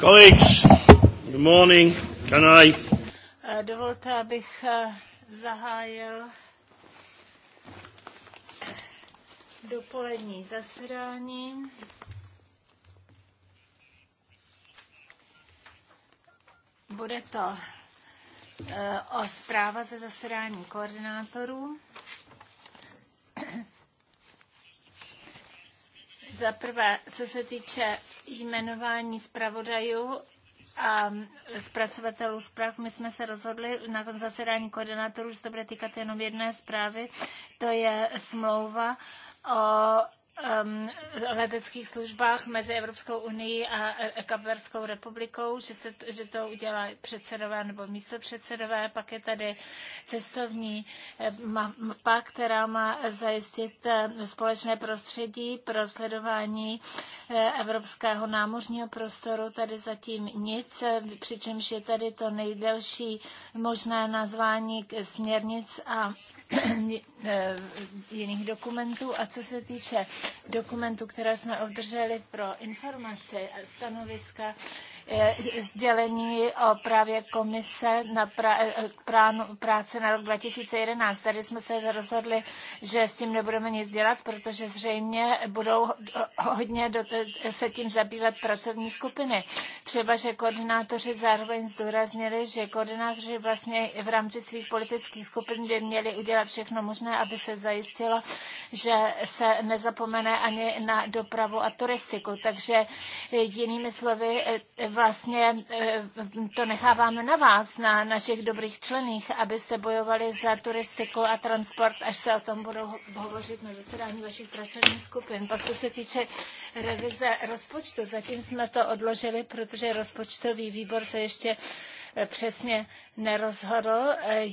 Colleagues, good morning. Can I... Eh, dovolte, abych eh, zahájil dopolední zasedání. Bude to eh, o zpráva ze zasedání koordinátorů. Za prvé, co se týče jmenování zpravodajů a zpracovatelů zpráv, my jsme se rozhodli na zasedání koordinátorů, že se to bude týkat jenom jedné zprávy, to je smlouva o Um, leteckých službách mezi Evropskou unii a Kapverskou republikou, že, se, že to udělá předsedové nebo místo předsedové. Pak je tady cestovní eh, mapa, která má zajistit eh, společné prostředí pro sledování eh, evropského námořního prostoru. Tady zatím nic, přičemž je tady to nejdelší možné nazvání směrnic a Eh, jiných dokumentů. A co se týče dokumentů, které jsme obdrželi pro informace a stanoviska, Eh, sdělení o právě komise na pra, eh, eh, práce na rok 2011. Tady jsme se rozhodli, že s tím nebudeme nic dělat, protože zřejmě budou hodně do, se tím zabývat pracovní skupiny. Třeba, že koordinátoři zároveň zdůraznili, že koordinátoři vlastně v rámci svých politických skupin by měli udělat všechno možné, aby se zajistilo, že se nezapomene ani na dopravu a turistiku. Takže jinými slovy, vlastně eh, to necháváme na vás, na našich dobrých členích, aby se bojovali za turistiku a transport, až se o tom budou hovořit na zasedání vašich pracovních skupin. Pak co se týče revize rozpočtu, zatím jsme to odložili, protože rozpočtový výbor se ještě přesně nerozhodl,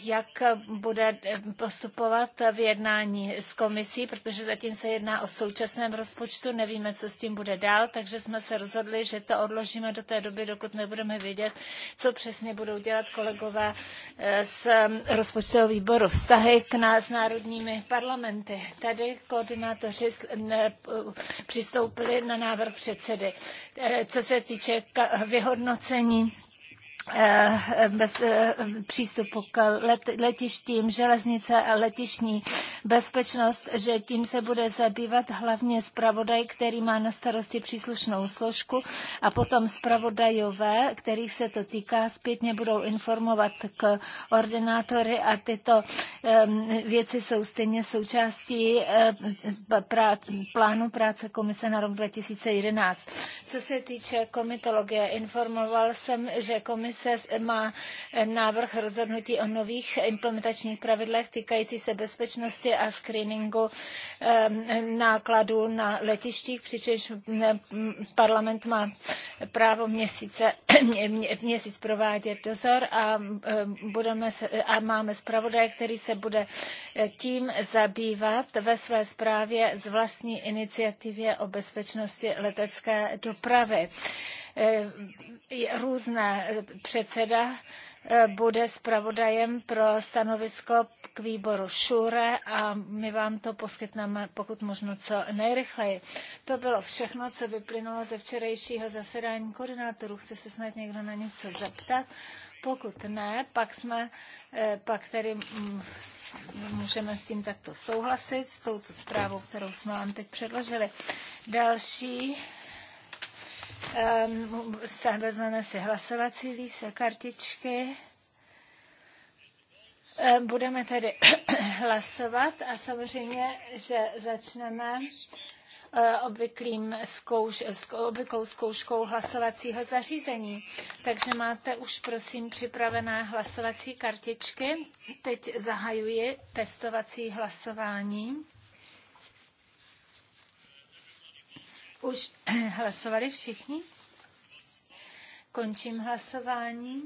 jak bude postupovat v jednání s komisí, protože zatím se jedná o současném rozpočtu, nevíme, co s tím bude dál, takže jsme se rozhodli, že to odložíme do té doby, dokud nebudeme vědět, co přesně budou dělat kolegové eh, z rozpočtového výboru. Vztahy k nás s národními parlamenty. Tady koordinátoři přistoupili na návrh předsedy. Eh, co se týče vyhodnocení Eh, bez eh, přístupu k letištím, železnice a letišní bezpečnost, že tím se bude zabývat hlavně zpravodaj, který má na starosti příslušnou složku a potom zpravodajové, kterých se to týká, zpětně budou informovat k ordinátory a tyto věci jsou stejně součástí eh, plánu práce komise na rok 2011. Co se týče komitologie, informoval jsem, že komise komise má návrh rozhodnutí o nových implementačních pravidlech týkající se bezpečnosti a screeningu nákladů na letištích, přičemž parlament má právo měsíce, měsíc provádět dozor a, budeme a máme zpravodaje, který se bude e, tím zabývat ve své zprávě z vlastní iniciativě o bezpečnosti letecké dopravy. Eh, různé předseda eh, bude zpravodajem pro stanovisko k výboru Šure a my vám to poskytneme pokud možno co nejrychleji. To bylo všechno, co vyplynulo ze včerejšího zasedání koordinátorů. Chce se snad někdo na něco zeptat? Pokud ne, pak jsme, eh, pak tedy můžeme s tím takto souhlasit, s touto zprávou, kterou jsme vám teď předložili. Další Ehm, vezmeme si hlasovací lístek, kartičky. Ehm, budeme tedy hlasovat a samozřejmě, že začneme eh, obvyklým zkouš, obvyklou zkouškou hlasovacího zařízení. Takže máte už, prosím, připravené hlasovací kartičky. Teď zahajuji testovací hlasování. Už hlasovali všichni? Končím hlasování.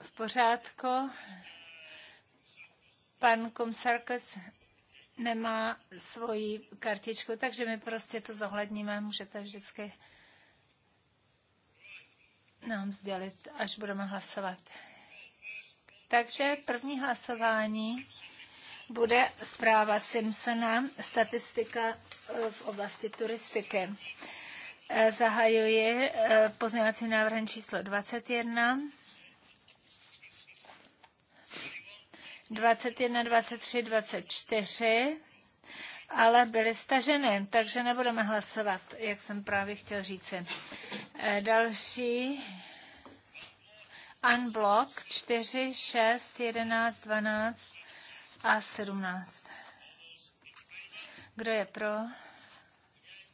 V pořádku. Pan Komsarkas nemá svoji kartičku, takže my prostě to zohledníme. Můžete vždycky nám sdělit, až budeme hlasovat. Takže první hlasování bude zpráva Simpsona, statistika e, v oblasti turistiky. E, zahajuji e, pozměňovací návrh číslo 21. 21, 23, 24 ale byly staženy, takže nebudeme hlasovat, jak jsem právě chtěl říci. Eh, další unblock 4, 6, 11, 12 a 17. Kdo je pro?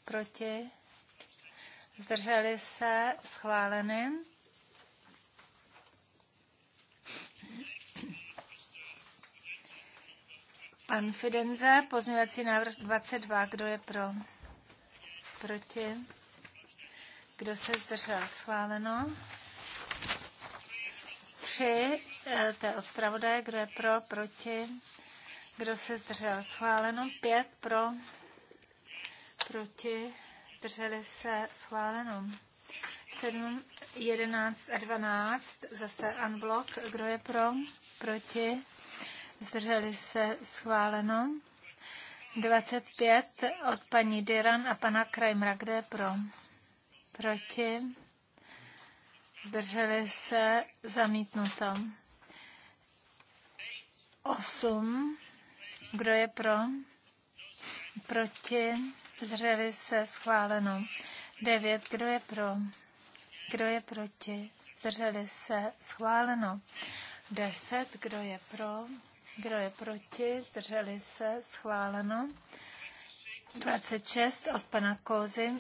Proti? Zdrželi se? Schváleným. Pan Fidenza, pozměňovací návrh 22. Kdo je pro? Proti? Kdo se zdržel? Schváleno. Tři, eh, to je od zpravodaje. Kdo je pro? Proti? Kdo se zdržel? Schváleno. Pět pro? Proti? Zdrželi se? Schváleno. 7, 11 a 12, zase unblock. Kdo je pro? Proti? zdrželi se schváleno. 25 od paní Diran a pana Krajmra, kde je pro? Proti. Zdrželi se zamítnuto. 8. Kdo je pro? Proti. Zdrželi se schváleno. 9. Kdo je pro? Kdo je proti? Zdrželi se schváleno. 10. Kdo je pro? Kdo je proti? Zdrželi se? Schváleno. 26 od pana Kozy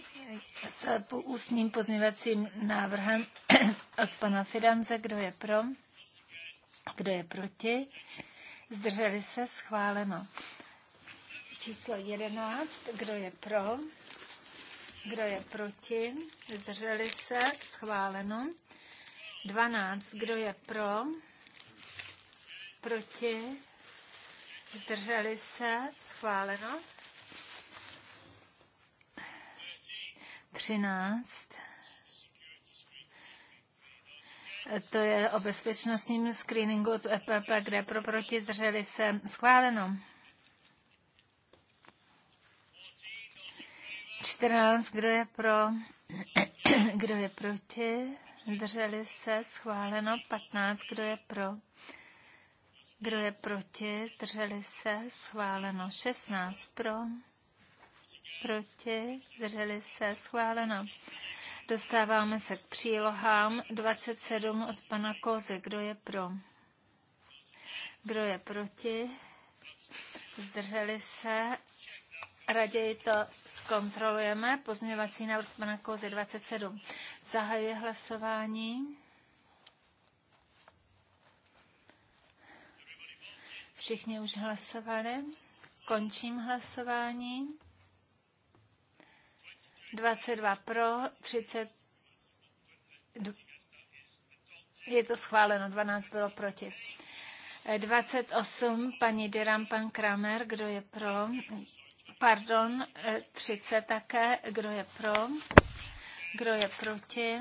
s ústním pozměvacím návrhem od pana Fidance. Kdo je pro? Kdo je proti? Zdrželi se? Schváleno. Číslo 11. Kdo je pro? Kdo je proti? Zdrželi se? Schváleno. 12. Kdo je pro? Proti? Zdrželi se? Schváleno. 13. To je o bezpečnostním screeningu od EPP, kde pro proti zdrželi se schváleno. 14. Kdo je pro? Kdo je proti? Zdrželi se schváleno. 15. Kdo je pro? Kdo je proti? Zdrželi se? Schváleno. 16 pro. Proti? Zdrželi se? Schváleno. Dostáváme se k přílohám. 27 od pana Kozy. Kdo je pro? Kdo je proti? Zdrželi se? Raději to zkontrolujeme. Pozměňovací návrh pana Kozy 27. Zahajuje hlasování. Všichni už hlasovali. Končím hlasování. 22 pro, 30 je to schváleno, 12 bylo proti. 28, paní Diram, pan Kramer, kdo je pro? Pardon, 30 také, kdo je pro? Kdo je proti?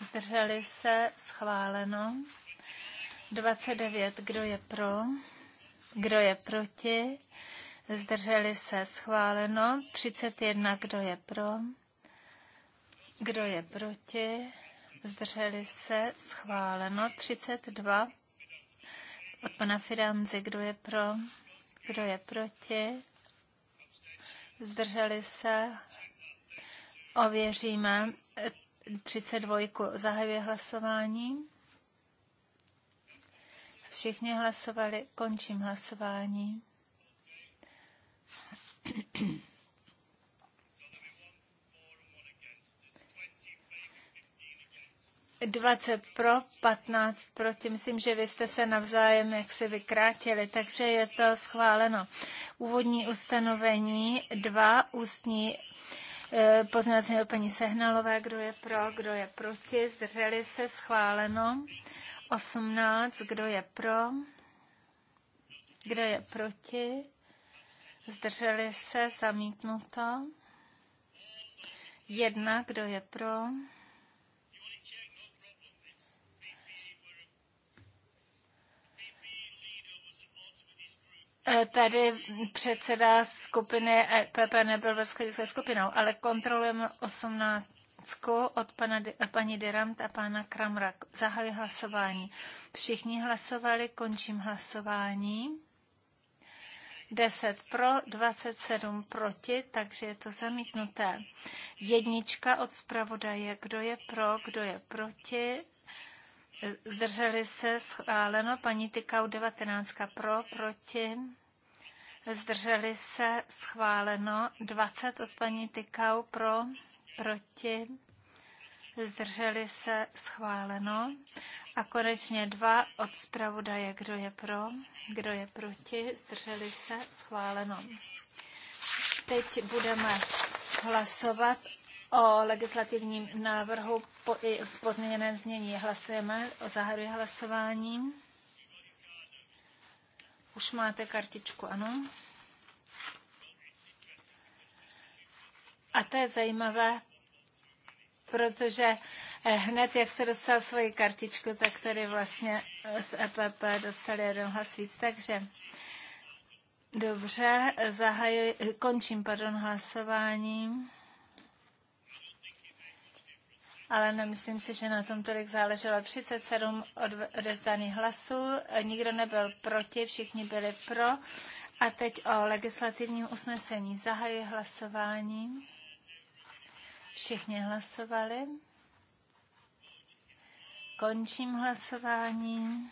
Zdrželi se, schváleno. 29, kdo je pro? Kdo je proti? Zdrželi se schváleno. 31. Kdo je pro? Kdo je proti? Zdrželi se schváleno. 32. Od pana Firanzi. Kdo je pro? Kdo je proti? Zdrželi se. Ověříme 32. Zahajuje hlasování. Všichni hlasovali, končím hlasování. Dvacet pro, patnáct proti. Myslím, že vy jste se navzájem jaksi vykrátili, takže je to schváleno. Úvodní ustanovení dva ústní eh, poznávací paní Sehnalové, kdo je pro, kdo je proti, zdrželi se, schváleno. 18, kdo je pro, kdo je proti, zdrželi se, zamítnuto. Jedna, kdo je pro, e, Tady předseda skupiny EPP nebyl ve skupinou, ale kontrolujeme 18. Cko od pana, paní Deramt a pana Kramrak. Zahajuji hlasování. Všichni hlasovali, končím hlasování. 10 pro, 27 proti, takže je to zamítnuté. Jednička od zpravodaje, kdo je pro, kdo je proti. Zdrželi se schváleno, paní Tykau 19 pro, proti zdrželi se, schváleno. 20 od paní Tykau pro, proti, zdrželi se, schváleno. A konečně dva od zpravodaje, kdo je pro, kdo je proti, zdrželi se, schváleno. Teď budeme hlasovat o legislativním návrhu po, i v pozměněném znění. Hlasujeme, zahajuji hlasování. Už máte kartičku, ano? A to je zajímavé, protože eh, hned, jak se dostal svoji kartičku, tak tady vlastně eh, z EPP dostali jeden hlas víc, takže dobře, zahaj, končím pardon, hlasováním ale nemyslím si, že na tom tolik záleželo. 37 odezdaných hlasů, nikdo nebyl proti, všichni byli pro. A teď o legislativním usnesení. Zahajuji hlasování. Všichni hlasovali. Končím hlasování.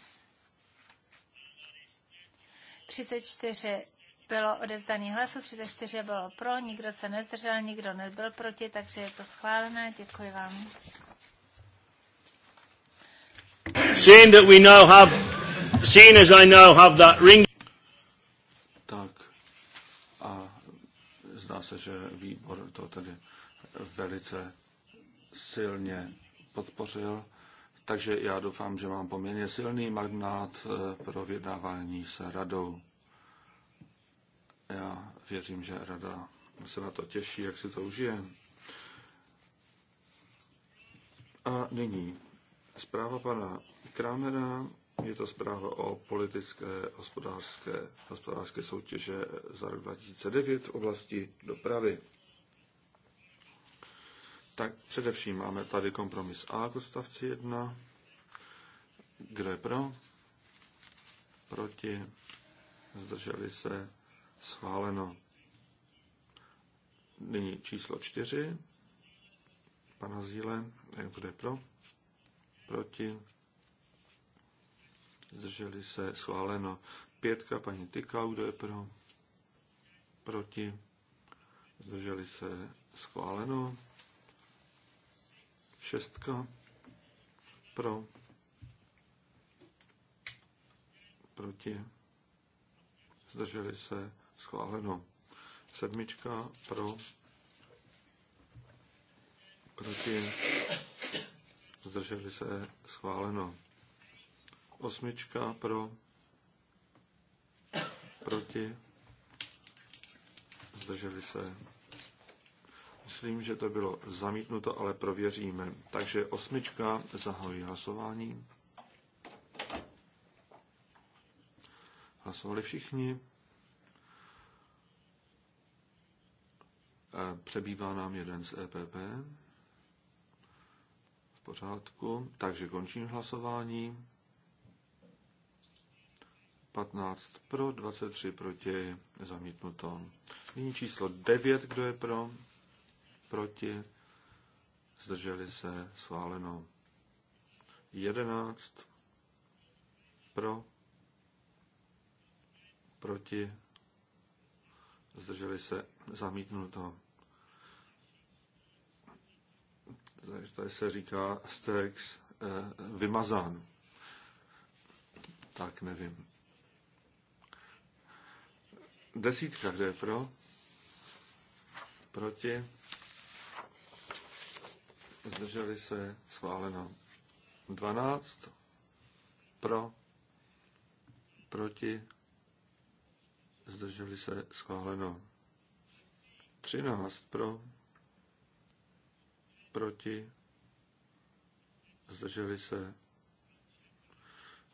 34 bylo odevzdaný hlasů, 34 bylo pro, nikdo se nezdržel, nikdo nebyl proti, takže je to schválené. Děkuji vám. Seeing that we now have, seeing as I now have that ring. Tak a zdá se, že výbor to tedy velice silně podpořil. Takže já doufám, že mám poměrně silný magnát eh, pro vyjednávání s radou. Já věřím, že rada se na to těší, jak si to užije. A nyní zpráva pana Krámera. Je to zpráva o politické hospodářské, hospodářské soutěže za rok 2009 v oblasti dopravy. Tak především máme tady kompromis A k odstavci 1. Kdo je pro? Proti? Zdrželi se? Schváleno. Nyní číslo čtyři. Pana Zíle, bude pro? Proti? Zdrželi se. Schváleno. Pětka, paní Tyka, kdo je pro? Proti? Zdrželi se. Schváleno. Šestka. Pro. Proti. Zdrželi se schváleno. Sedmička pro, proti, zdrželi se, schváleno. Osmička pro, proti, zdrželi se. Myslím, že to bylo zamítnuto, ale prověříme. Takže osmička zahojí hlasování. Hlasovali všichni. Přebývá nám jeden z EPP. V pořádku. Takže končím hlasování. 15 pro, 23 proti, zamítnuto. Nyní číslo 9, kdo je pro, proti, zdrželi se, schváleno. 11 pro, proti, zdrželi se, zamítnuto. tady se říká eh, vymazán. Tak nevím. Desítka, kde je pro? Proti? Zdrželi se, schváleno. 12. Pro? Proti? Zdrželi se, schváleno. 13. Pro? proti, zdrželi se,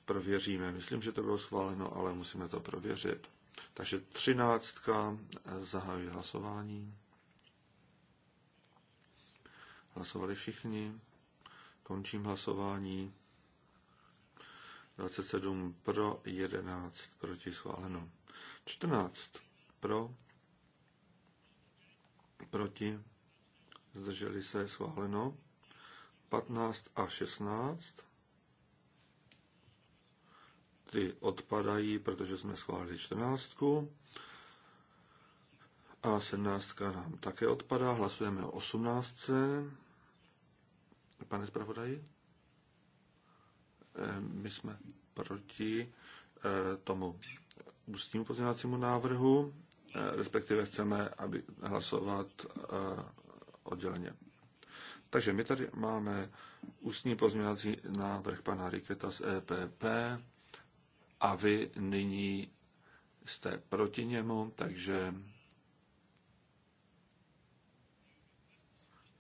prověříme. Myslím, že to bylo schváleno, ale musíme to prověřit. Takže třináctka, zahájí hlasování. Hlasovali všichni. Končím hlasování. 27 pro, 11 proti schváleno. 14 pro, proti zdrželi se schváleno. 15 a 16. Ty odpadají, protože jsme schválili 14. A 17 nám také odpadá. Hlasujeme o 18. Pane zpravodaji? Eh, my jsme proti eh, tomu ústnímu pozměňovacímu návrhu, eh, respektive chceme aby hlasovat odděleně. Takže my tady máme ústní pozměňovací návrh pana Riketa z EPP a vy nyní jste proti němu, takže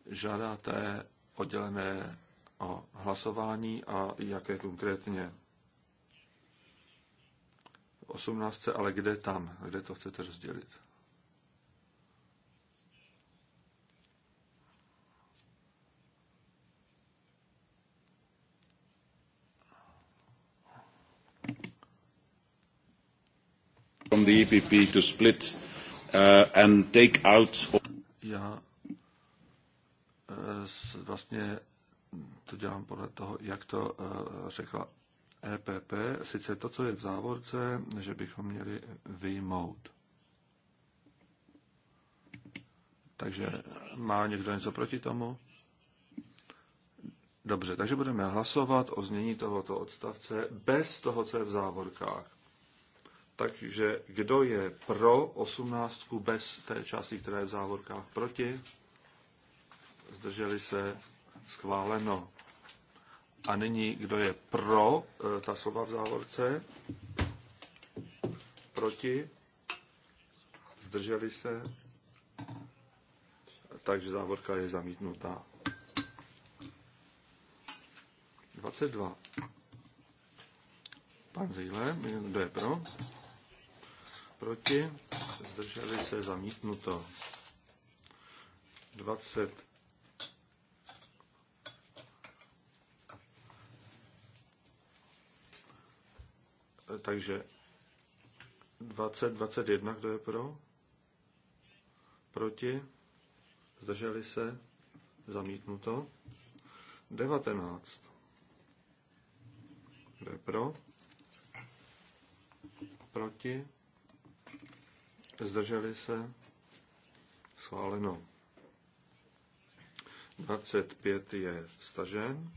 žádáte oddělené o hlasování a jaké konkrétně. V 18. ale kde tam? Kde to chcete rozdělit? from the EPP to split uh, and take out. Já eh, vlastně to dělám podle toho, jak to eh, řekla EPP, sice to, co je v závorce, že bychom měli vyjmout. Takže má někdo něco proti tomu? Dobře, takže budeme hlasovat o změní tohoto odstavce bez toho, co je v závorkách. Takže kdo je pro osmnáctku bez té části, která je v závorkách proti? Zdrželi se schváleno. A nyní, kdo je pro eh, ta slova v závorce? Proti? Zdrželi se? Takže závorka je zamítnutá. 22. Pan Zíle, kdo je pro? proti, zdrželi se zamítnuto. 20 Takže 20, 21, kdo je pro? Proti? Zdrželi se? Zamítnuto? 19. Kdo je pro? Proti? zdrželi se, schváleno. 25 je stažen.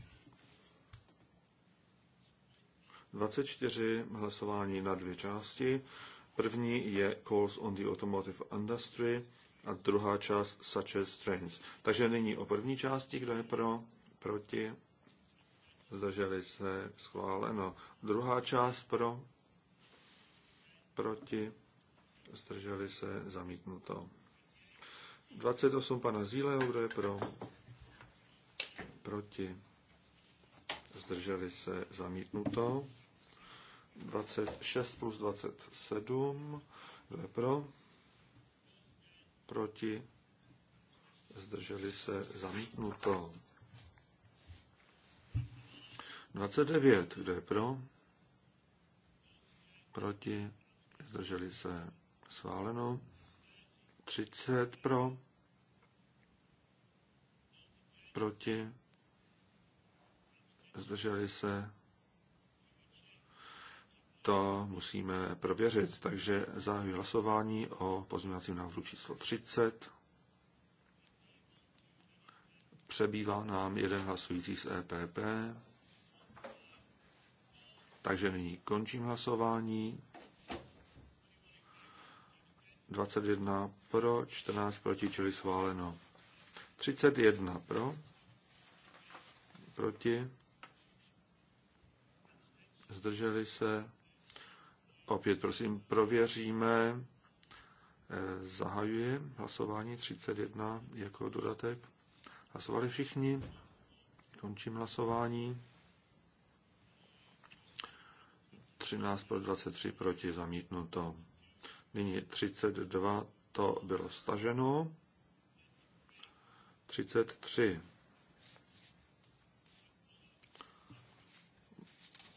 24 hlasování na dvě části. První je Calls on the Automotive Industry a druhá část Such as Trains. Takže nyní o první části, kdo je pro, proti, zdrželi se, schváleno. Druhá část pro, proti, zdrželi se, zamítnuto. 28 pana Zíleho, kdo je pro, proti, zdrželi se, zamítnuto. 26 plus 27, kdo je pro, proti, zdrželi se, zamítnuto. 29, kdo je pro, proti, zdrželi se, Sváleno. 30 pro. Proti. Zdrželi se. To musíme prověřit. Takže zahajuji hlasování o pozměňovacím návrhu číslo 30. Přebývá nám jeden hlasující z EPP. Takže nyní končím hlasování. 21 pro, 14 proti, čili schváleno. 31 pro, proti, zdrželi se. Opět prosím, prověříme. Eh, zahajuji hlasování 31 jako dodatek. Hlasovali všichni. Končím hlasování. 13 pro 23 proti zamítnuto. Nyní 32, to bylo staženo. 33.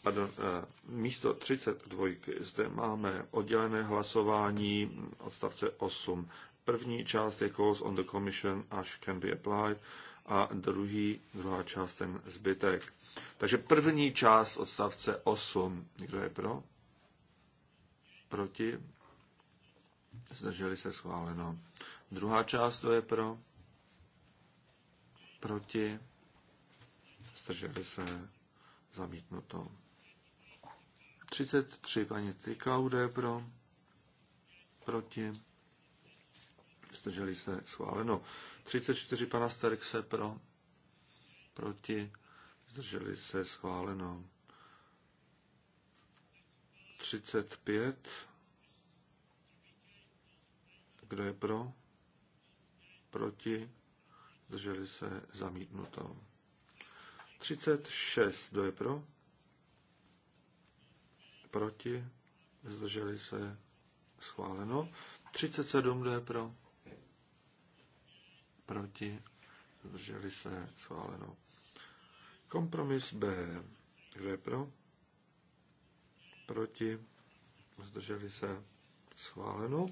Pardon, eh, místo 32 zde máme oddělené hlasování odstavce 8. První část je calls on the commission až can be applied a druhý, druhá část ten zbytek. Takže první část odstavce 8. Kdo je pro? Proti? zdrželi se schváleno. Druhá část to je pro, proti, zdrželi se zamítnuto. 33 paní Tykaude pro, proti, zdrželi se schváleno. 34 pana Sterkse pro, proti, zdrželi se schváleno. 35 kdo je pro? Proti? Zdrželi se zamítnuto. 36. Kdo je pro? Proti? Zdrželi se schváleno. 37. Kdo je pro? Proti? Zdrželi se schváleno. Kompromis B. Kdo je pro? Proti? Zdrželi se schváleno.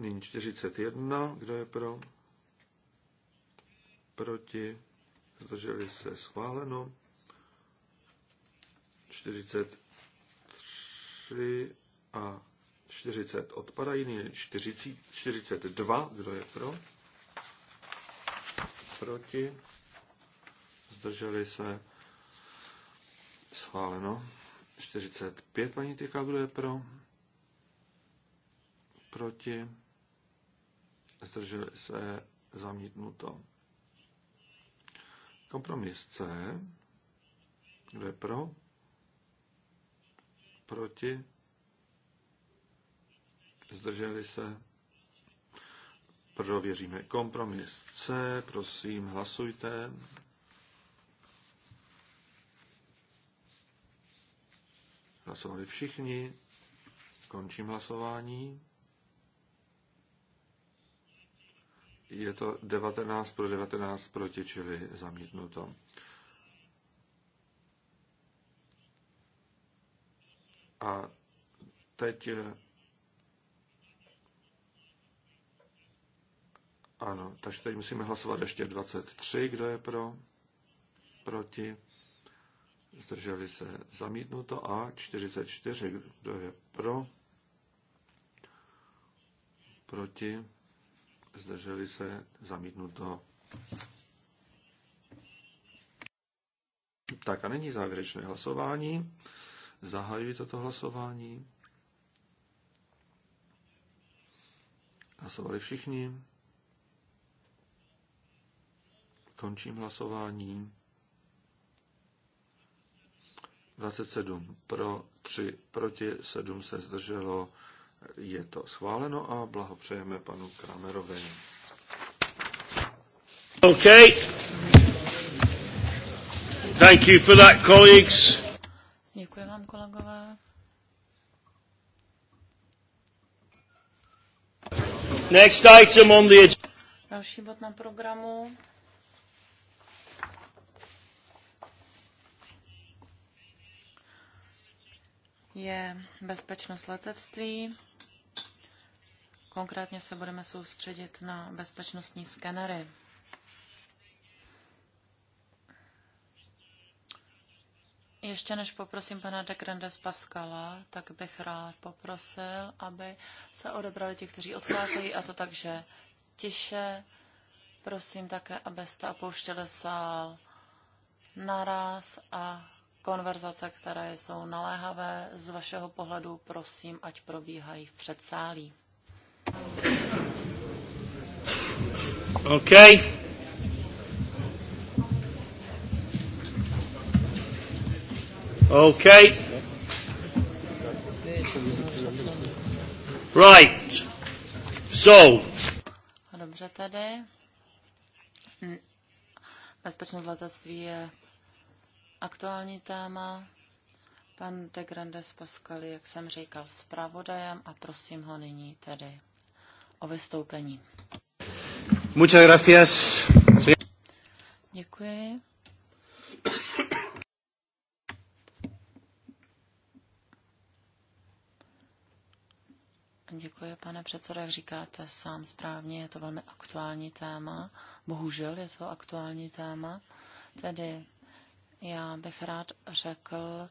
Nyní 41. Kdo je pro? Proti? Zdrželi se schváleno. 43 a 40 odpadají. Nyní 40, 42. Kdo je pro? Proti? Zdrželi se schváleno. 45 paní Tyka, kdo je pro? Proti? zdrželi se, zamítnuto. Kompromis C, kdo je pro, proti, zdrželi se, prověříme kompromis C, prosím, hlasujte. Hlasovali všichni. Končím hlasování. je to 19 pro 19 proti, čili zamítnuto. A teď eh, ano, takže teď musíme hlasovat ještě 23, kdo je pro, proti, zdrželi se zamítnuto a 44, kdo je pro, proti, zdrželi se, zamítnuto. Tak a není závěrečné hlasování. Zahajuji toto hlasování. Hlasovali všichni. Končím hlasování. 27 pro, 3 proti, 7 se zdrželo je to schváleno a blahopřejeme panu Kramerovi. OK. Thank you for that, colleagues. Děkuji vám, kolegové. Next item on the Další bod na programu. Je bezpečnost letectví. Konkrétně se budeme soustředit na bezpečnostní skenery. Ještě než poprosím pana de Grandes Pascala, tak bych rád poprosil, aby se odebrali ti, kteří odcházejí, a to takže tiše. Prosím také, abyste opouštěli sál naraz a konverzace, které jsou naléhavé z vašeho pohledu, prosím, ať probíhají v předsálí. Okay. Okay. Right. So. No dobře tady. Hm. Bezpečnost letectví je aktuální téma. Pan de Grandes Pascal, jak jsem říkal, zpravodajem a prosím ho nyní tedy o vystoupení. Muchas gracias. Děkuji. Děkuji, pane předsedo, jak říkáte sám správně, je to velmi aktuální téma. Bohužel je to aktuální téma. Tedy já bych rád řekl,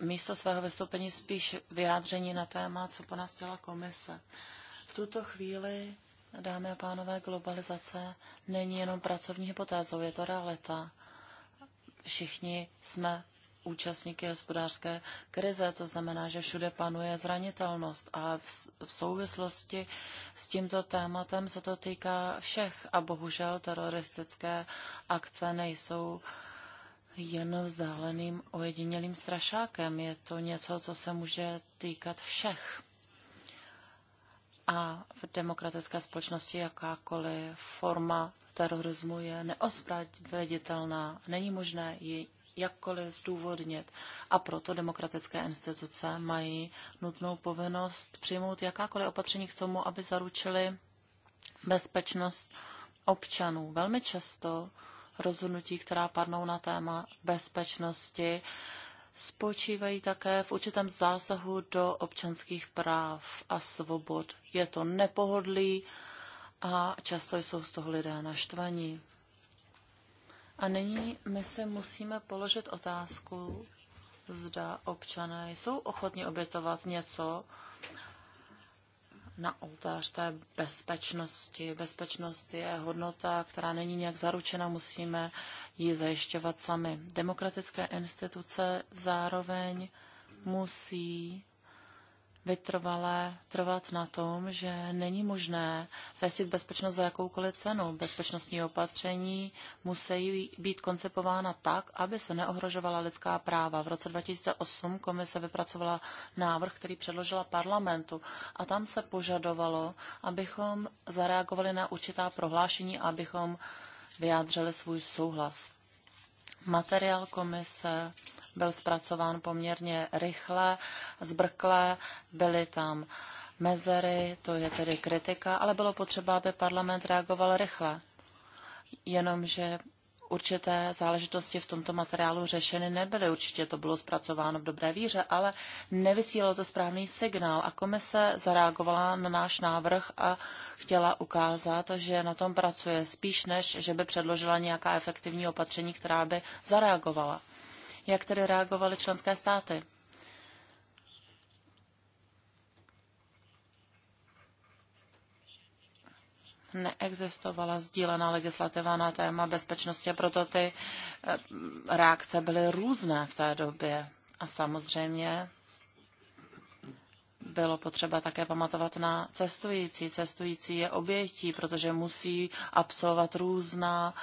místo svého vystoupení spíš vyjádření na téma, co po nás dělá komise. V tuto chvíli, dámy a pánové, globalizace není jenom pracovní hypotézou, je to realita. Všichni jsme účastníky hospodářské krize, to znamená, že všude panuje zranitelnost a v, v souvislosti s tímto tématem se to týká všech a bohužel teroristické akce nejsou uh, jen vzdáleným ojedinělým strašákem. Je to něco, co se může týkat všech. A v demokratické společnosti jakákoliv forma terorismu je neospravedlitelná. Není možné ji jakkoliv zdůvodnit. A proto demokratické instituce mají nutnou povinnost přijmout jakákoliv opatření k tomu, aby zaručili bezpečnost občanů. Velmi často rozhodnutí, která padnou na téma bezpečnosti, spočívají také v určitém zásahu do občanských práv a svobod. Je to nepohodlí a často jsou z toho lidé naštvaní. A nyní my se musíme položit otázku, zda občané jsou ochotni obětovat něco, na oltář té bezpečnosti. Bezpečnost je hodnota, která není nějak zaručena, musíme ji zajišťovat sami. Demokratické instituce zároveň musí vytrvalé trvat na tom, že není možné zajistit bezpečnost za jakoukoliv cenu. Bezpečnostní opatření musí být koncipována tak, aby se neohrožovala lidská práva. V roce 2008 komise vypracovala návrh, který předložila parlamentu a tam se požadovalo, abychom zareagovali na určitá prohlášení a abychom vyjádřili svůj souhlas. Materiál komise byl zpracován poměrně rychle, zbrkle, byly tam mezery, to je tedy kritika, ale bylo potřeba, aby parlament reagoval rychle. Jenomže určité záležitosti v tomto materiálu řešeny nebyly. Určitě to bylo zpracováno v dobré víře, ale nevysílalo to správný signál a komise zareagovala na náš návrh a chtěla ukázat, že na tom pracuje spíš než, že by předložila nějaká efektivní opatření, která by zareagovala jak tedy reagovaly členské státy. neexistovala sdílená legislativa na téma bezpečnosti, proto ty eh, reakce byly různé v té době. A samozřejmě bylo potřeba také pamatovat na cestující. Cestující je obětí, protože musí absolvovat různá uh,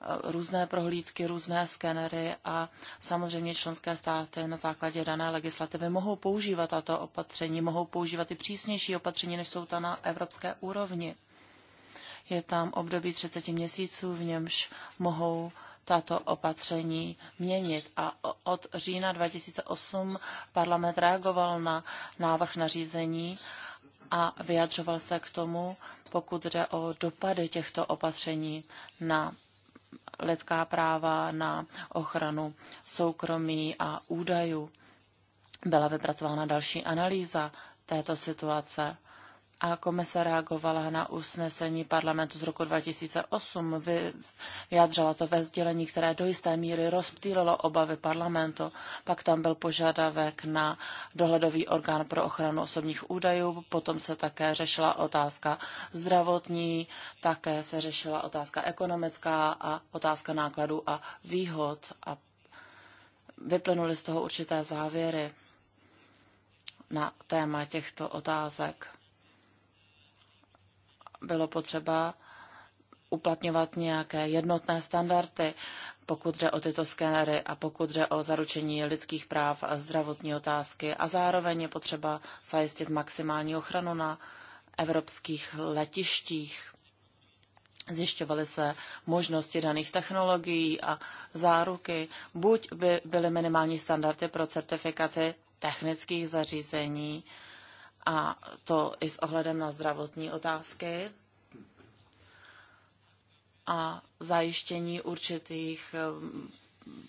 Eh, různé prohlídky, různé skenery a samozřejmě členské státy na základě dané legislativy mohou používat tato opatření, mohou používat i přísnější opatření, než jsou ta na evropské úrovni. Je tam období 30 měsíců, v němž mohou tato opatření měnit. A od října 2008 parlament reagoval na návrh nařízení a vyjadřoval se k tomu, pokud jde o dopady těchto opatření na lidská práva, na ochranu soukromí a údajů. Byla vypracována další analýza této situace a komise reagovala na usnesení parlamentu z roku 2008. Vyjádřila to ve sdělení, které do jisté míry rozptýlilo obavy parlamentu. Pak tam byl požadavek na dohledový orgán pro ochranu osobních údajů. Potom se také řešila otázka zdravotní, také se řešila otázka ekonomická a otázka nákladů a výhod. A vyplynuly z toho určité závěry na téma těchto otázek bylo potřeba uplatňovat nějaké jednotné standardy, pokud jde o tyto skénery a pokud jde o zaručení lidských práv a zdravotní otázky. A zároveň je potřeba zajistit maximální ochranu na evropských letištích. Zjišťovaly se možnosti daných technologií a záruky. Buď by byly minimální standardy pro certifikaci technických zařízení, a to i s ohledem na zdravotní otázky a zajištění určitých eh,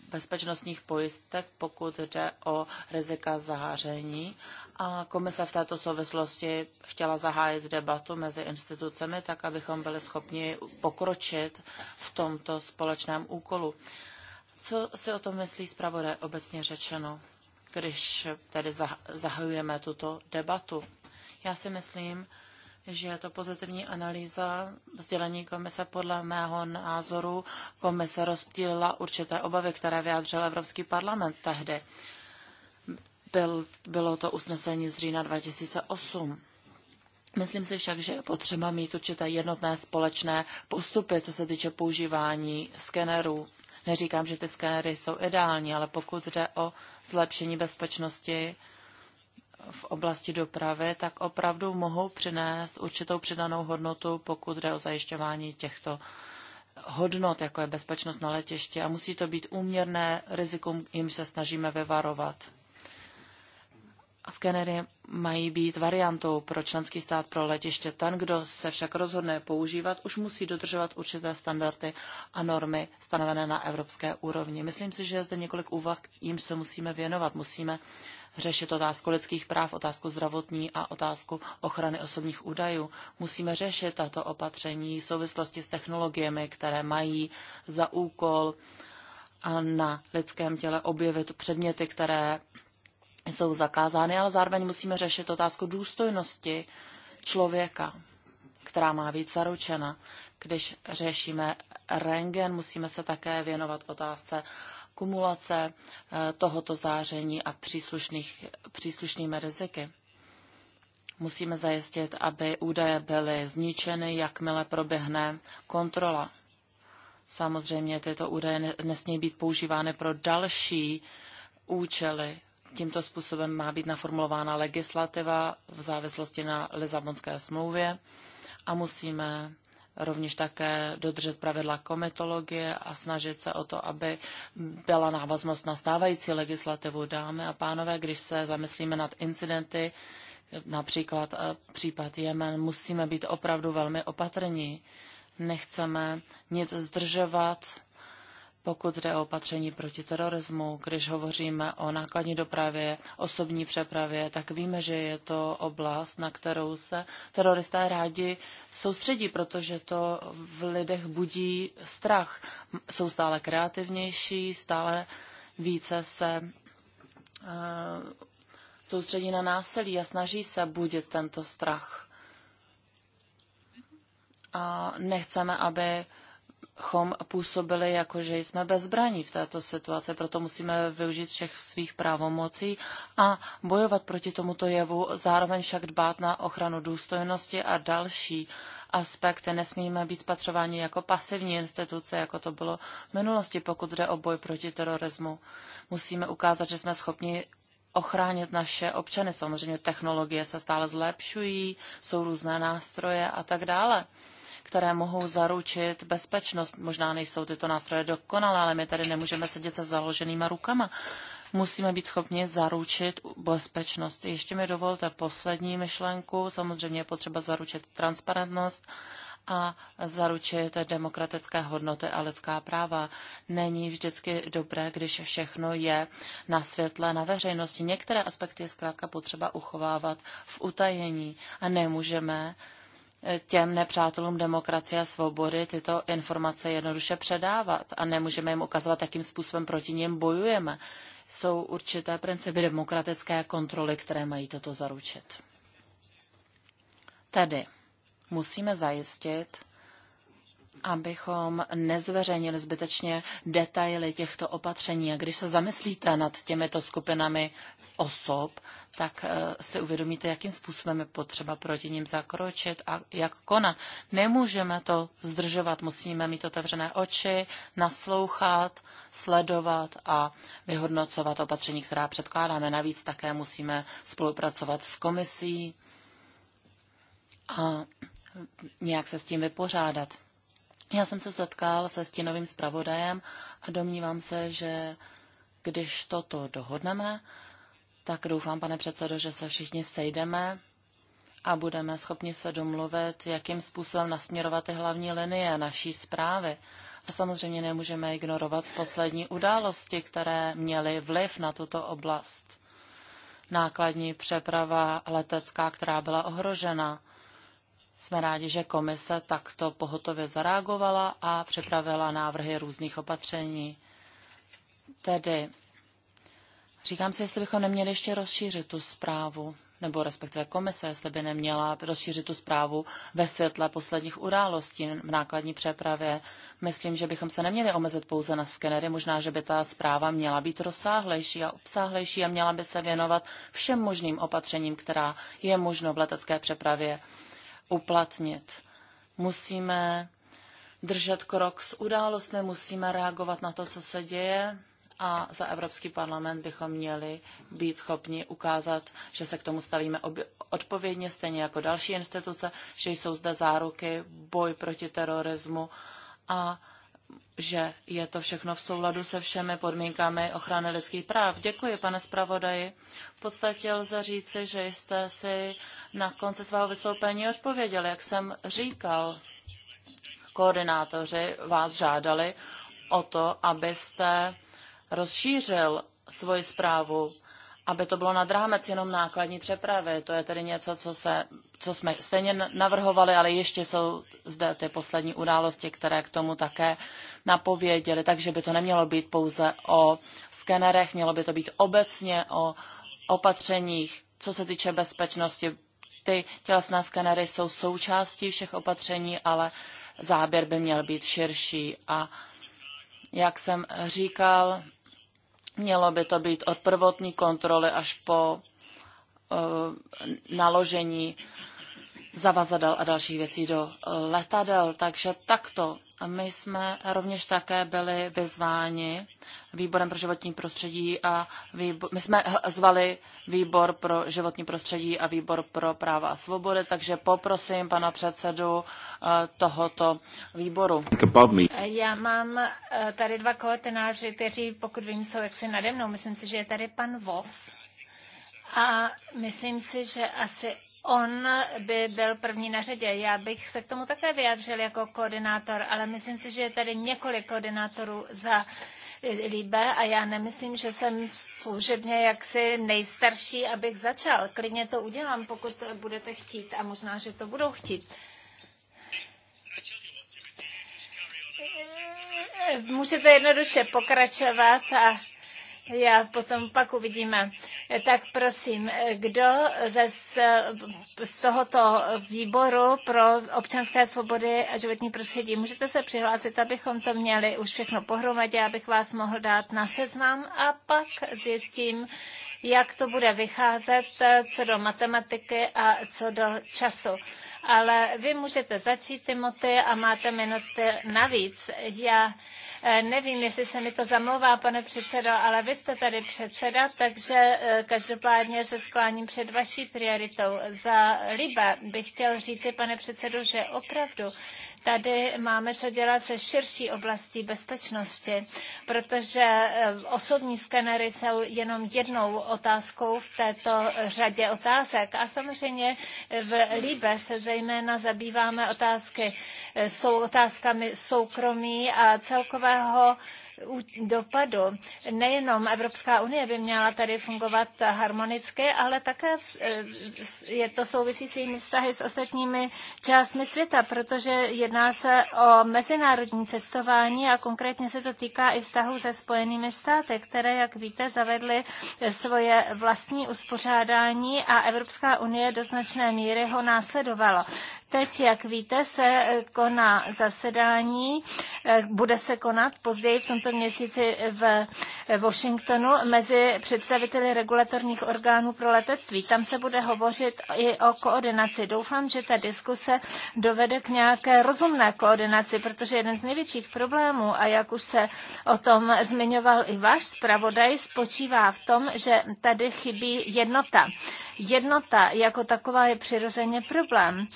bezpečnostních pojistek, pokud jde o rizika zaháření. A komise v této souvislosti chtěla zahájit debatu mezi institucemi, tak abychom byli schopni pokročit v tomto společném úkolu. Co si o tom myslí zpravodaj obecně řečeno? když tedy zahajujeme tuto debatu. Já si myslím, že je to pozitivní analýza vzdělení komise. Podle mého názoru komise rozptýlila určité obavy, které vyjádřil Evropský parlament tehdy. Byl, bylo to usnesení z října 2008. Myslím si však, že je potřeba mít určité jednotné společné postupy, co se týče používání skenerů Neříkám, že ty skenery jsou ideální, ale pokud jde o zlepšení bezpečnosti v oblasti dopravy, tak opravdu mohou přinést určitou přidanou hodnotu, pokud jde o zajišťování těchto hodnot, jako je bezpečnost na letišti a musí to být úměrné rizikum, jim se snažíme vyvarovat skenery mají být variantou pro členský stát pro letiště. Ten, kdo se však rozhodne používat, už musí dodržovat určité standardy a normy stanovené na evropské úrovni. Myslím si, že je zde několik úvah, jim se musíme věnovat. Musíme řešit otázku lidských práv, otázku zdravotní a otázku ochrany osobních údajů. Musíme řešit tato opatření v souvislosti s technologiemi, které mají za úkol a na lidském těle objevit předměty, které jsou zakázány, ale zároveň musíme řešit otázku důstojnosti člověka, která má být zaručena. Když řešíme rengen, musíme se také věnovat otázce kumulace eh, tohoto záření a příslušných, příslušnými riziky. Musíme zajistit, aby údaje byly zničeny, jakmile proběhne kontrola. Samozřejmě tyto údaje nesmí být používány pro další účely, tímto způsobem má být naformulována legislativa v závislosti na Lizabonské smlouvě a musíme rovněž také dodržet pravidla komitologie a snažit se o to, aby byla návaznost na stávající legislativu. Dámy a pánové, když se zamyslíme nad incidenty, například eh, případ Jemen, musíme být opravdu velmi opatrní. Nechceme nic zdržovat, pokud jde o opatření proti terorismu, když hovoříme o nákladní dopravě, osobní přepravě, tak víme, že je to oblast, na kterou se teroristé rádi soustředí, protože to v lidech budí strach. Jsou stále kreativnější, stále více se uh, soustředí na násilí a snaží se budit tento strach. A nechceme, aby bychom působili jako, že jsme bezbraní v této situaci, proto musíme využít všech svých právomocí a bojovat proti tomuto jevu, zároveň však dbát na ochranu důstojnosti a další aspekty. Nesmíme být spatřováni jako pasivní instituce, jako to bylo v minulosti, pokud jde o boj proti terorismu. Musíme ukázat, že jsme schopni ochránit naše občany. Samozřejmě technologie se stále zlepšují, jsou různé nástroje a tak dále které mohou zaručit bezpečnost. Možná nejsou tyto nástroje dokonalé, ale my tady nemůžeme sedět se založenýma rukama. Musíme být schopni zaručit bezpečnost. Ještě mi dovolte poslední myšlenku. Samozřejmě je potřeba zaručit transparentnost a zaručit demokratické hodnoty a lidská práva. Není vždycky dobré, když všechno je na světle, na veřejnosti. Některé aspekty je zkrátka potřeba uchovávat v utajení a nemůžeme těm nepřátelům demokracie a svobody tyto informace jednoduše předávat a nemůžeme jim ukazovat, jakým způsobem proti ním bojujeme. Jsou určité principy demokratické kontroly, které mají toto zaručit. Tedy musíme zajistit, abychom nezveřejnili zbytečně detaily těchto opatření. A když se zamyslíte nad těmito skupinami osob, tak eh, si uvědomíte, jakým způsobem je potřeba proti ním zakročit a jak konat. Nemůžeme to zdržovat, musíme mít otevřené oči, naslouchat, sledovat a vyhodnocovat opatření, která předkládáme. Navíc také musíme spolupracovat s komisí a nějak se s tím vypořádat. Já jsem se setkal se stínovým zpravodajem a domnívám se, že když toto dohodneme, tak doufám, pane předsedo, že se všichni sejdeme a budeme schopni se domluvit, jakým způsobem nasměrovat ty hlavní linie naší zprávy. A samozřejmě nemůžeme ignorovat poslední události, které měly vliv na tuto oblast. Nákladní přeprava letecká, která byla ohrožena. Jsme rádi, že komise takto pohotově zareagovala a připravila návrhy různých opatření. Tedy Říkám si, jestli bychom neměli ještě rozšířit tu zprávu, nebo respektive komise, jestli by neměla rozšířit tu zprávu ve světle posledních událostí v nákladní přepravě. Myslím, že bychom se neměli omezit pouze na skenery, možná, že by ta zpráva měla být rozsáhlejší a obsáhlejší a měla by se věnovat všem možným opatřením, která je možno v letecké přepravě uplatnit. Musíme držet krok s událostmi, musíme reagovat na to, co se děje a za Evropský parlament bychom měli být schopni ukázat, že se k tomu stavíme odpovědně, stejně jako další instituce, že jsou zde záruky, boj proti terorismu a že je to všechno v souladu se všemi podmínkami ochrany lidských práv. Děkuji, pane zpravodaji. V podstatě lze říci, že jste si na konci svého vystoupení odpověděl, jak jsem říkal. Koordinátoři vás žádali o to, abyste rozšířil svoji zprávu, aby to bylo nad rámec jenom nákladní přepravy. To je tedy něco, co, se, co jsme stejně navrhovali, ale ještě jsou zde ty poslední události, které k tomu také napověděly. Takže by to nemělo být pouze o skenerech, mělo by to být obecně o opatřeních, co se týče bezpečnosti. Ty tělesné skenery jsou součástí všech opatření, ale záběr by měl být širší. A jak jsem říkal, Mělo by to být od prvotní kontroly až po uh, naložení zavazadel a dalších věcí do eh, letadel. Takže takto my jsme rovněž také byli vyzváni výborem pro životní prostředí a výbor, my jsme zvali výbor pro životní prostředí a výbor pro práva a svobody, takže poprosím pana předsedu eh, tohoto výboru. Eh, já mám eh, tady dva koordináři, kteří, pokud vím, jsou jaksi nade mnou. Myslím si, že je tady pan Vos a myslím si, že asi on by byl první na řadě. Já bych se k tomu také vyjádřil jako koordinátor, ale myslím si, že je tady několik koordinátorů za Líbe a já nemyslím, že jsem služebně jaksi nejstarší, abych začal. Klidně to udělám, pokud budete chtít a možná, že to budou chtít. Můžete jednoduše pokračovat a já potom pak uvidíme. Tak prosím, kdo ze, z, z tohoto výboru pro občanské svobody a životní prostředí, můžete se přihlásit, abychom to měli už všechno pohromadě, abych vás mohl dát na seznam a pak zjistím, jak to bude vycházet, co do matematiky a co do času. Ale vy můžete začít, Timothy, a máte minuty navíc. Já Eh, nevím, jestli se mi to zamlouvá, pane předsedo, ale vy jste tady předseda, takže eh, každopádně se skláním před vaší prioritou. Za Liba bych chtěl říci, pane předsedo, že opravdu tady máme co dělat se širší oblastí bezpečnosti, protože eh, osobní skenery jsou jenom jednou otázkou v této řadě otázek. A samozřejmě v Líbe se zejména zabýváme otázky, jsou otázkami soukromí a celkové takového dopadu. Nejenom Evropská unie by měla tady fungovat harmonicky, ale také e, je to souvisí s jejími vztahy s ostatními částmi světa, protože jedná se o mezinárodní cestování a konkrétně se to týká i vztahu se Spojenými státy, které, jak víte, zavedly svoje vlastní uspořádání a Evropská unie do značné míry ho následovala. Teď, jak víte, se eh, koná zasedání, eh, bude se konat později v tomto měsíci v eh, Washingtonu mezi představiteli regulatorních orgánů pro letectví. Tam se bude hovořit i o koordinaci. Doufám, že ta diskuse dovede k nějaké rozumné koordinaci, protože jeden z největších problémů, a jak už se o tom zmiňoval i váš zpravodaj, spočívá v tom, že tady chybí jednota. Jednota jako taková je přirozeně problém.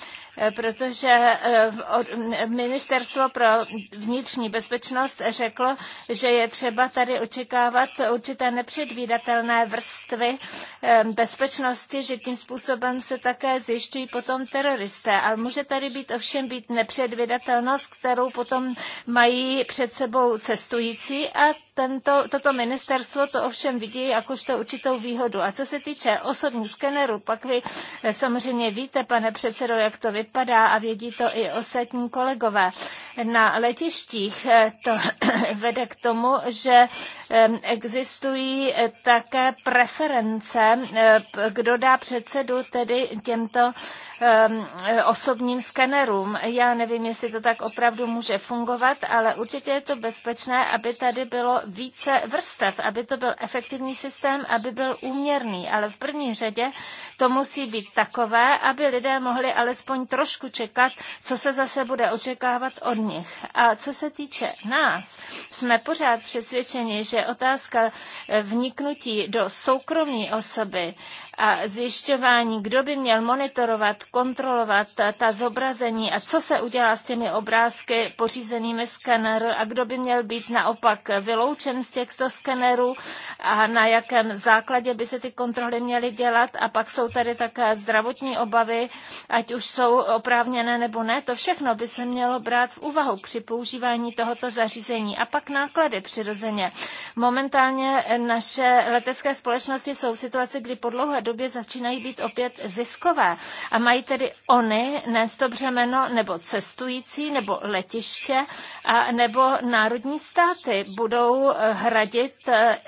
Eh, protože eh, ministerstvo pro vnitřní bezpečnost řeklo, že je třeba tady očekávat určité nepředvídatelné vrstvy eh, bezpečnosti, že tím způsobem se také zjišťují potom teroristé. Ale může tady být ovšem být nepředvídatelnost, kterou potom mají před sebou cestující a tento, toto ministerstvo to ovšem vidí jakožto určitou výhodu. A co se týče osobních skenerů, pak vy eh, samozřejmě víte, pane předsedo, jak to vypadá a vědí to i ostatní kolegové. Na letištích eh, to vede k tomu, že existují eh, také preference, kdo dá předsedu tedy těmto Um, osobním skenerům. Já nevím, jestli to tak opravdu může fungovat, ale určitě je to bezpečné, aby tady bylo více vrstev, aby to byl efektivní systém, aby byl úměrný. Ale v první řadě to musí být takové, aby lidé mohli alespoň trošku čekat, co se zase bude očekávat od nich. A co se týče nás, jsme pořád přesvědčeni, že otázka eh, vniknutí do soukromí osoby a zjišťování, kdo by měl monitorovat, kontrolovat ta zobrazení a co se udělá s těmi obrázky pořízenými skener a kdo by měl být naopak vyloučen z těchto skenerů a na jakém základě by se ty kontroly měly dělat. A pak jsou tady také zdravotní obavy, ať už jsou oprávněné nebo ne. To všechno by se mělo brát v úvahu při používání tohoto zařízení. A pak náklady přirozeně. Momentálně naše letecké společnosti jsou v situaci, kdy po dlouhé době začínají být opět ziskové. A mají tedy oni nést to břemeno nebo cestující, nebo letiště, a, nebo národní státy budou eh, hradit eh,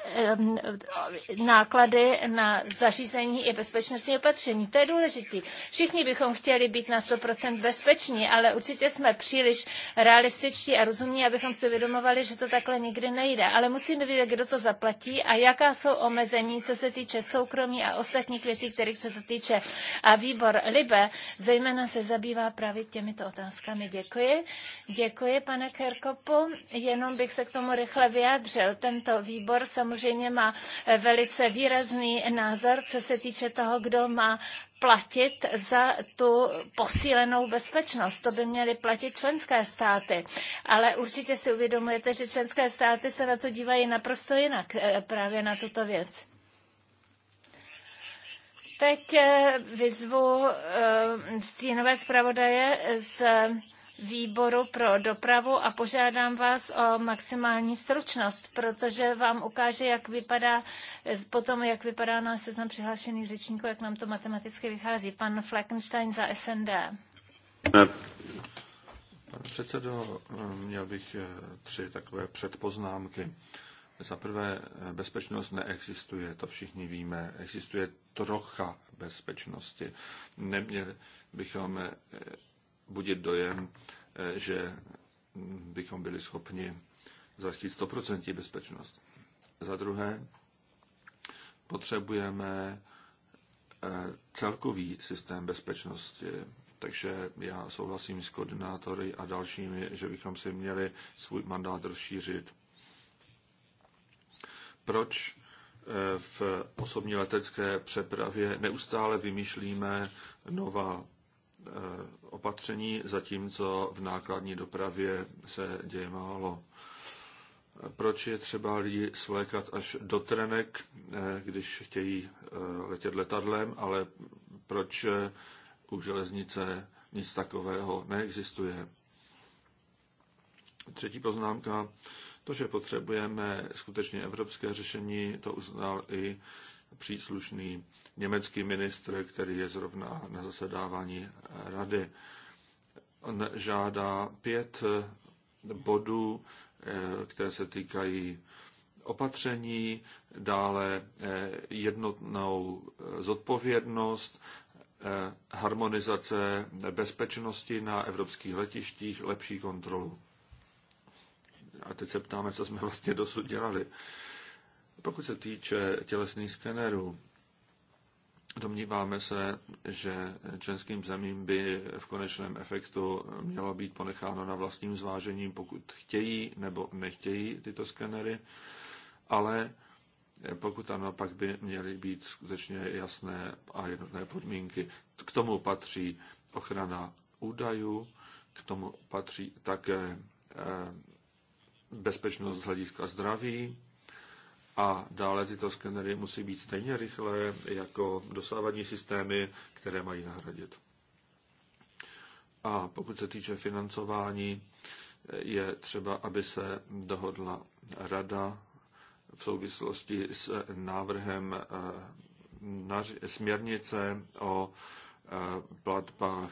náklady na zařízení i bezpečnostní opatření. To je důležité. Všichni bychom chtěli být na 100% bezpeční, ale určitě jsme příliš realističtí a rozumní, abychom si uvědomovali, že to takhle nikdy nejde. Ale musíme vidět, kdo to zaplatí a jaká jsou omezení, co se týče soukromí a ostatních věcí, kterých se to týče. A výbor Libe zejména se zabývá právě těmito otázkami. Děkuji. Děkuji, pane Kerkopu. Jenom bych se k tomu rychle vyjádřil. Tento výbor samozřejmě má velice výrazný názor, co se týče toho, kdo má platit za tu posílenou bezpečnost. To by měly platit členské státy. Ale určitě si uvědomujete, že členské státy se na to dívají naprosto jinak eh, právě na tuto věc. Teď eh, vyzvu eh, stínové zpravodaje z výboru pro dopravu a požádám vás o maximální stručnost, protože vám ukáže, jak vypadá eh, potom, jak vypadá náš seznam přihlášených řečníků, jak nám to matematicky vychází. Pan Fleckenstein za SND. Pane předsedo, měl bych tři takové předpoznámky. Za prvé, eh, bezpečnost neexistuje, to všichni víme. Existuje trocha bezpečnosti. Neměli bychom eh, budit dojem, eh, že mm, bychom byli schopni zajistit 100% bezpečnost. Za druhé, potřebujeme celkový systém bezpečnosti. Takže já souhlasím s koordinátory a dalšími, že bychom si měli svůj mandát rozšířit proč eh, v osobní letecké přepravě neustále vymýšlíme nová eh, opatření, zatímco v nákladní dopravě se děje málo. Proč je třeba lidi svlékat až do trenek, eh, když chtějí letět letadlem, ale proč u železnice nic takového neexistuje? Třetí poznámka. To, že potřebujeme skutečně evropské řešení, to uznal i příslušný německý ministr, který je zrovna na zasedávání rady. On žádá pět bodů, eh, které se týkají opatření, dále eh, jednotnou zodpovědnost, eh, harmonizace bezpečnosti na evropských letištích, lepší kontrolu a teď se ptáme, co jsme vlastně dosud dělali. Pokud se týče tělesných skenerů, domníváme se, že členským zemím by v konečném efektu mělo být ponecháno na vlastním zvážení, pokud chtějí nebo nechtějí tyto skenery, ale pokud ano, pak by měly být skutečně jasné a jednotné podmínky. K tomu patří ochrana údajů, k tomu patří také eh, bezpečnost z hlediska zdraví a dále tyto skenery musí být stejně rychlé jako dosávadní systémy, které mají nahradit. A pokud se týče financování, je třeba, aby se dohodla rada v souvislosti s návrhem eh, směrnice o eh, platbách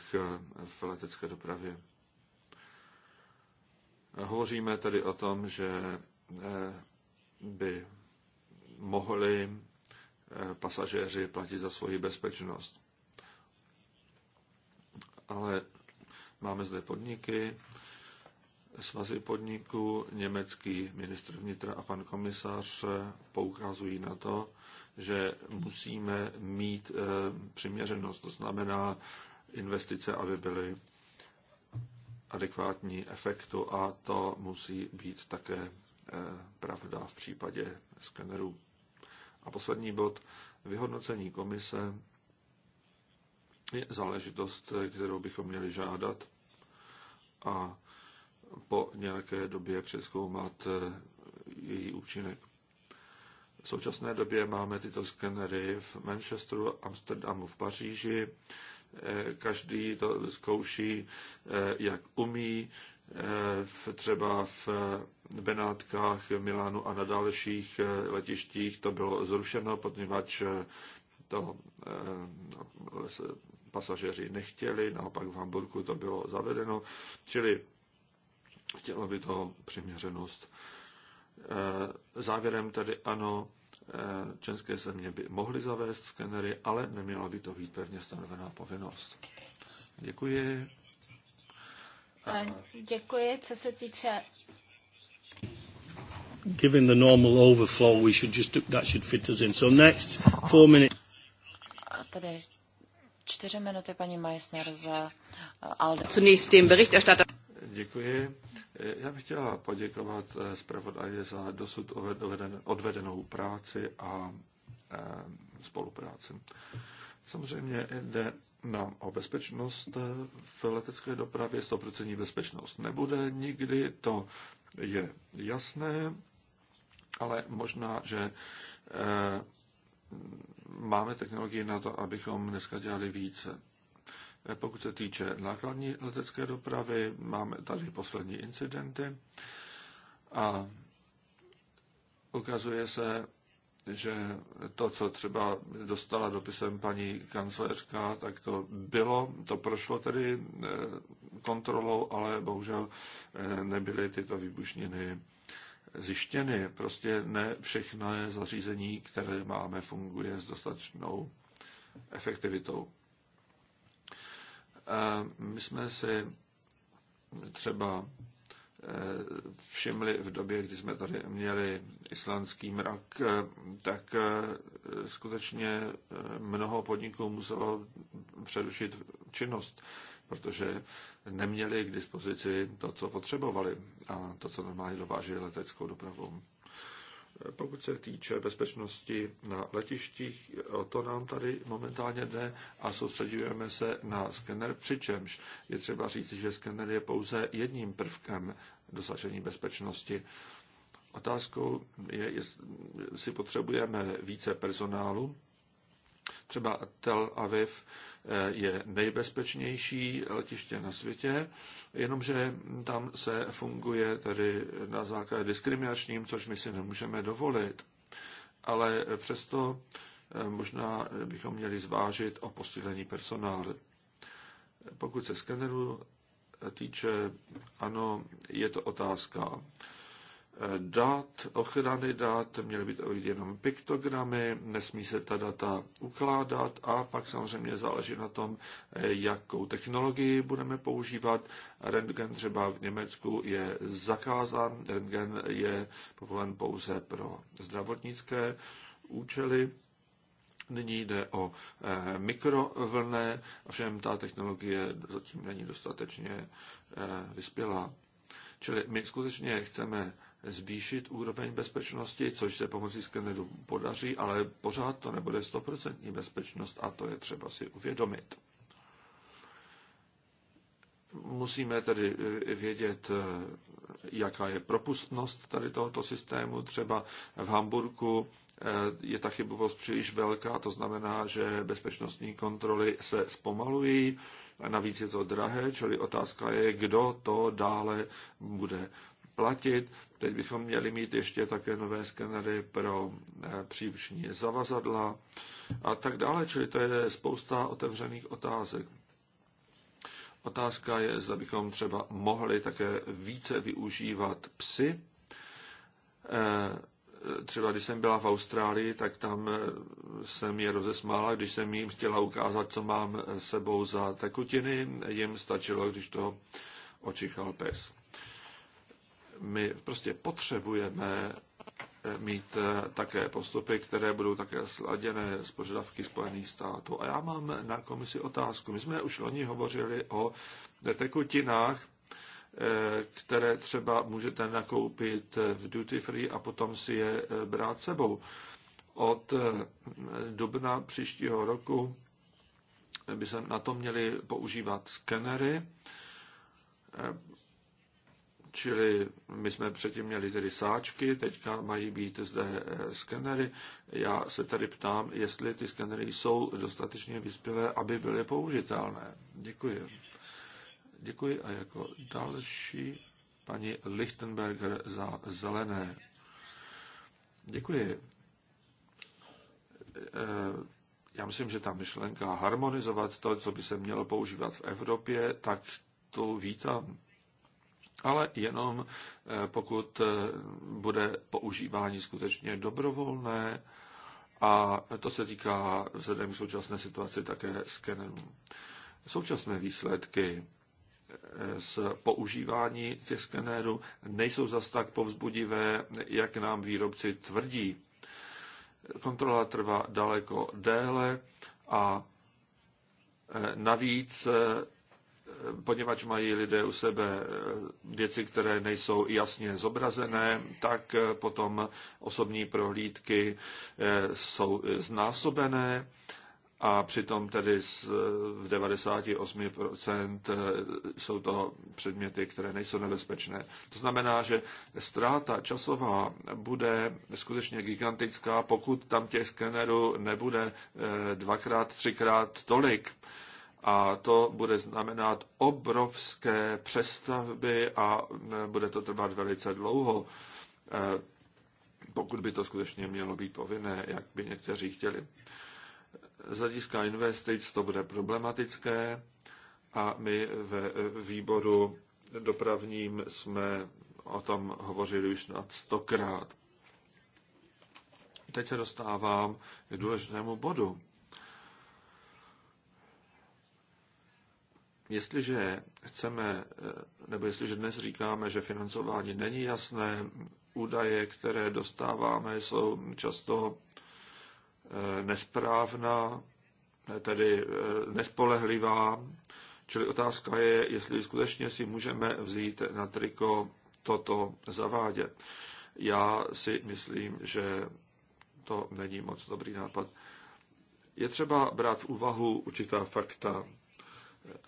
v letecké dopravě. Hovoříme tedy o tom, že eh, by mohli eh, pasažéři platit za svoji bezpečnost. Ale máme zde podniky, svazy podniků, německý ministr vnitra a pan komisař poukazují na to, že musíme mít eh, přiměřenost, to znamená investice, aby byly adekvátní efektu a to musí být také eh, pravda v případě skenerů. A poslední bod, vyhodnocení komise je záležitost, kterou bychom měli žádat a po nějaké době přeskoumat eh, její účinek. V současné době máme tyto skenery v Manchesteru, Amsterdamu, v Paříži, Eh, každý to zkouší, eh, jak umí, eh, v, třeba v Benátkách, Milánu a na dalších letištích to bylo zrušeno, poněvadž to no, pasažeři nechtěli, naopak v Hamburgu to bylo zavedeno, čili chtělo by to přiměřenost. Závěrem tedy ano, Eh, České země by mohly zavést skenery, ale neměla by to být pevně stanovená povinnost. Děkuji. Eh, děkuji, co se týče given the normal overflow, we should just do, that should fit us in. So next, four minutes. A tady čtyři minuty paní Meissner za eh, Alde. Zunächst dem Berichterstatter. Děkuji. Eh, já bych chtěla poděkovat eh, zpravodaji za dosud odvedenou práci a eh, spolupráci. Samozřejmě jde nám o bezpečnost v letecké dopravě. 100% bezpečnost nebude nikdy, to je jasné, ale možná, že máme technologii na to, abychom dneska dělali více. Pokud se týče nákladní letecké dopravy, máme tady poslední incidenty a ukazuje se, že to, co třeba dostala dopisem paní kancléřka, tak to bylo, to prošlo tedy eh, kontrolou, ale bohužel eh, nebyly tyto výbušniny zjištěny. Prostě ne všechno zařízení, které máme, funguje s dostatečnou efektivitou. My jsme si třeba eh, všimli v době, kdy jsme tady měli islandský mrak, eh, tak eh, skutečně mnoho podniků muselo přerušit činnost, protože neměli k dispozici to, co potřebovali a to, co normálně dováží leteckou dopravou. Pokud se týče bezpečnosti na letištích, o to nám tady momentálně jde a soustředujeme se na skener, přičemž je třeba říct, že skener je pouze jedním prvkem dosažení bezpečnosti. Otázkou je, jestli potřebujeme více personálu. Třeba Tel Aviv Eh, je nejbezpečnější letiště na světě, jenomže tam se funguje tedy na základě diskriminačním, což my si nemůžeme dovolit. Ale přesto eh, možná bychom měli zvážit o posílení personálu. Pokud se skeneru eh, týče, ano, je to otázka dat, ochrany dat, měly být jenom piktogramy, nesmí se ta data ukládat a pak samozřejmě záleží na tom, jakou technologii budeme používat. Rentgen třeba v Německu je zakázán, rentgen je povolen pouze pro zdravotnické účely. Nyní jde o eh, mikrovlné, ovšem ta technologie zatím není dostatečně eh, vyspělá. Čili my skutečně chceme zvýšit úroveň bezpečnosti, což se pomocí skeneru podaří, ale pořád to nebude 100% bezpečnost a to je třeba si uvědomit. Musíme tedy eh, vědět, eh, jaká je propustnost tady tohoto systému. Třeba v Hamburgu eh, je ta chybovost příliš velká, to znamená, že bezpečnostní kontroly se zpomalují, navíc je to drahé, čili otázka je, kdo to dále bude platit. Teď bychom měli mít ještě také nové skenery pro eh, příruční zavazadla a tak dále, čili to je spousta otevřených otázek. Otázka je, zda bychom třeba mohli také více využívat psy. Eh, třeba když jsem byla v Austrálii, tak tam eh, jsem je rozesmála, když jsem jim chtěla ukázat, co mám sebou za tekutiny. Jim stačilo, když to očichal pes. My prostě potřebujeme eh, mít eh, také postupy, které budou také sladěné z požadavky Spojených států. A já mám na komisi otázku. My jsme už loni hovořili o tekutinách, eh, které třeba můžete nakoupit v duty free a potom si je brát sebou. Od dubna příštího roku by se na to měly používat skenery, Čili my jsme předtím měli tedy sáčky, teďka mají být zde eh, skenery. Já se tady ptám, jestli ty skenery jsou dostatečně vyspělé, aby byly použitelné. Děkuji. Děkuji a jako další paní Lichtenberger za zelené. Děkuji. Eh, já myslím, že ta myšlenka harmonizovat to, co by se mělo používat v Evropě, tak to vítám ale jenom eh, pokud eh, bude používání skutečně dobrovolné a to se týká vzhledem k současné situaci také skenerů. Současné výsledky eh, z používání těch skenérů nejsou zas tak povzbudivé, jak nám výrobci tvrdí. Kontrola trvá daleko déle a navíc poněvadž mají lidé u sebe eh, věci, které nejsou jasně zobrazené, tak eh, potom osobní prohlídky eh, jsou znásobené a přitom tedy v 98% jsou to předměty, které nejsou nebezpečné. To znamená, že ztráta časová bude skutečně gigantická, pokud tam těch skenerů nebude dvakrát, třikrát tolik a to bude znamenat obrovské přestavby a e, bude to trvat velice dlouho, e, pokud by to skutečně mělo být povinné, jak by někteří chtěli. Z hlediska investic to bude problematické a my ve výboru dopravním jsme o tom hovořili už nad stokrát. Teď se dostávám k důležitému bodu Jestliže chceme, eh, nebo jestliže dnes říkáme, že financování není jasné, údaje, které dostáváme, jsou často eh, nesprávná, eh, tedy nespolehlivá. Čili otázka je, jestli skutečně si můžeme vzít na triko toto zavádět. Já si myslím, že to není moc dobrý nápad. Je třeba brát v úvahu určitá fakta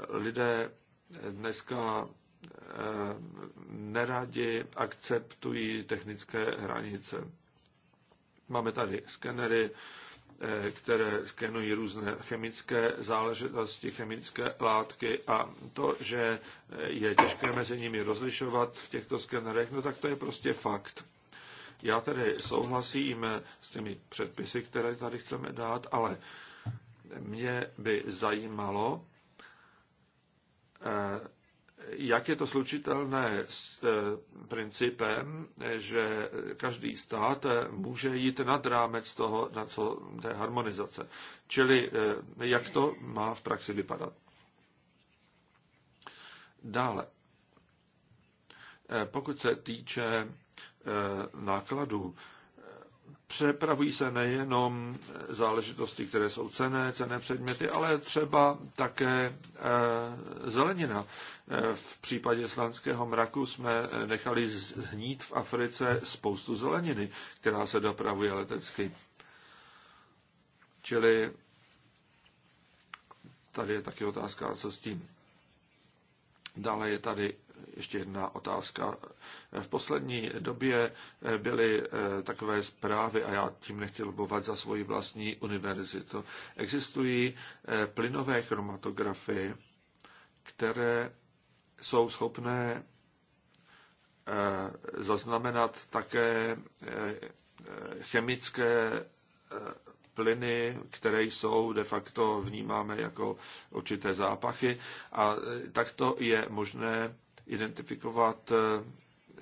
lidé dneska eh, neradi akceptují technické hranice. Máme tady skenery, eh, které skenují různé chemické záležitosti, chemické látky a to, že je těžké mezi nimi rozlišovat v těchto skenerech, no tak to je prostě fakt. Já tedy souhlasím s těmi předpisy, které tady chceme dát, ale mě by zajímalo, Eh, jak je to slučitelné s eh, principem, že každý stát eh, může jít nad rámec toho, na co té harmonizace. Čili jak to má v praxi vypadat. Dále, pokud se týče nákladů, Přepravují se nejenom záležitosti, které jsou cené, cené předměty, ale třeba také eh, zelenina. Eh, v případě slanského mraku jsme eh, nechali zhnít v Africe spoustu zeleniny, která se dopravuje letecky. Čili tady je taky otázka, co s tím. Dále je tady ještě jedna otázka. V poslední době byly eh, takové zprávy, a já tím nechci lobovat za svoji vlastní univerzitu. Existují eh, plynové chromatografy, které jsou schopné eh, zaznamenat také chemické plyny, které jsou de facto vnímáme jako určité zápachy a takto je možné identifikovat eh,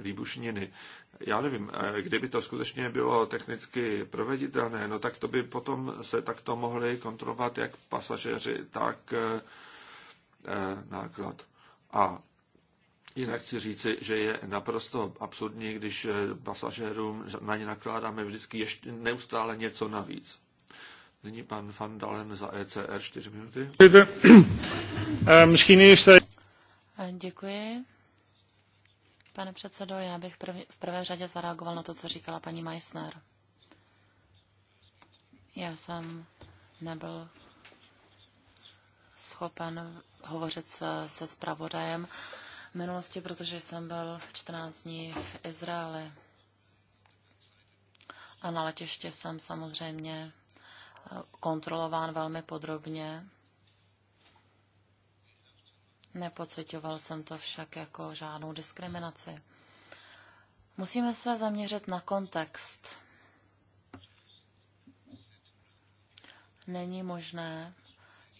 výbušniny. Já nevím, eh, kdyby to skutečně bylo technicky proveditelné, no tak to by potom se takto mohli kontrolovat jak pasažeři, tak eh, náklad. A jinak chci říci, že je naprosto absurdní, když pasažérům na ně nakládáme vždycky ještě neustále něco navíc. Nyní pan Van Dalen za ECR 4 minuty. Děkuji. Děkuji. Pane předsedo, já bych prv, v prvé řadě zareagoval na to, co říkala paní Meissner. Já jsem nebyl schopen hovořit se, se zpravodajem v minulosti, protože jsem byl 14 dní v Izraeli. A na letiště jsem samozřejmě eh, kontrolován velmi podrobně Nepocitoval jsem to však jako žádnou diskriminaci. Musíme se zaměřit na kontext. Není možné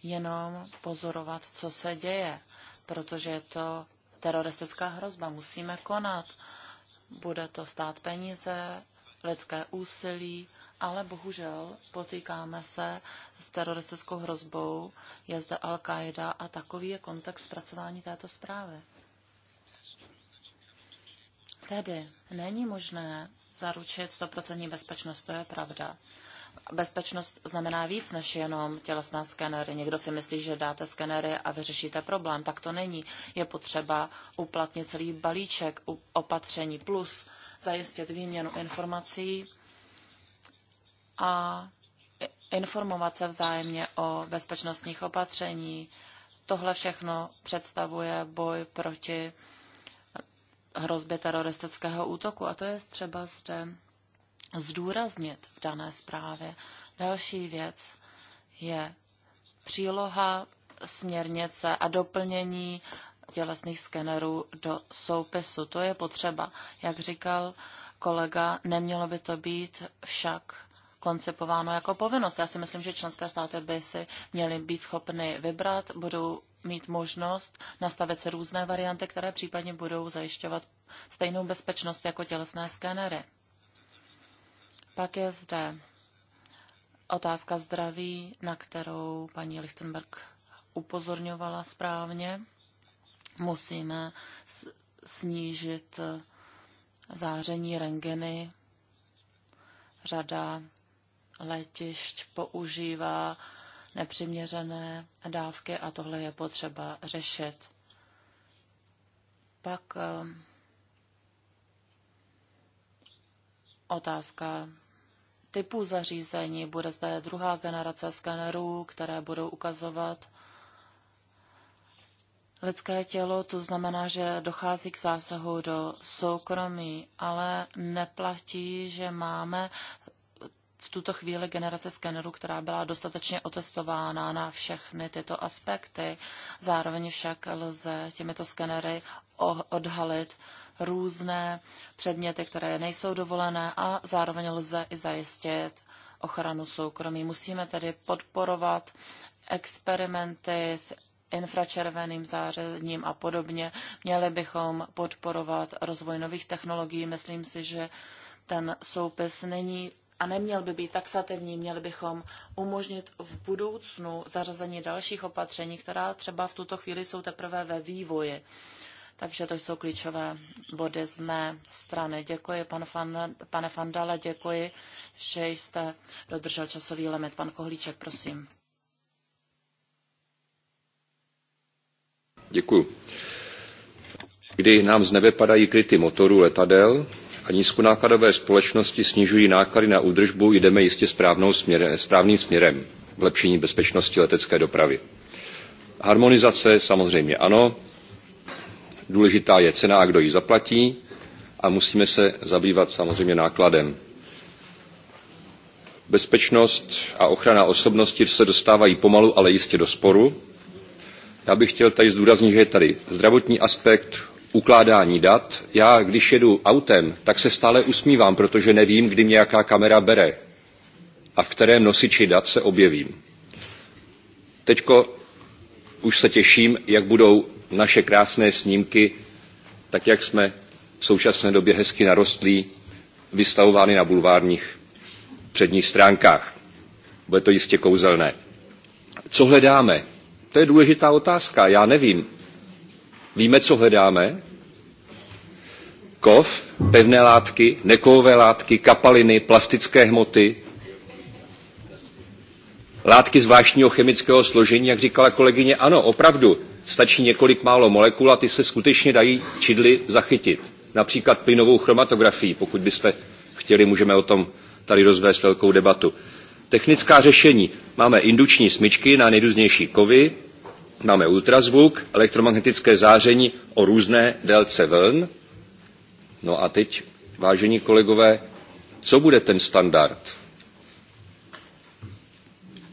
jenom pozorovat, co se děje, protože je to teroristická hrozba. Musíme konat. Bude to stát peníze, lidské úsilí, ale bohužel potýkáme se s teroristickou hrozbou, je zde Al-Qaida a takový je kontext zpracování této zprávy. Tedy není možné zaručit 100% bezpečnost, to je pravda. Bezpečnost znamená víc než jenom tělesná skenery. Někdo si myslí, že dáte skenery a vyřešíte problém. Tak to není. Je potřeba uplatnit celý balíček opatření plus zajistit výměnu informací a informovat se vzájemně o bezpečnostních opatření. Tohle všechno představuje boj proti hrozbě teroristického útoku a to je třeba zde zdůraznit v dané zprávě. Další věc je příloha směrnice a doplnění tělesných skenerů do soupisu. To je potřeba. Jak říkal kolega, nemělo by to být však koncipováno jako povinnost. Já si myslím, že členské státy by si měly být schopny vybrat, budou mít možnost nastavit se různé varianty, které případně budou zajišťovat stejnou bezpečnost jako tělesné skenery. Pak je zde otázka zdraví, na kterou paní Lichtenberg upozorňovala správně musíme snížit eh, záření rengeny. Řada letišť používá nepřiměřené dávky a tohle je potřeba řešit. Pak eh, otázka typu zařízení. Bude zde druhá generace skenerů, které budou ukazovat lidské tělo, to znamená, že dochází k zásahu do soukromí, ale neplatí, že máme v tuto chvíli generace skenerů, která byla dostatečně otestována na všechny tyto aspekty. Zároveň však lze těmito skenery odhalit různé předměty, které nejsou dovolené a zároveň lze i zajistit ochranu soukromí. Musíme tedy podporovat experimenty s infračerveným zářením a podobně. Měli bychom podporovat rozvoj nových technologií. Myslím si, že ten soupis není a neměl by být taxativní, měli bychom umožnit v budoucnu zařazení dalších opatření, která třeba v tuto chvíli jsou teprve ve vývoji. Takže to jsou klíčové body z mé strany. Děkuji, pan fan, pane Fandale, děkuji, že jste dodržel časový limit. Pan Kohlíček, prosím. Kdy nám z nebe padají kryty motorů letadel a nízkonákladové společnosti snižují náklady na údržbu, jdeme jistě správnou správným směrem v lepšení bezpečnosti letecké dopravy. Harmonizace samozřejmě ano, důležitá je cena a kdo ji zaplatí a musíme se zabývat samozřejmě nákladem. Bezpečnost a ochrana osobnosti se dostávají pomalu, ale jistě do sporu já bych chtěl tady zdůraznit, že je tady zdravotní aspekt, ukládání dat. Já, když jedu autem, tak se stále usmívám, protože nevím, kdy mě jaká kamera bere a v kterém nosiči dat se objevím. Teďko už se těším, jak budou naše krásné snímky, tak jak jsme v současné době hezky narostlí, vystavovány na bulvárních předních stránkách. Bude to jistě kouzelné. Co hledáme? To je důležitá otázka. Já nevím. Víme, co hledáme? Kov, pevné látky, nekovové látky, kapaliny, plastické hmoty, látky zvláštního chemického složení, jak říkala kolegyně, ano, opravdu, stačí několik málo molekul a ty se skutečně dají čidly zachytit. Například plynovou chromatografii, pokud byste chtěli, můžeme o tom tady rozvést velkou debatu. Technická řešení. Máme induční smyčky na nejrůznější kovy, Máme ultrazvuk, elektromagnetické záření o různé délce vln. No a teď, vážení kolegové, co bude ten standard?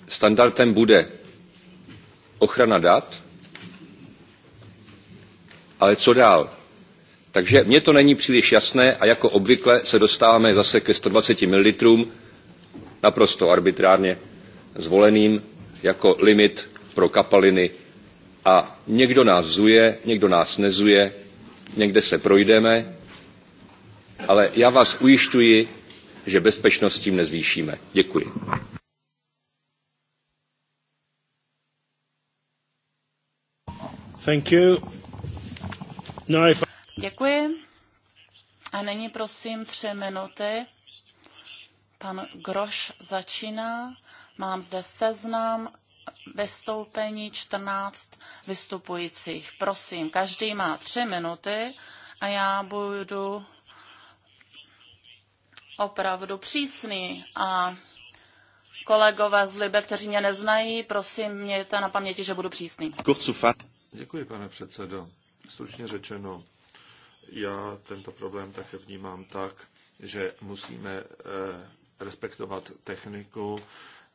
Standardem bude ochrana dat, ale co dál? Takže mně to není příliš jasné a jako obvykle se dostáváme zase ke 120 ml, naprosto arbitrárně zvoleným jako limit pro kapaliny a někdo nás zuje, někdo nás nezuje, někde se projdeme, ale já vás ujišťuji, že bezpečnost tím nezvýšíme. Děkuji. Thank you. No, if... Děkuji. A nyní prosím tři minuty. Pan Groš začíná. Mám zde seznam vystoupení 14 vystupujících. Prosím, každý má tři minuty a já budu opravdu přísný a kolegové z Libe, kteří mě neznají, prosím, mějte na paměti, že budu přísný. Děkuji, pane předsedo. Stručně řečeno, já tento problém také vnímám tak, že musíme eh, respektovat techniku,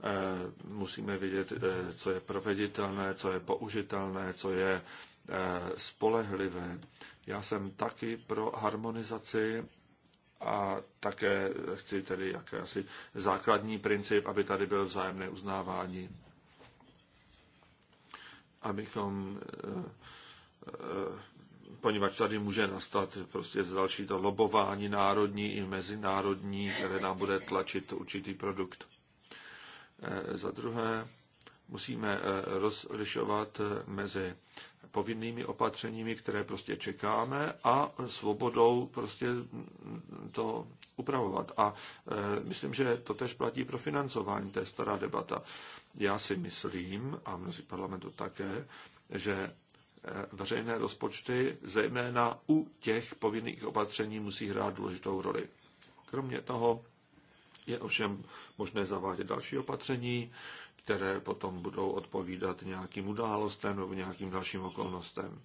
Eh, musíme vidět eh, co je proveditelné, co je použitelné, co je eh, spolehlivé. Já jsem taky pro harmonizaci a také chci tedy jakýsi základní princip, aby tady byl vzájemné uznávání. Abychom, poněvadž tady může nastat prostě další to lobování národní i mezinárodní, které nám bude tlačit určitý produkt. Eh, za druhé, musíme eh, rozlišovat eh, mezi povinnými opatřeními, které prostě čekáme, a svobodou prostě to upravovat. A myslím, že to tež platí pro financování, to je stará debata. Já si myslím, a mnozí parlamentu také, že veřejné rozpočty, zejména u těch povinných opatření, musí hrát důležitou roli. Kromě toho je ovšem možné zavádět další opatření, které potom budou odpovídat nějakým událostem nebo nějakým dalším okolnostem.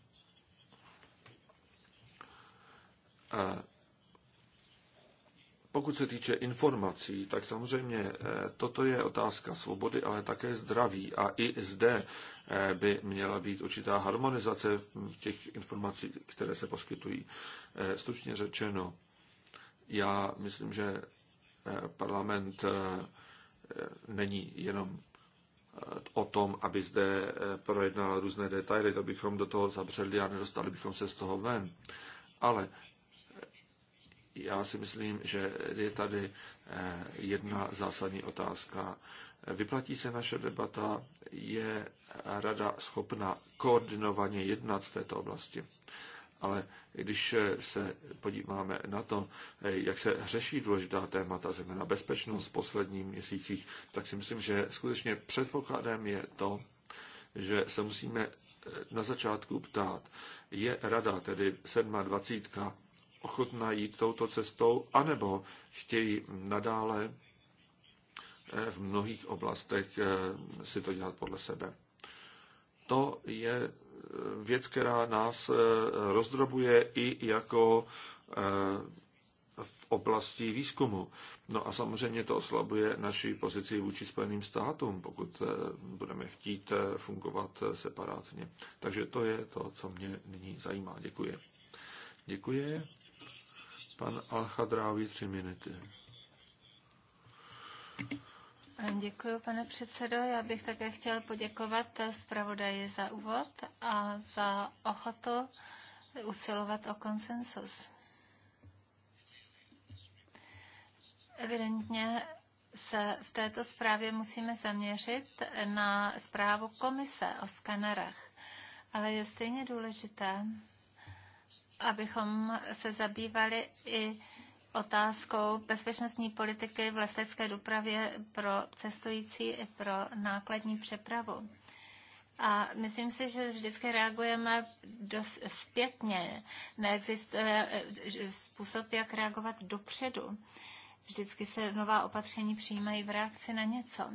Pokud se týče informací, tak samozřejmě eh, toto je otázka svobody, ale také zdraví. A i zde eh, by měla být určitá harmonizace v těch informací, které se poskytují. Eh, stručně řečeno, já myslím, že Eh, parlament eh, eh, není jenom o tom, aby zde projednal různé detaily, to bychom do toho zabředli a nedostali bychom se z toho ven. Ale já si myslím, že je tady jedna zásadní otázka. Vyplatí se naše debata? Je rada schopna koordinovaně jednat z této oblasti? ale když eh, se podíváme na to, eh, jak se řeší důležitá témata, zejména bezpečnost v posledních měsících, tak si myslím, že skutečně předpokladem je to, že se musíme eh, na začátku ptát, je rada, tedy 27. ochotná jít touto cestou, anebo chtějí nadále v mnohých oblastech si to dělat podle sebe. To je věc, která nás eh, rozdrobuje i jako eh, v oblasti výzkumu. No a samozřejmě to oslabuje naši pozici vůči Spojeným státům, pokud eh, budeme chtít fungovat separátně. Takže to je to, co mě nyní zajímá. Děkuji. Děkuji. Pan Alchadrávi, tři minuty. Děkuji, pane předsedo. Já bych také chtěl poděkovat zpravodaji za úvod a za ochotu usilovat o konsensus. Evidentně se v této zprávě musíme zaměřit na zprávu komise o skanerech, ale je stejně důležité, abychom se zabývali i otázkou bezpečnostní politiky v letecké dopravě pro cestující i pro nákladní přepravu. A myslím si, že vždycky reagujeme dost zpětně. Neexistuje eh, způsob, jak reagovat dopředu. Vždycky se nová opatření přijímají v reakci na něco.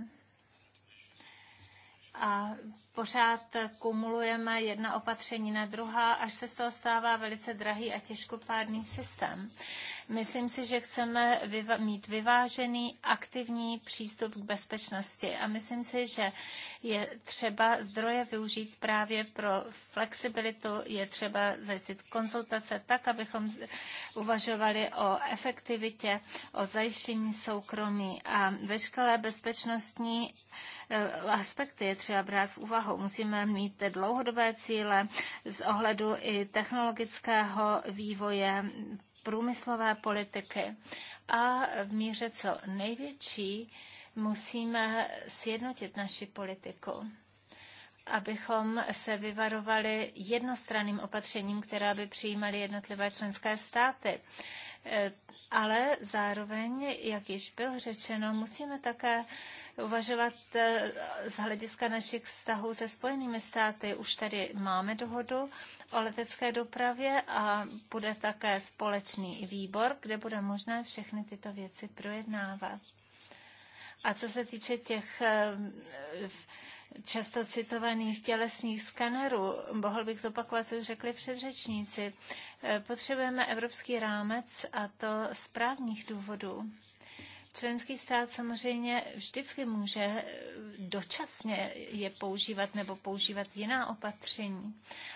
A pořád kumulujeme jedna opatření na druhá, až se z toho stává velice drahý a těžkopádný systém. Myslím si, že chceme vyva- mít vyvážený, aktivní přístup k bezpečnosti a myslím si, že je třeba zdroje využít právě pro flexibilitu, je třeba zajistit konzultace tak, abychom uvažovali o efektivitě, o zajištění soukromí a veškeré bezpečnostní eh, aspekty je třeba brát v úvahu. Musíme mít dlouhodobé cíle z ohledu i technologického vývoje, průmyslové politiky a v míře co největší musíme sjednotit naši politiku abychom se vyvarovali jednostranným opatřením, která by přijímaly jednotlivé členské státy. Eh, ale zároveň, jak již bylo řečeno, musíme také uvažovat eh, z hlediska našich vztahů se Spojenými státy. Už tady máme dohodu o letecké dopravě a bude také společný výbor, kde bude možné všechny tyto věci projednávat. A co se týče těch eh, často citovaných tělesných skanerů. Mohl bych zopakovat, co už řekli předřečníci. Eh, potřebujeme evropský rámec a to z právních důvodů. Členský stát samozřejmě vždycky může eh, dočasně je používat nebo používat jiná opatření,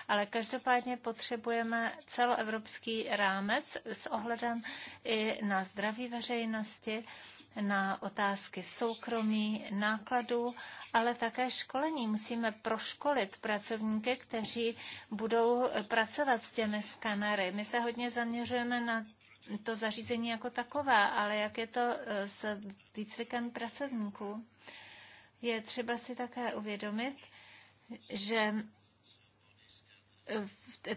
ale každopádně potřebujeme celoevropský rámec s ohledem i na zdraví veřejnosti na otázky soukromí, nákladů, ale také školení. Musíme proškolit pracovníky, kteří budou pracovat s těmi skanery. My se hodně zaměřujeme na to zařízení jako takové, ale jak je to eh, s výcvikem pracovníků? Je třeba si také uvědomit, že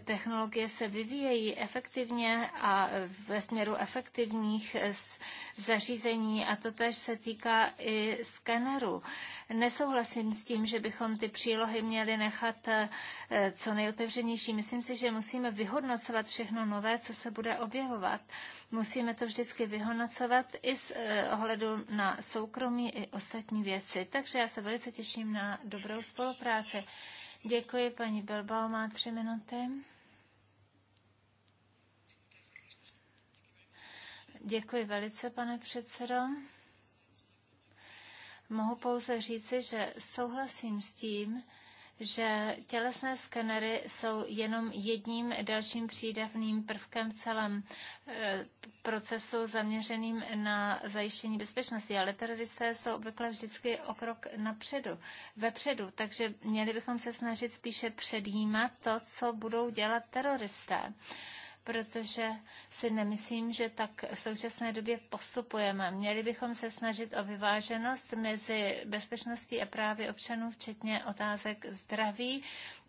technologie se vyvíjejí efektivně a ve směru efektivních eh, zařízení a to tež se týká i skeneru. Nesouhlasím s tím, že bychom ty přílohy měli nechat eh, co nejotevřenější. Myslím si, že musíme vyhodnocovat všechno nové, co se bude objevovat. Musíme to vždycky vyhodnocovat i s eh, ohledu na soukromí i ostatní věci. Takže já se velice těším na dobrou spolupráci. Děkuji, paní Bilbao má tři minuty. Děkuji velice, pane předsedo. Mohu pouze říci, že souhlasím s tím, že tělesné skenery jsou jenom jedním dalším přídavným prvkem celém eh, procesu zaměřeným na zajištění bezpečnosti, ale teroristé jsou obvykle vždycky o krok napředu, vepředu, takže měli bychom se snažit spíše předjímat to, co budou dělat teroristé protože si nemyslím, že tak v současné době postupujeme. Měli bychom se snažit o vyváženost mezi bezpečností a právy občanů, včetně otázek zdraví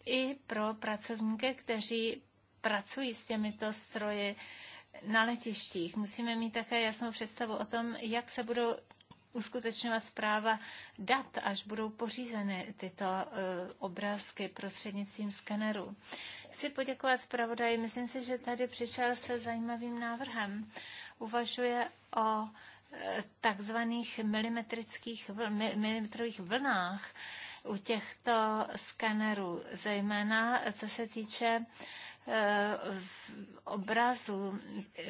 i pro pracovníky, kteří pracují s těmito stroji na letištích. Musíme mít také jasnou představu o tom, jak se budou uskutečňovat zpráva dat, až budou pořízeny tyto eh, obrázky prostřednictvím skeneru. Chci poděkovat zpravodaji. Myslím si, že tady přišel se zajímavým návrhem. Uvažuje o eh, takzvaných milimetrických milimetrových vlnách u těchto skenerů, zejména co se týče Eh, obrazu.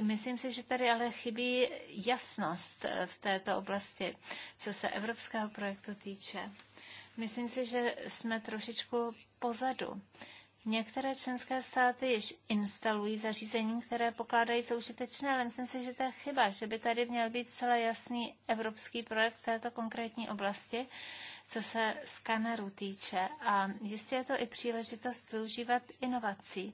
Myslím si, že tady ale chybí jasnost eh, v této oblasti, co se evropského projektu týče. Myslím si, že jsme trošičku pozadu. Některé členské státy již instalují zařízení, které pokládají za užitečné, ale myslím si, že to je chyba, že by tady měl být celé jasný evropský projekt v této konkrétní oblasti, co se skanerů týče. A jistě je to i příležitost využívat inovací.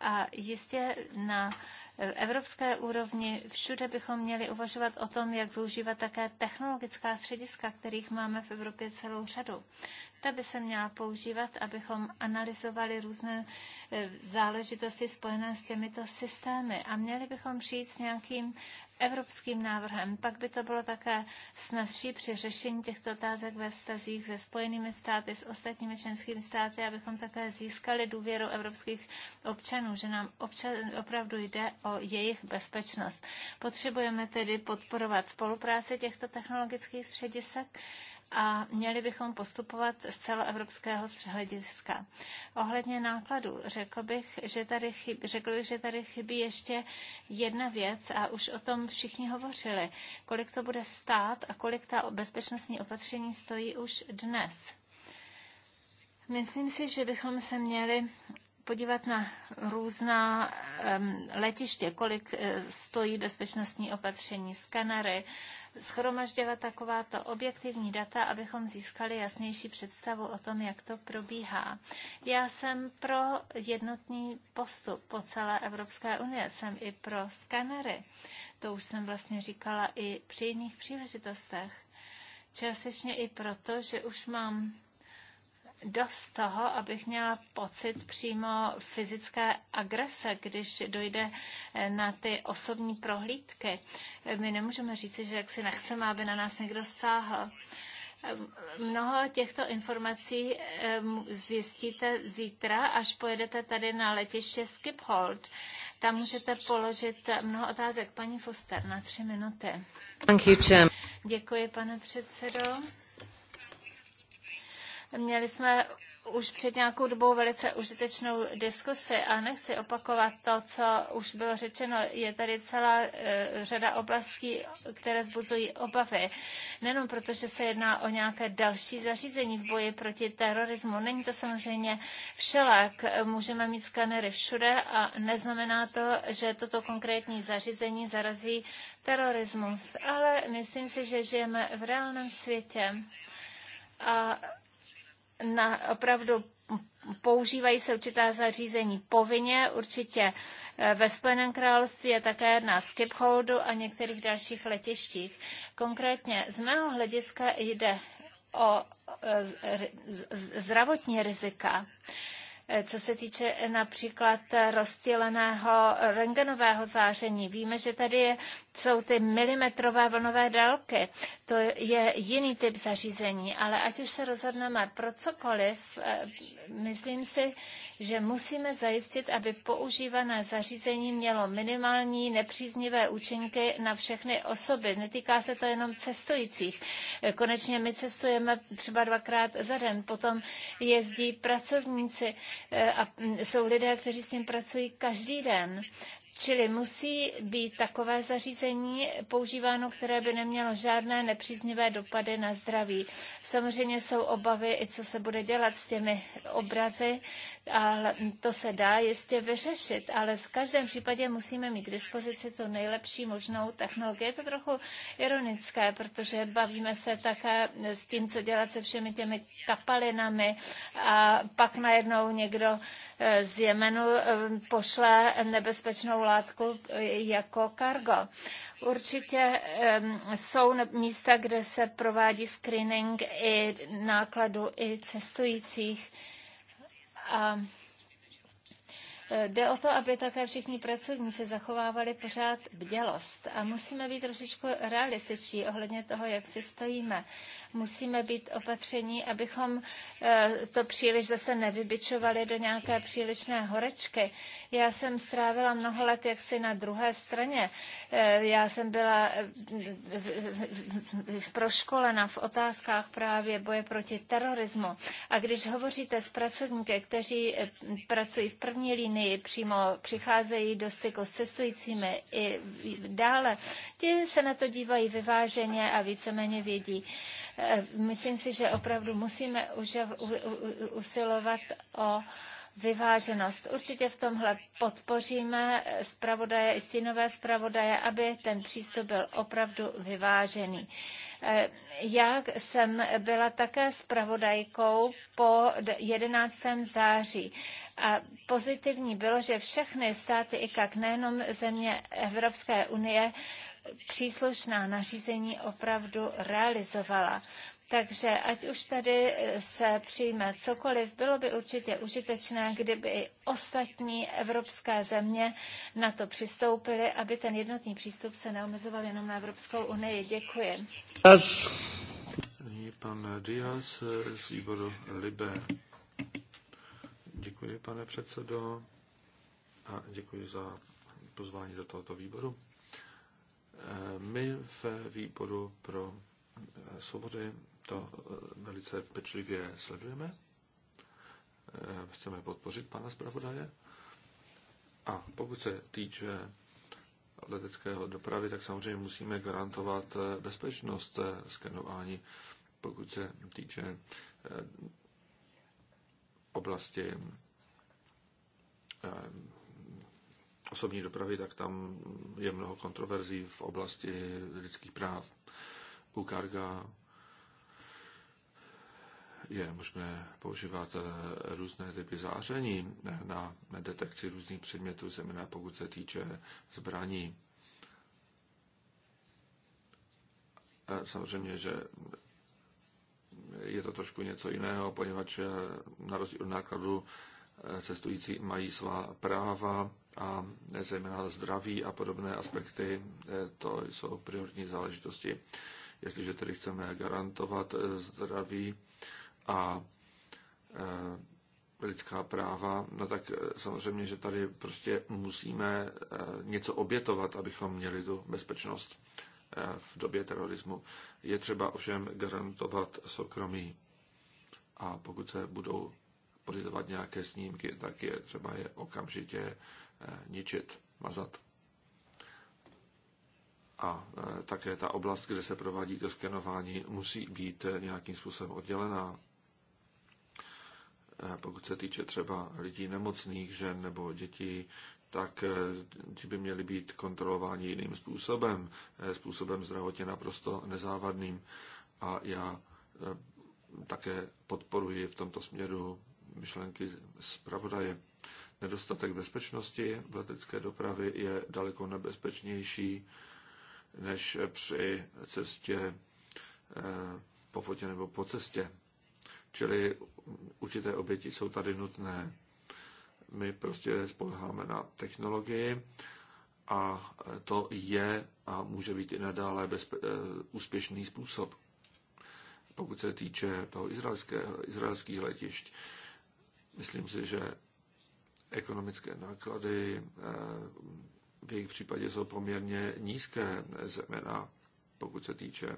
A jistě na evropské úrovni všude bychom měli uvažovat o tom, jak využívat také technologická střediska, kterých máme v Evropě celou řadu. Ta by se měla používat, abychom analyzovali různé eh, záležitosti spojené s těmito systémy a měli bychom přijít s nějakým evropským návrhem. Pak by to bylo také snazší při řešení těchto otázek ve vztazích se spojenými státy, s ostatními členskými státy, abychom také získali důvěru evropských občanů, že nám občan, opravdu jde o jejich bezpečnost. Potřebujeme tedy podporovat spolupráci těchto technologických středisek a měli bychom postupovat z celoevropského hlediska. Ohledně nákladů řekl bych, že tady chybí, řekl bych, že tady chybí ještě jedna věc a už o tom všichni hovořili. Kolik to bude stát a kolik ta bezpečnostní opatření stojí už dnes. Myslím si, že bychom se měli podívat na různá letiště, kolik eh, stojí bezpečnostní opatření, skanery, schromažďovat takováto objektivní data, abychom získali jasnější představu o tom, jak to probíhá. Já jsem pro jednotný postup po celé Evropské unie, jsem i pro skanery. To už jsem vlastně říkala i při jiných příležitostech. Částečně i proto, že už mám dost toho, abych měla pocit přímo fyzické agrese, když dojde eh, na ty osobní prohlídky. My nemůžeme říci, že jak si nechceme, aby na nás někdo sáhl. Eh, mnoho těchto informací eh, zjistíte zítra, až pojedete tady na letiště Skiphold. Tam můžete položit mnoho otázek. Paní Foster, na tři minuty. Děkuji, pane předsedo. Měli jsme už před nějakou dobou velice užitečnou diskusi a nechci opakovat to, co už bylo řečeno. Je tady celá e, řada oblastí, které zbuzují obavy. Nenom že se jedná o nějaké další zařízení v boji proti terorismu. Není to samozřejmě všelak. Můžeme mít skanery všude a neznamená to, že toto konkrétní zařízení zarazí terorismus. Ale myslím si, že žijeme v reálném světě. A na opravdu používají se určitá zařízení povinně, určitě eh, ve Spojeném království a také na Skipholdu a některých dalších letištích. Konkrétně z mého hlediska jde o eh, zdravotní rizika. Eh, co se týče eh, například eh, rozptýleného rengenového záření. Víme, že tady jsou ty milimetrové vlnové délky. To je jiný typ zařízení, ale ať už se rozhodneme pro cokoliv, myslím si, že musíme zajistit, aby používané zařízení mělo minimální nepříznivé účinky na všechny osoby. Netýká se to jenom cestujících. Konečně my cestujeme třeba dvakrát za den, potom jezdí pracovníci Eh, a mm, jsou lidé, kteří s tím pracují každý den Čili musí být takové zařízení používáno, které by nemělo žádné nepříznivé dopady na zdraví. Samozřejmě jsou obavy i co se bude dělat s těmi obrazy, ale to se dá jistě vyřešit, ale v každém případě musíme mít k dispozici tu nejlepší možnou technologii. Je to trochu ironické, protože bavíme se také s tím, co dělat se všemi těmi kapalinami a pak najednou někdo eh, z Jemenu eh, pošle nebezpečnou stejnou látku eh, jako kargo. Určitě jsou místa, kde se provádí screening i nákladu, i cestujících. A Eh, jde o to, aby také všichni pracovníci zachovávali pořád bdělost a musíme být trošičku realističtí ohledně toho, jak si stojíme. Musíme být opatření, abychom eh, to příliš zase nevybičovali do nějaké přílišné horečky. Já jsem strávila mnoho let jaksi na druhé straně. Eh, já jsem byla proškolena v otázkách právě boje proti terorismu. A když hovoříte s pracovníky, kteří pracují v první línii, ženy přímo přicházejí do styku s cestujícími i dále, ti se na to dívají vyváženě a víceméně vědí. Eh, myslím si, že opravdu musíme už usilovat o vyváženost. Určitě v tomhle podpoříme zpravodaje i synové zpravodaje, aby ten přístup byl opravdu vyvážený. Eh, já jsem byla také zpravodajkou po 11. září a pozitivní bylo, že všechny státy, i jak nejenom země Evropské unie, příslušná nařízení opravdu realizovala. Takže ať už tady se přijme cokoliv, bylo by určitě užitečné, kdyby i ostatní evropské země na to přistoupily, aby ten jednotný přístup se neomezoval jenom na Evropskou unii. Děkuji. Nyní pan Díaz eh, z výboru Libe. Děkuji, pane předsedo, a děkuji za pozvání do tohoto výboru. My v výboru pro eh, svobody to eh, velice pečlivě sledujeme. Eh, chceme podpořit pana zpravodaje. A pokud se týče leteckého dopravy, tak samozřejmě musíme garantovat bezpečnost skenování. Pokud se týče oblasti osobní dopravy, tak tam je mnoho kontroverzí v oblasti lidských práv. U karga je možné používat eh, různé typy záření na detekci různých předmětů, zejména pokud se týče zbraní. Samozřejmě, že je to trošku něco jiného, poněvadž eh, na rozdíl od nákladu cestující mají svá práva a zejména zdraví a podobné aspekty, eh, to jsou prioritní záležitosti. Jestliže tedy chceme garantovat eh, zdraví a eh, lidská práva, no tak samozřejmě, že tady prostě musíme něco obětovat, abychom měli tu bezpečnost v době terorismu. Je třeba ovšem garantovat soukromí. A pokud se budou pořizovat nějaké snímky, tak je třeba je okamžitě eh, ničit, mazat. A eh, také ta oblast, kde se provádí to skenování, musí být eh, nějakým způsobem oddělená. Pokud se týče třeba lidí nemocných, žen nebo dětí, tak ti by měli být kontrolováni jiným způsobem, způsobem zdravotně naprosto nezávadným. A já také podporuji v tomto směru myšlenky zpravodaje. Nedostatek bezpečnosti v letecké dopravy je daleko nebezpečnější než při cestě eh, po fotě nebo po cestě. Čili určité oběti jsou tady nutné. My prostě spoleháme na technologii a to je a může být i nadále bezpe- eh, úspěšný způsob. Pokud se týče toho izraelského, izraelských letišť, Myslím si, že ekonomické náklady eh, v jejich případě jsou poměrně nízké, zejména pokud se týče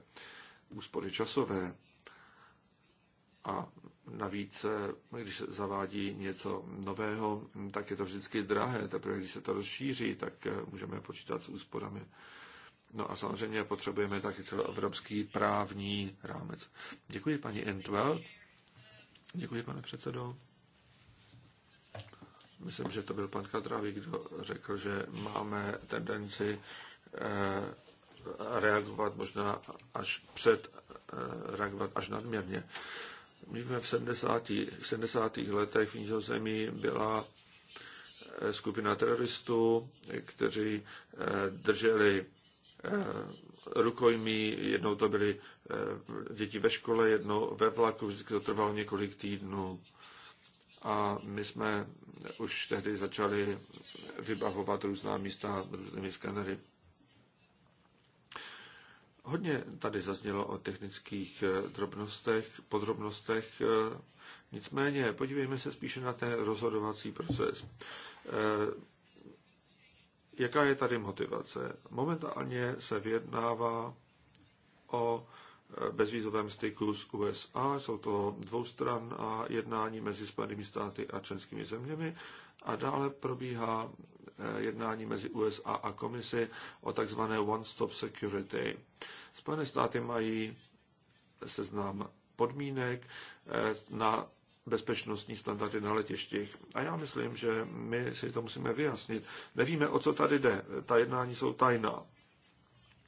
úspory časové. A navíc, eh, když se zavádí něco nového, tak je to vždycky drahé. Teprve když se to rozšíří, tak eh, můžeme počítat s úsporami. No a samozřejmě potřebujeme taky celoevropský právní rámec. Děkuji paní Entwell. Děkuji, pane předsedo myslím, že to byl pan Kadravi, kdo řekl, že máme tendenci eh, reagovat možná až před, eh, reagovat až nadměrně. My jsme v 70. V 70. letech v Nizozemí byla eh, skupina teroristů, kteří drželi rukojmí, jednou to byly děti ve škole, jednou ve vlaku, vždycky to trvalo několik týdnů a my jsme už tehdy začali vybavovat různá místa různými skenery. Hodně tady zaznělo o technických eh, drobnostech, podrobnostech, eh, nicméně podívejme se spíše na ten rozhodovací proces. Eh, jaká je tady motivace? Momentálně se vyjednává o bezvízovém styku s USA. Jsou to dvoustran a jednání mezi Spojenými státy a členskými zeměmi. A dále probíhá eh, jednání mezi USA a komisi o takzvané one-stop security. Spojené státy mají seznam podmínek eh, na bezpečnostní standardy na letištích. A já myslím, že my si to musíme vyjasnit. Nevíme, o co tady jde. Ta jednání jsou tajná.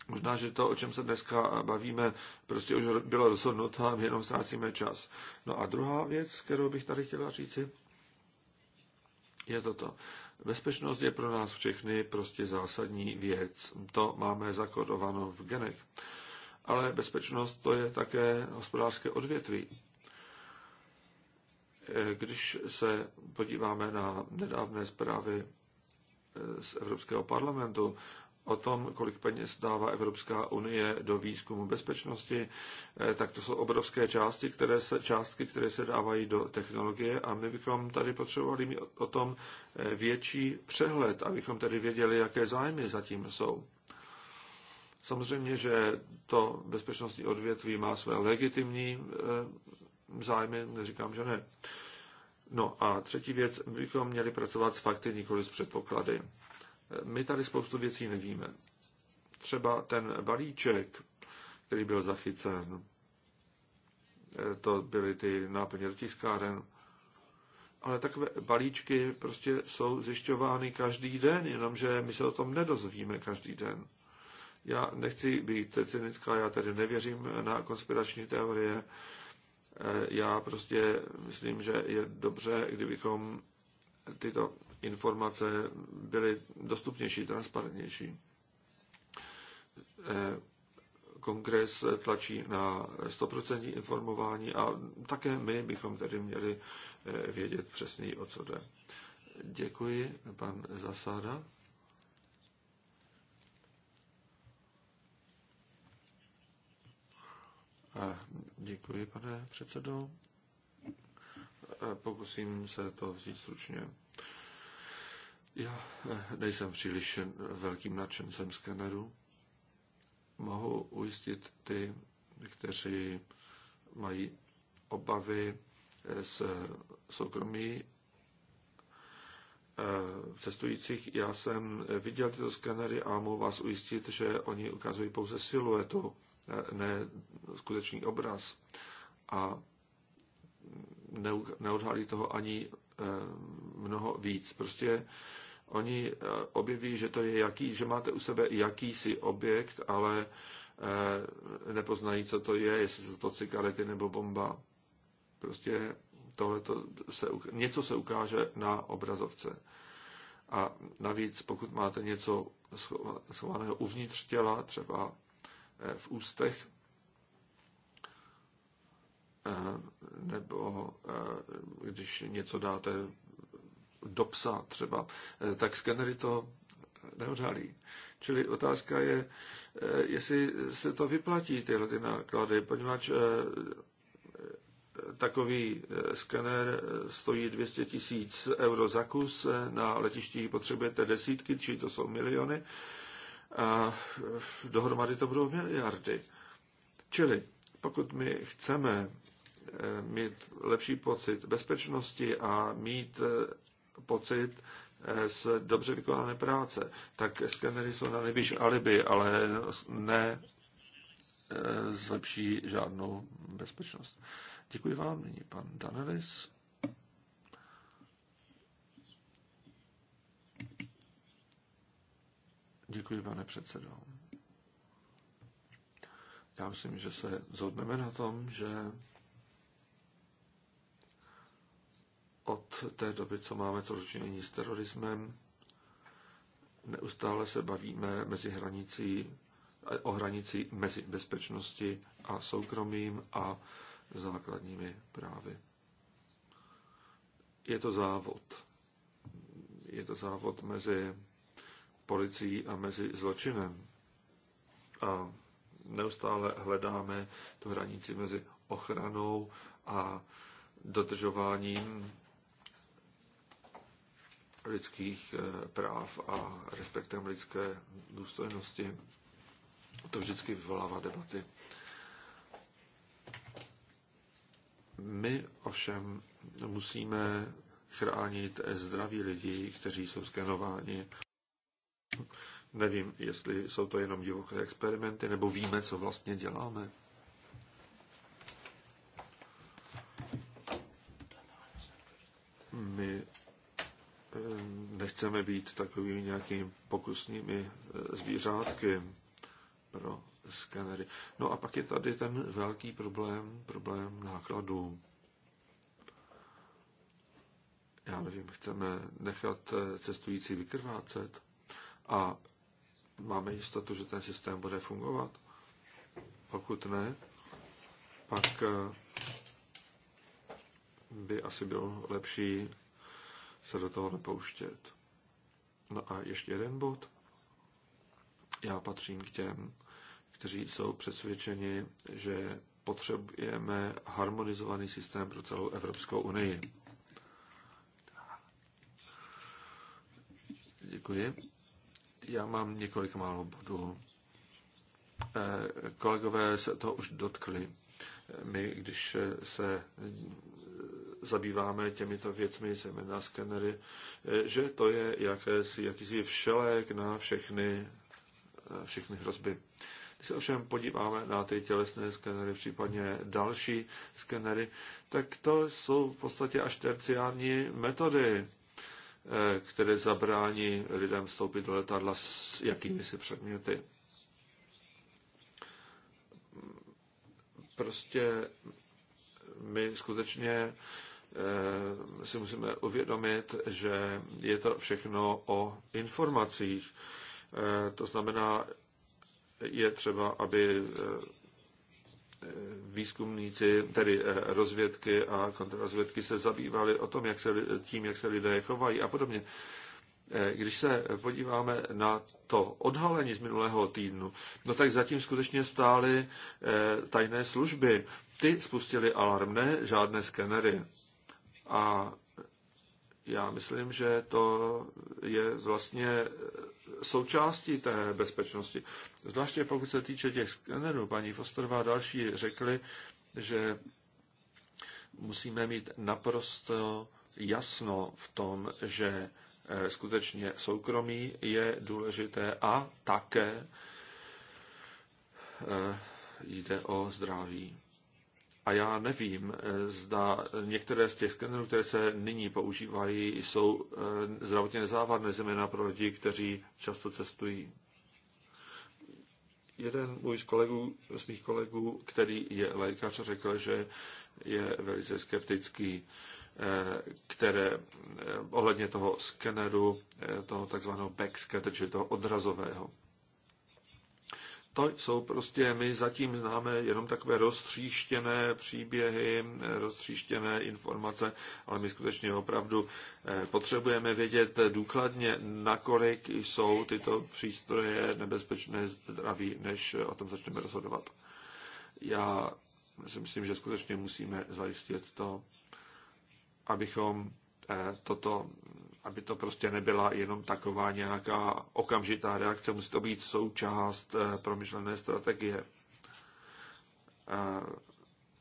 Možná, že to, o čem se dneska bavíme, prostě už bylo rozhodnuto a jenom ztrácíme čas. No a druhá věc, kterou bych tady chtěla říci, je toto. Bezpečnost je pro nás všechny prostě zásadní věc. To máme zakodováno v genech. Ale bezpečnost to je také hospodářské odvětví. Eh, když se podíváme na nedávné zprávy eh, z Evropského parlamentu, o tom, kolik peněz dává Evropská unie do výzkumu bezpečnosti, eh, tak to jsou obrovské části, které se, částky, které se dávají do technologie a my bychom tady potřebovali mít o tom eh, větší přehled, abychom tedy věděli, jaké zájmy zatím jsou. Samozřejmě, že to bezpečnostní odvětví má své legitimní eh, zájmy, neříkám, že ne. No a třetí věc, bychom měli pracovat s fakty, nikoli s předpoklady my tady spoustu věcí nevíme. Třeba ten balíček, který byl zachycen, eh, to byly ty náplně do tiskáren, ale takové balíčky prostě jsou zjišťovány každý den, jenomže my se o tom nedozvíme každý den. Já nechci být cynická, já tedy nevěřím na konspirační teorie. Eh, já prostě myslím, že je dobře, kdybychom tyto informace byly dostupnější, transparentnější. Eh, kongres tlačí na 100% informování a také my bychom tedy měli eh, vědět přesněji, o co jde. Děkuji, pan Zasada. Eh, děkuji, pane předsedo. Pokusím se to vzít slučně. Já eh, nejsem příliš velkým nadšencem skeneru. Mohu ujistit ty, kteří mají obavy eh, z soukromí eh, cestujících. Já jsem viděl tyto skenery a mohu vás ujistit, že oni ukazují pouze siluetu, ne skutečný obraz. A neodhalí toho ani eh, mnoho víc. Prostě oni eh, objeví, že to je jaký, že máte u sebe jakýsi objekt, ale eh, nepoznají, co to je, jestli jsou to cigarety nebo bomba. Prostě tohle se, něco se ukáže na obrazovce. A navíc, pokud máte něco schovaného uvnitř těla, třeba v ústech, Eh, nebo eh, když něco dáte do psa třeba, eh, tak skenery to neodhalí. Čili otázka je, jestli se to vyplatí, tyhle ty náklady, poněvadž takový skener stojí 200 tisíc euro za kus, na letišti potřebujete desítky, či to jsou miliony, a dohromady to budou miliardy. Čili pokud my chceme Eh, mít lepší pocit bezpečnosti a mít eh, pocit eh, z dobře vykonané práce, tak skenery jsou na nejvíc alibi, ale ne zlepší žádnou bezpečnost. Děkuji vám. Nyní pan Danelis. Děkuji, pane předsedo. Já myslím, že se zhodneme na tom, že od té doby, co máme to dočinění s terorismem, neustále se bavíme mezi hranicí, o hranici mezi bezpečnosti a soukromím a základními právy. Je to závod. Je to závod mezi policií a mezi zločinem. A neustále hledáme tu hranici mezi ochranou a dodržováním lidských eh, práv a respektem lidské důstojnosti. To vždycky vyvolává debaty. My ovšem musíme chránit zdraví lidí, kteří jsou skenováni. Nevím, jestli jsou to jenom divoké experimenty, nebo víme, co vlastně děláme. My Eh, nechceme být takovými nějakými pokusnými eh, zvířátky pro skenery. No a pak je tady ten velký problém, problém nákladů. Já nevím, chceme nechat eh, cestující vykrvácet a máme jistotu, že ten systém bude fungovat. Pokud ne, pak by asi bylo lepší se do toho nepouštět. No a ještě jeden bod. Já patřím k těm, kteří jsou přesvědčeni, že potřebujeme harmonizovaný systém pro celou Evropskou unii. Děkuji. Já mám několik málo bodů. Eh, kolegové se to už dotkli. Eh, my, když se zabýváme těmito věcmi, zejména skenery, eh, že to je jakési, jakýsi všelek na všechny, eh, všechny hrozby. Když se ovšem podíváme na ty tělesné skenery, případně další skenery, tak to jsou v podstatě až terciární metody, eh, které zabrání lidem vstoupit do letadla s jakými si předměty. Prostě my skutečně Eh, si musíme uvědomit, že je to všechno o informacích. Eh, to znamená, je třeba, aby eh, výzkumníci, tedy rozvědky a kontrarozvědky se zabývali o tom, jak se, tím, jak se lidé chovají a podobně. Když se podíváme na to odhalení z minulého týdnu, no tak zatím skutečně stály tajné služby. Ty spustili alarm, ne žádné skenery. A já myslím, že to je vlastně součástí té bezpečnosti. Zvláště pokud se týče těch skenerů, paní Fosterová a další řekli, že musíme mít naprosto jasno v tom, že eh, skutečně soukromí je důležité a také eh, jde o zdraví. A já nevím, eh, zda některé z těch skenerů, které se nyní používají, jsou eh, zdravotně nezávadné, zejména pro lidi, kteří často cestují. Jeden můj z, kolegů, z mých kolegů, který je lékař, řekl, že je velice skeptický eh, které ohledně toho skeneru, toho takzvaného backscatter, čili toho odrazového. To jsou prostě, my zatím známe jenom takové roztříštěné příběhy, roztříštěné informace, ale my skutečně opravdu eh, potřebujeme vědět důkladně, nakolik jsou tyto přístroje nebezpečné zdraví, než o tom začneme rozhodovat. Já si myslím, že skutečně musíme zajistit to, abychom eh, toto aby to prostě nebyla jenom taková nějaká okamžitá reakce, musí to být součást eh, promyšlené strategie.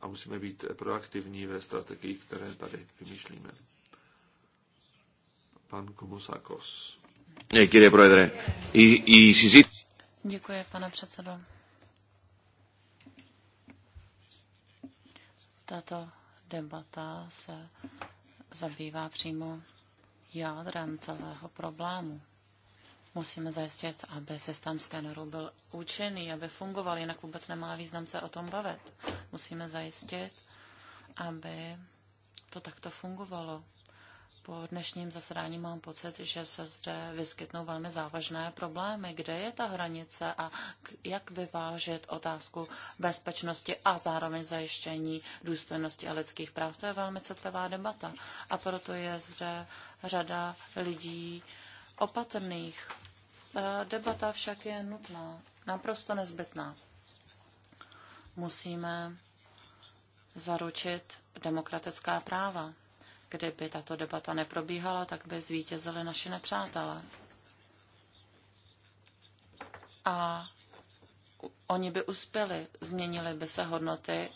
A musíme být proaktivní ve strategii, které tady vymýšlíme. Pan Komusakos. Děkuji, pane předsedo. Tato debata se zabývá přímo jádrem celého problému. Musíme zajistit, aby systém skenerů byl účinný, aby fungoval, jinak vůbec nemá význam se o tom bavit. Musíme zajistit, aby to takto fungovalo. Po dnešním zasedání mám pocit, že se zde vyskytnou velmi závažné problémy. Kde je ta hranice a jak vyvážit otázku bezpečnosti a zároveň zajištění důstojnosti a lidských práv? To je velmi citlivá debata. A proto je zde řada lidí opatrných. Ta debata však je nutná, naprosto nezbytná. Musíme zaručit demokratická práva. Kdyby tato debata neprobíhala, tak by zvítězili naši nepřátelé. A oni by uspěli, změnili by se hodnoty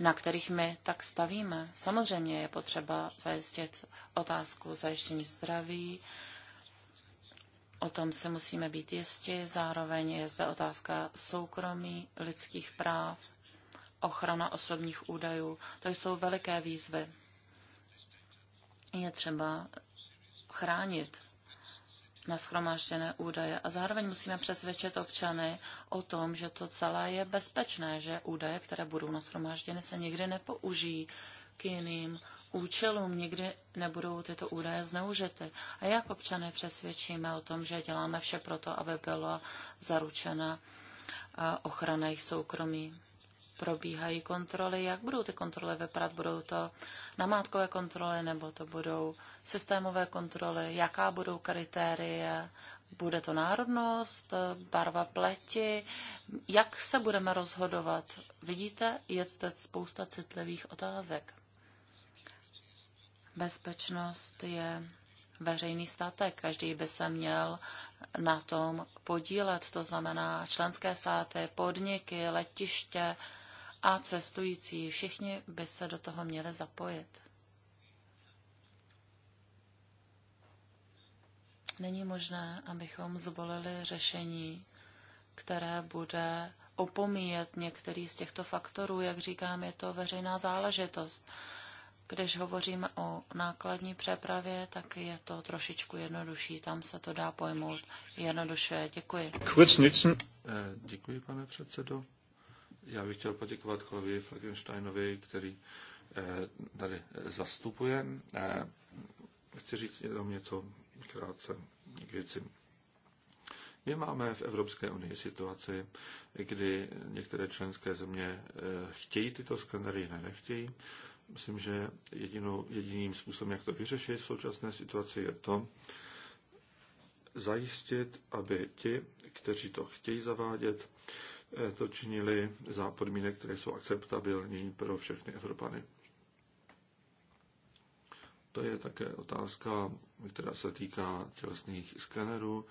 na kterých my tak stavíme. Samozřejmě je potřeba zajistit otázku zajištění zdraví, o tom se musíme být jisti, zároveň je zde otázka soukromí, lidských práv, ochrana osobních údajů. To jsou veliké výzvy. Je třeba chránit na schromážděné údaje a zároveň musíme přesvědčit občany o tom, že to celé je bezpečné, že údaje, které budou nashromážděny, se nikdy nepoužijí k jiným účelům, nikdy nebudou tyto údaje zneužity. A jak občany přesvědčíme o tom, že děláme vše proto, aby byla zaručena ochrana jejich soukromí probíhají kontroly. Jak budou ty kontroly vypadat? Budou to namátkové kontroly nebo to budou systémové kontroly? Jaká budou kritéria? Bude to národnost, barva pleti? Jak se budeme rozhodovat? Vidíte, je to spousta citlivých otázek. Bezpečnost je veřejný statek. Každý by se měl na tom podílet, to znamená členské státy, podniky, letiště, a cestující. Všichni by se do toho měli zapojit. Není možné, abychom zvolili řešení, které bude opomíjet některý z těchto faktorů. Jak říkám, je to veřejná záležitost. Když hovoříme o nákladní přepravě, tak je to trošičku jednodušší. Tam se to dá pojmout jednoduše. Děkuji. Eh, děkuji, pane předsedo. Já bych chtěl poděkovat kolegovi Fagensteinovi, který eh, tady zastupuje. Eh, chci říct jenom něco krátce k věci. My máme v Evropské unii situaci, kdy některé členské země eh, chtějí tyto skenery, ne nechtějí. Myslím, že jedinou, jediným způsobem, jak to vyřešit v současné situaci, je to, zajistit, aby ti, kteří to chtějí zavádět, Eh, to činili za podmínek, které jsou akceptabilní pro všechny Evropany. To je také otázka, která se týká tělesných skenerů.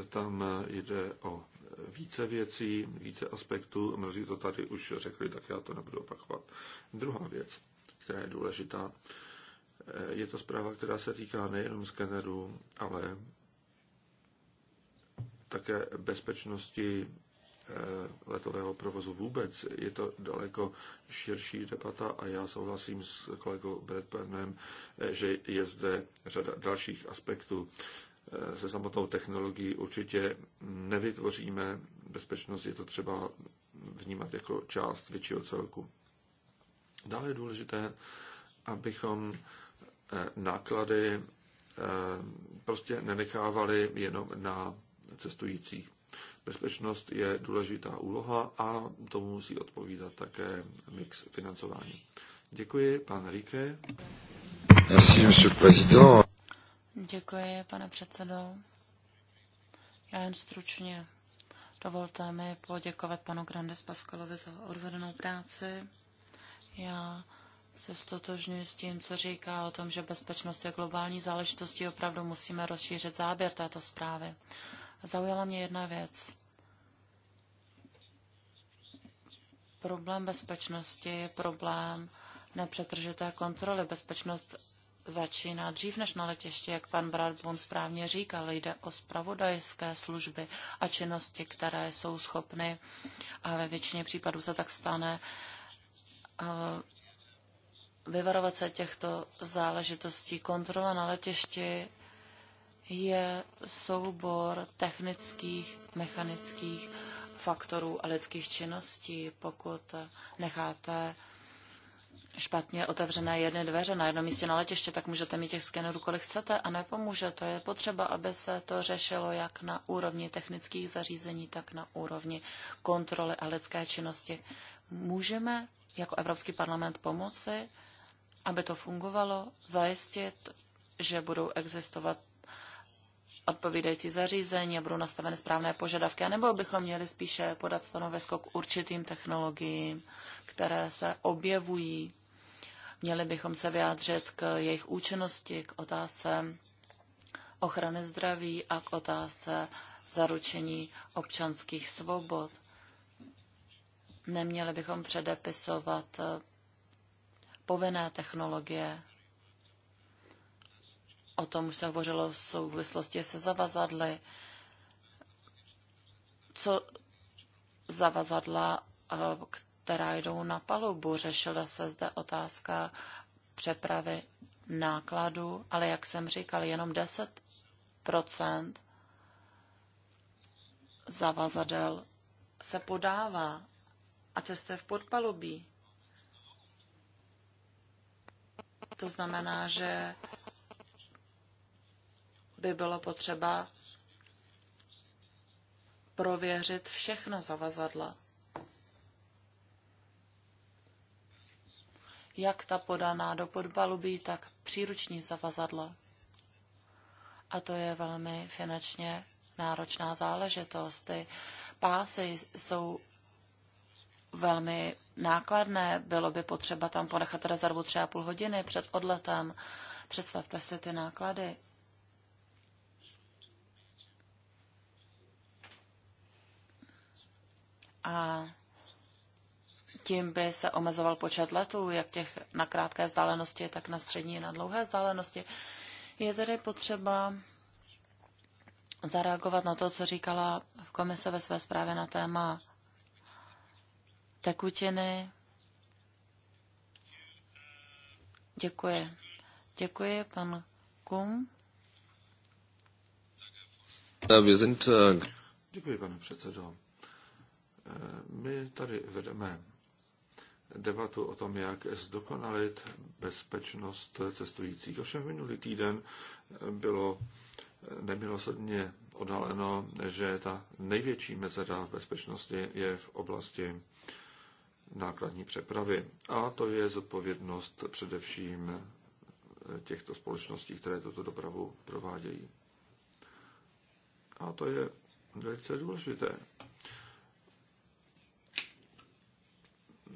Eh, tam eh, jde o více věcí, více aspektů. Mnozí to tady už řekli, tak já to nebudu opakovat. Druhá věc, která je důležitá, je to zpráva, která se týká nejenom skenerů, ale také bezpečnosti Eh, letového provozu vůbec. Je to daleko širší debata a já souhlasím s kolegou Bradburnem, eh, že je zde řada dalších aspektů. Eh, se samotnou technologií určitě nevytvoříme bezpečnost, je to třeba vnímat jako část většího celku. Dále je důležité, abychom náklady prostě nenechávali jenom na cestujících. Bezpečnost je důležitá úloha a tomu musí odpovídat také mix financování. Děkuji, pan Rike. Merci, monsieur le président. Děkuji, pane předsedo. Já jen stručně. Dovolte mi poděkovat panu Grandes Pascalovi za odvedenou práci. Já se stotožňuji s tím, co říká o tom, že bezpečnost je globální záležitostí, opravdu musíme rozšířit záběr této zprávy. Zaujala mě jedna věc. Problém bezpečnosti je problém nepřetržité kontroly. Bezpečnost začíná dřív než na letiště, jak pan Bradbun správně říkal, jde o spravodajské služby a činnosti, které jsou schopny, a ve většině případů se tak stane, vyvarovat se těchto záležitostí. Kontrola na letišti je soubor technických, mechanických faktorů a lidských činností. Pokud necháte špatně otevřené jedny dveře na jednom místě na letiště, tak můžete mít těch skenerů, kolik chcete a nepomůže to. Je potřeba, aby se to řešilo jak na úrovni technických zařízení, tak na úrovni kontroly a lidské činnosti. Můžeme jako Evropský parlament pomoci, aby to fungovalo, zajistit, že budou existovat odpovídající zařízení a budou nastaveny správné požadavky, nebo bychom měli spíše podat stanovisko k určitým technologiím, které se objevují. Měli bychom se vyjádřit k jejich účinnosti, k otázce ochrany zdraví a k otázce zaručení občanských svobod. Neměli bychom předepisovat povinné technologie O tom už se hovořilo v souvislosti se zavazadly. Co zavazadla, eh, která jdou na palubu? Řešila se zde otázka přepravy nákladu, ale jak jsem říkal, jenom 10 zavazadel se podává a cestuje v podpalubí. To znamená, že by bylo potřeba prověřit všechna zavazadla. Jak ta podaná do podbalubí, tak příruční zavazadla. A to je velmi finančně náročná záležitost. Ty pásy jsou velmi nákladné. Bylo by potřeba tam ponechat rezervu tři a půl hodiny před odletem. Představte si ty náklady. a tím by se omezoval počet letů, jak těch na krátké vzdálenosti, tak na střední na dlouhé vzdálenosti. Je tedy potřeba zareagovat na to, co říkala v komise ve své zprávě na téma tekutiny. Děkuji. Děkuji, pan Kum. Uh, uh, Děkuji, pane předsedo. My tady vedeme debatu o tom, jak zdokonalit bezpečnost cestujících. Ovšem minulý týden bylo nemilosrdně odhaleno, že ta největší mezera v bezpečnosti je v oblasti nákladní přepravy. A to je zodpovědnost především těchto společností, které tuto dopravu provádějí. A to je velice důležité.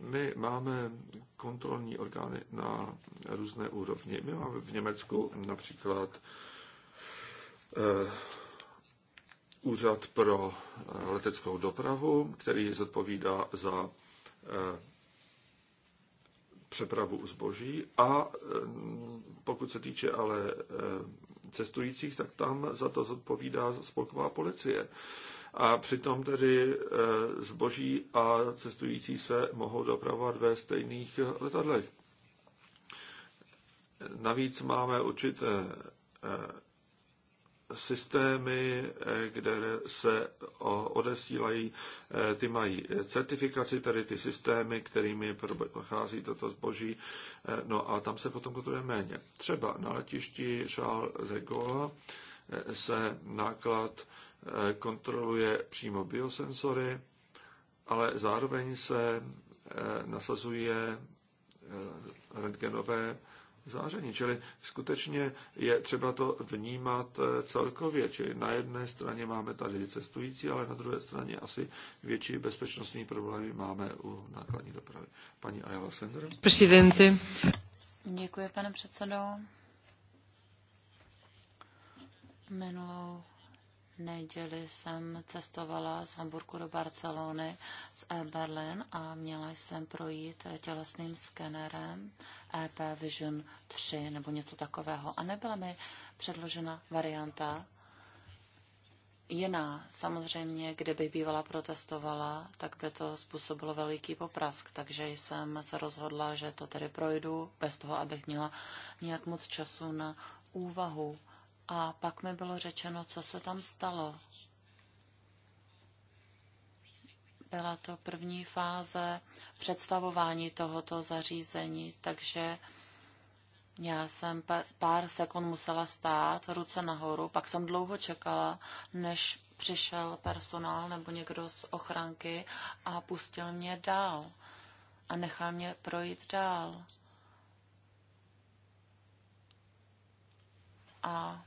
My máme kontrolní orgány na různé úrovni. My máme v Německu například eh, úřad pro eh, leteckou dopravu, který zodpovídá za eh, přepravu zboží a pokud se týče ale cestujících, tak tam za to zodpovídá spolková policie. A přitom tedy eh, zboží a cestující se mohou dopravovat ve stejných letadlech. Navíc máme určité eh, systémy, eh, kde se odesílají, ty mají certifikaci, tedy ty systémy, kterými prochází toto zboží, no a tam se potom kontroluje méně. Třeba na letišti Charles de Gaulle se náklad Eh, kontroluje přímo biosensory, ale zároveň se eh, nasazuje eh, rentgenové záření. Čili skutečně je třeba to vnímat celkově. Čili na jedné straně máme tady cestující, ale na druhé straně asi větší bezpečnostní problémy máme u nákladní dopravy. Paní Ayala Sender. Presidenty. Děkuji, pane předsedo. Minulou neděli jsem cestovala z Hamburgu do Barcelony z e-Berlin a měla jsem projít tělesným skenerem EP Vision 3 nebo něco takového. A nebyla mi předložena varianta jiná. Samozřejmě, kdyby bývala protestovala, tak by to způsobilo veliký poprask, takže jsem se rozhodla, že to tedy projdu bez toho, abych měla nějak moc času na úvahu a pak mi bylo řečeno, co se tam stalo. Byla to první fáze představování tohoto zařízení, takže já jsem pár sekund musela stát, ruce nahoru, pak jsem dlouho čekala, než přišel personál nebo někdo z ochranky a pustil mě dál a nechal mě projít dál. A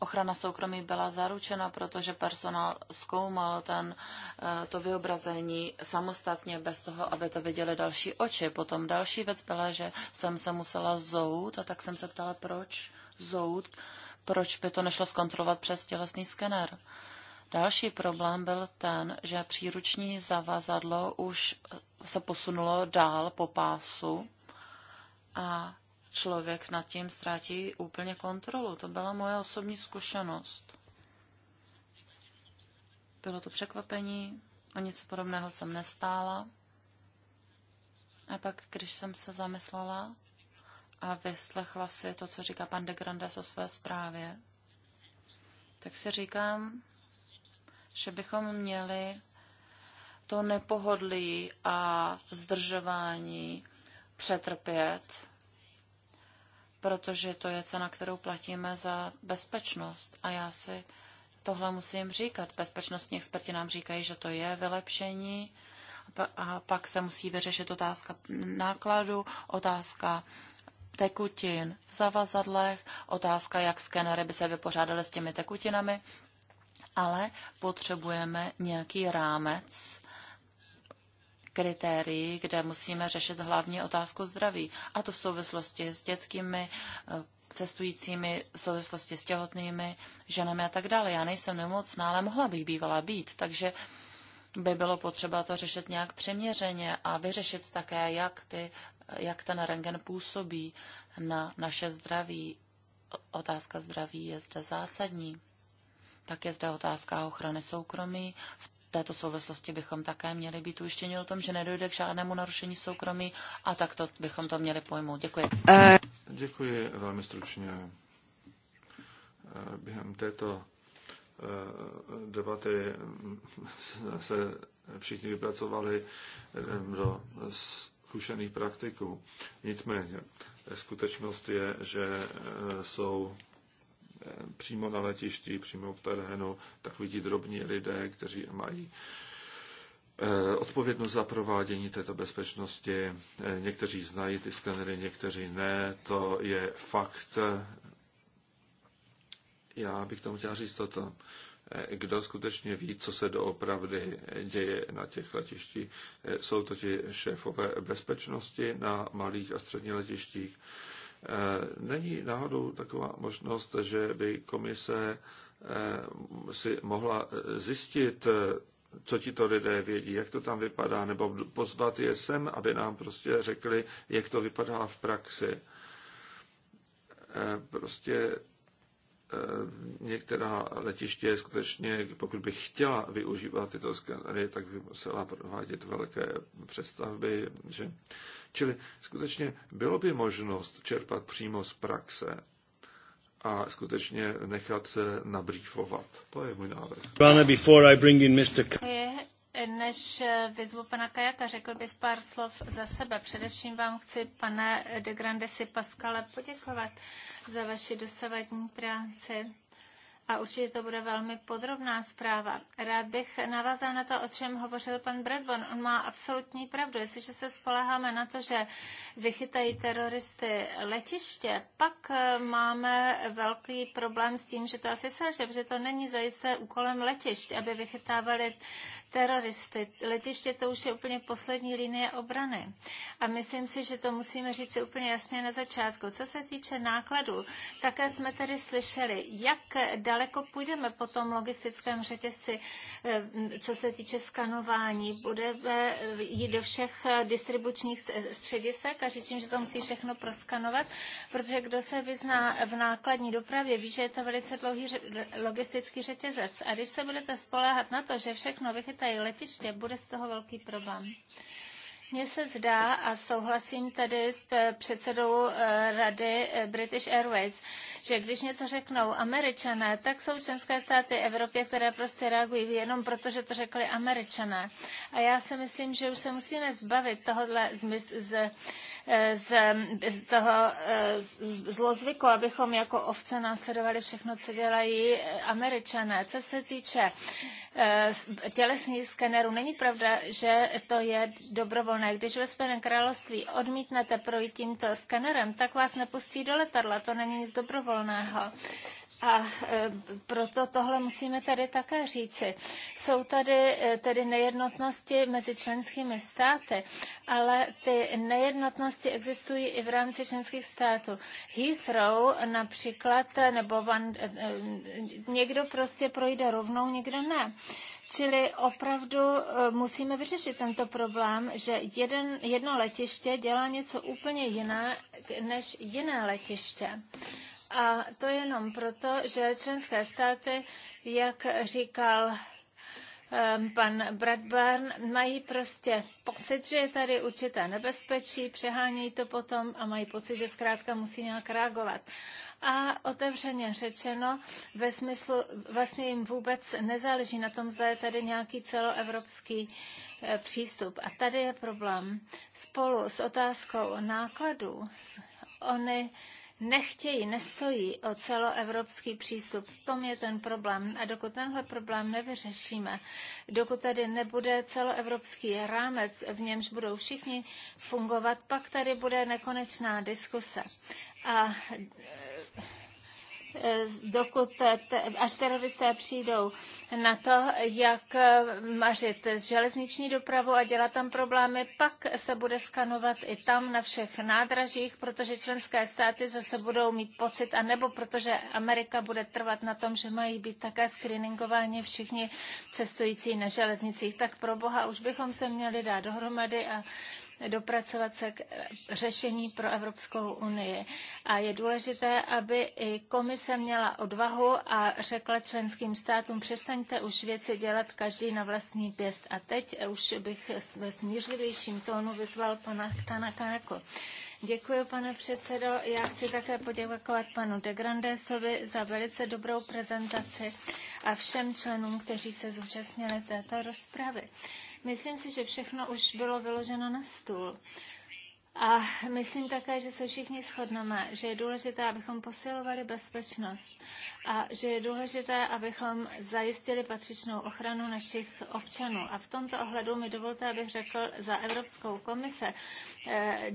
ochrana soukromí byla zaručena, protože personál zkoumal ten, eh, to vyobrazení samostatně, bez toho, aby to viděli další oči. Potom další věc byla, že jsem se musela zout a tak jsem se ptala, proč zout, proč by to nešlo zkontrolovat přes tělesný skener. Další problém byl ten, že příruční zavazadlo už se posunulo dál po pásu a člověk nad tím ztratí úplně kontrolu. To byla moje osobní zkušenost. Bylo to překvapení, o nic podobného jsem nestála. A pak, když jsem se zamyslela a vyslechla si to, co říká pan de Grandes o své zprávě, tak si říkám, že bychom měli to nepohodlí a zdržování přetrpět protože to je cena, kterou platíme za bezpečnost. A já si tohle musím říkat. Bezpečnostní experti nám říkají, že to je vylepšení a pak se musí vyřešit otázka nákladu, otázka tekutin v zavazadlech, otázka, jak skenery by se vypořádaly s těmi tekutinami, ale potřebujeme nějaký rámec, kritérií, kde musíme řešit hlavně otázku zdraví. A to v souvislosti s dětskými eh, cestujícími, v souvislosti s těhotnými ženami a tak dále. Já nejsem nemocná, ale mohla bych bývala být, takže by bylo potřeba to řešit nějak přeměřeně a vyřešit také, jak, ty, jak ten rengen působí na naše zdraví. Otázka zdraví je zde zásadní. Tak je zde otázka ochrany soukromí. V této souvislosti bychom také měli být ujištěni o tom, že nedojde k žádnému narušení soukromí a tak to bychom to měli pojmout. Děkuji. Eh. Děkuji velmi stručně. Eh, během této eh, debaty se všichni vypracovali do zkušených praktiků. Nicméně, skutečnost je, že jsou Eh, přímo na letišti, přímo v terénu, tak ti drobní lidé, kteří mají eh, odpovědnost za provádění této bezpečnosti. Eh, někteří znají ty skenery, někteří ne. To je fakt. Já bych tomu chtěl říct toto. Kdo skutečně ví, co se doopravdy děje na těch letištích? Jsou to ti šéfové bezpečnosti na malých a středních letištích. Eh, není náhodou taková možnost, že by komise eh, si mohla eh, zjistit, co ti to lidé vědí, jak to tam vypadá, nebo pozvat je sem, aby nám prostě řekli, jak to vypadá v praxi. Prostě Eh, některá letiště skutečně, pokud by chtěla využívat tyto skenery, tak by musela provádět velké přestavby. Že? Čili skutečně bylo by možnost čerpat přímo z praxe a skutečně nechat se nabrýfovat. To je můj návrh než vyzvu pana Kajaka, řekl bych pár slov za sebe. Především vám chci, pane de Grandesi Pascale, poděkovat za vaši dosavadní práci a určitě to bude velmi podrobná zpráva. Rád bych navázal na to, o čem hovořil pan Bradbon. On má absolutní pravdu. Jestliže se spoleháme na to, že vychytají teroristy letiště, pak eh, máme velký problém s tím, že to asi selže, že to není zajisté úkolem letišť, aby vychytávali teroristy. Letiště to už je úplně poslední linie obrany. A myslím si, že to musíme říct si úplně jasně na začátku. Co se týče nákladů, také jsme tady slyšeli, jak dal daleko půjdeme po tom logistickém řetězci, eh, co se týče skanování. Budeme jít do všech eh, distribučních středisek a říčím, že to musí všechno proskanovat, protože kdo se vyzná v nákladní dopravě, ví, že je to velice dlouhý logistický řetězec. A když se budete spoléhat na to, že všechno vychytají letiště, bude z toho velký problém. Mně se zdá, a souhlasím tady s eh, předsedou eh, rady eh, British Airways, že když něco řeknou američané, tak jsou členské státy Evropě, které prostě reagují jenom proto, že to řekli američané. A já si myslím, že už se musíme zbavit tohohle z, z, z, z toho z, zlozvyku, abychom jako ovce následovali všechno, co dělají američané. Co se týče tělesných skenerů, není pravda, že to je dobrovolné dobrovolné. Když ve Spojeném království odmítnete projít tímto skenerem, tak vás nepustí do letadla. To není nic dobrovolného. A e, proto tohle musíme tady také říci. Jsou tady e, tedy nejednotnosti mezi členskými státy, ale ty nejednotnosti existují i v rámci členských států. Heathrow například, e, nebo van, někdo prostě projde rovnou, někdo ne. Čili opravdu musíme vyřešit tento problém, že jeden, jedno letiště dělá něco úplně jiné než jiné letiště. A to jenom proto, že členské státy, jak říkal ehm, pan Bradburn, mají prostě pocit, že je tady určité nebezpečí, přehánějí to potom a mají pocit, že zkrátka musí nějak reagovat. A otevřeně řečeno, ve smyslu vlastně jim vůbec nezáleží na tom, zda je tady nějaký celoevropský eh, přístup. A tady je problém. Spolu s otázkou nákladů, oni nechtějí, nestojí o celoevropský přístup. V tom je ten problém. A dokud tenhle problém nevyřešíme, dokud tady nebude celoevropský rámec, v němž budou všichni fungovat, pak tady bude nekonečná diskuse. A Eh, dokud, až teroristé přijdou na to, jak eh, mařit železniční dopravu a dělat tam problémy, pak se bude skanovat i tam na všech nádražích, protože členské státy zase budou mít pocit, anebo protože Amerika bude trvat na tom, že mají být také screeningováni všichni cestující na železnicích. Tak pro boha, už bychom se měli dát dohromady a dopracovat se k řešení pro Evropskou unii. A je důležité, aby i komise měla odvahu a řekla členským státům, přestaňte už věci dělat každý na vlastní pěst. A teď už bych ve smířlivějším tónu vyzval pana jako. Děkuji, pane předsedo. Já chci také poděkovat panu de Grandesovi za velice dobrou prezentaci a všem členům, kteří se zúčastnili této rozpravy. Myslím si, že všechno už bylo vyloženo na stůl. A myslím také, že se všichni shodneme, že je důležité, abychom posilovali bezpečnost a že je důležité, abychom zajistili patřičnou ochranu našich občanů. A v tomto ohledu mi dovolte, abych řekl za Evropskou komise eh,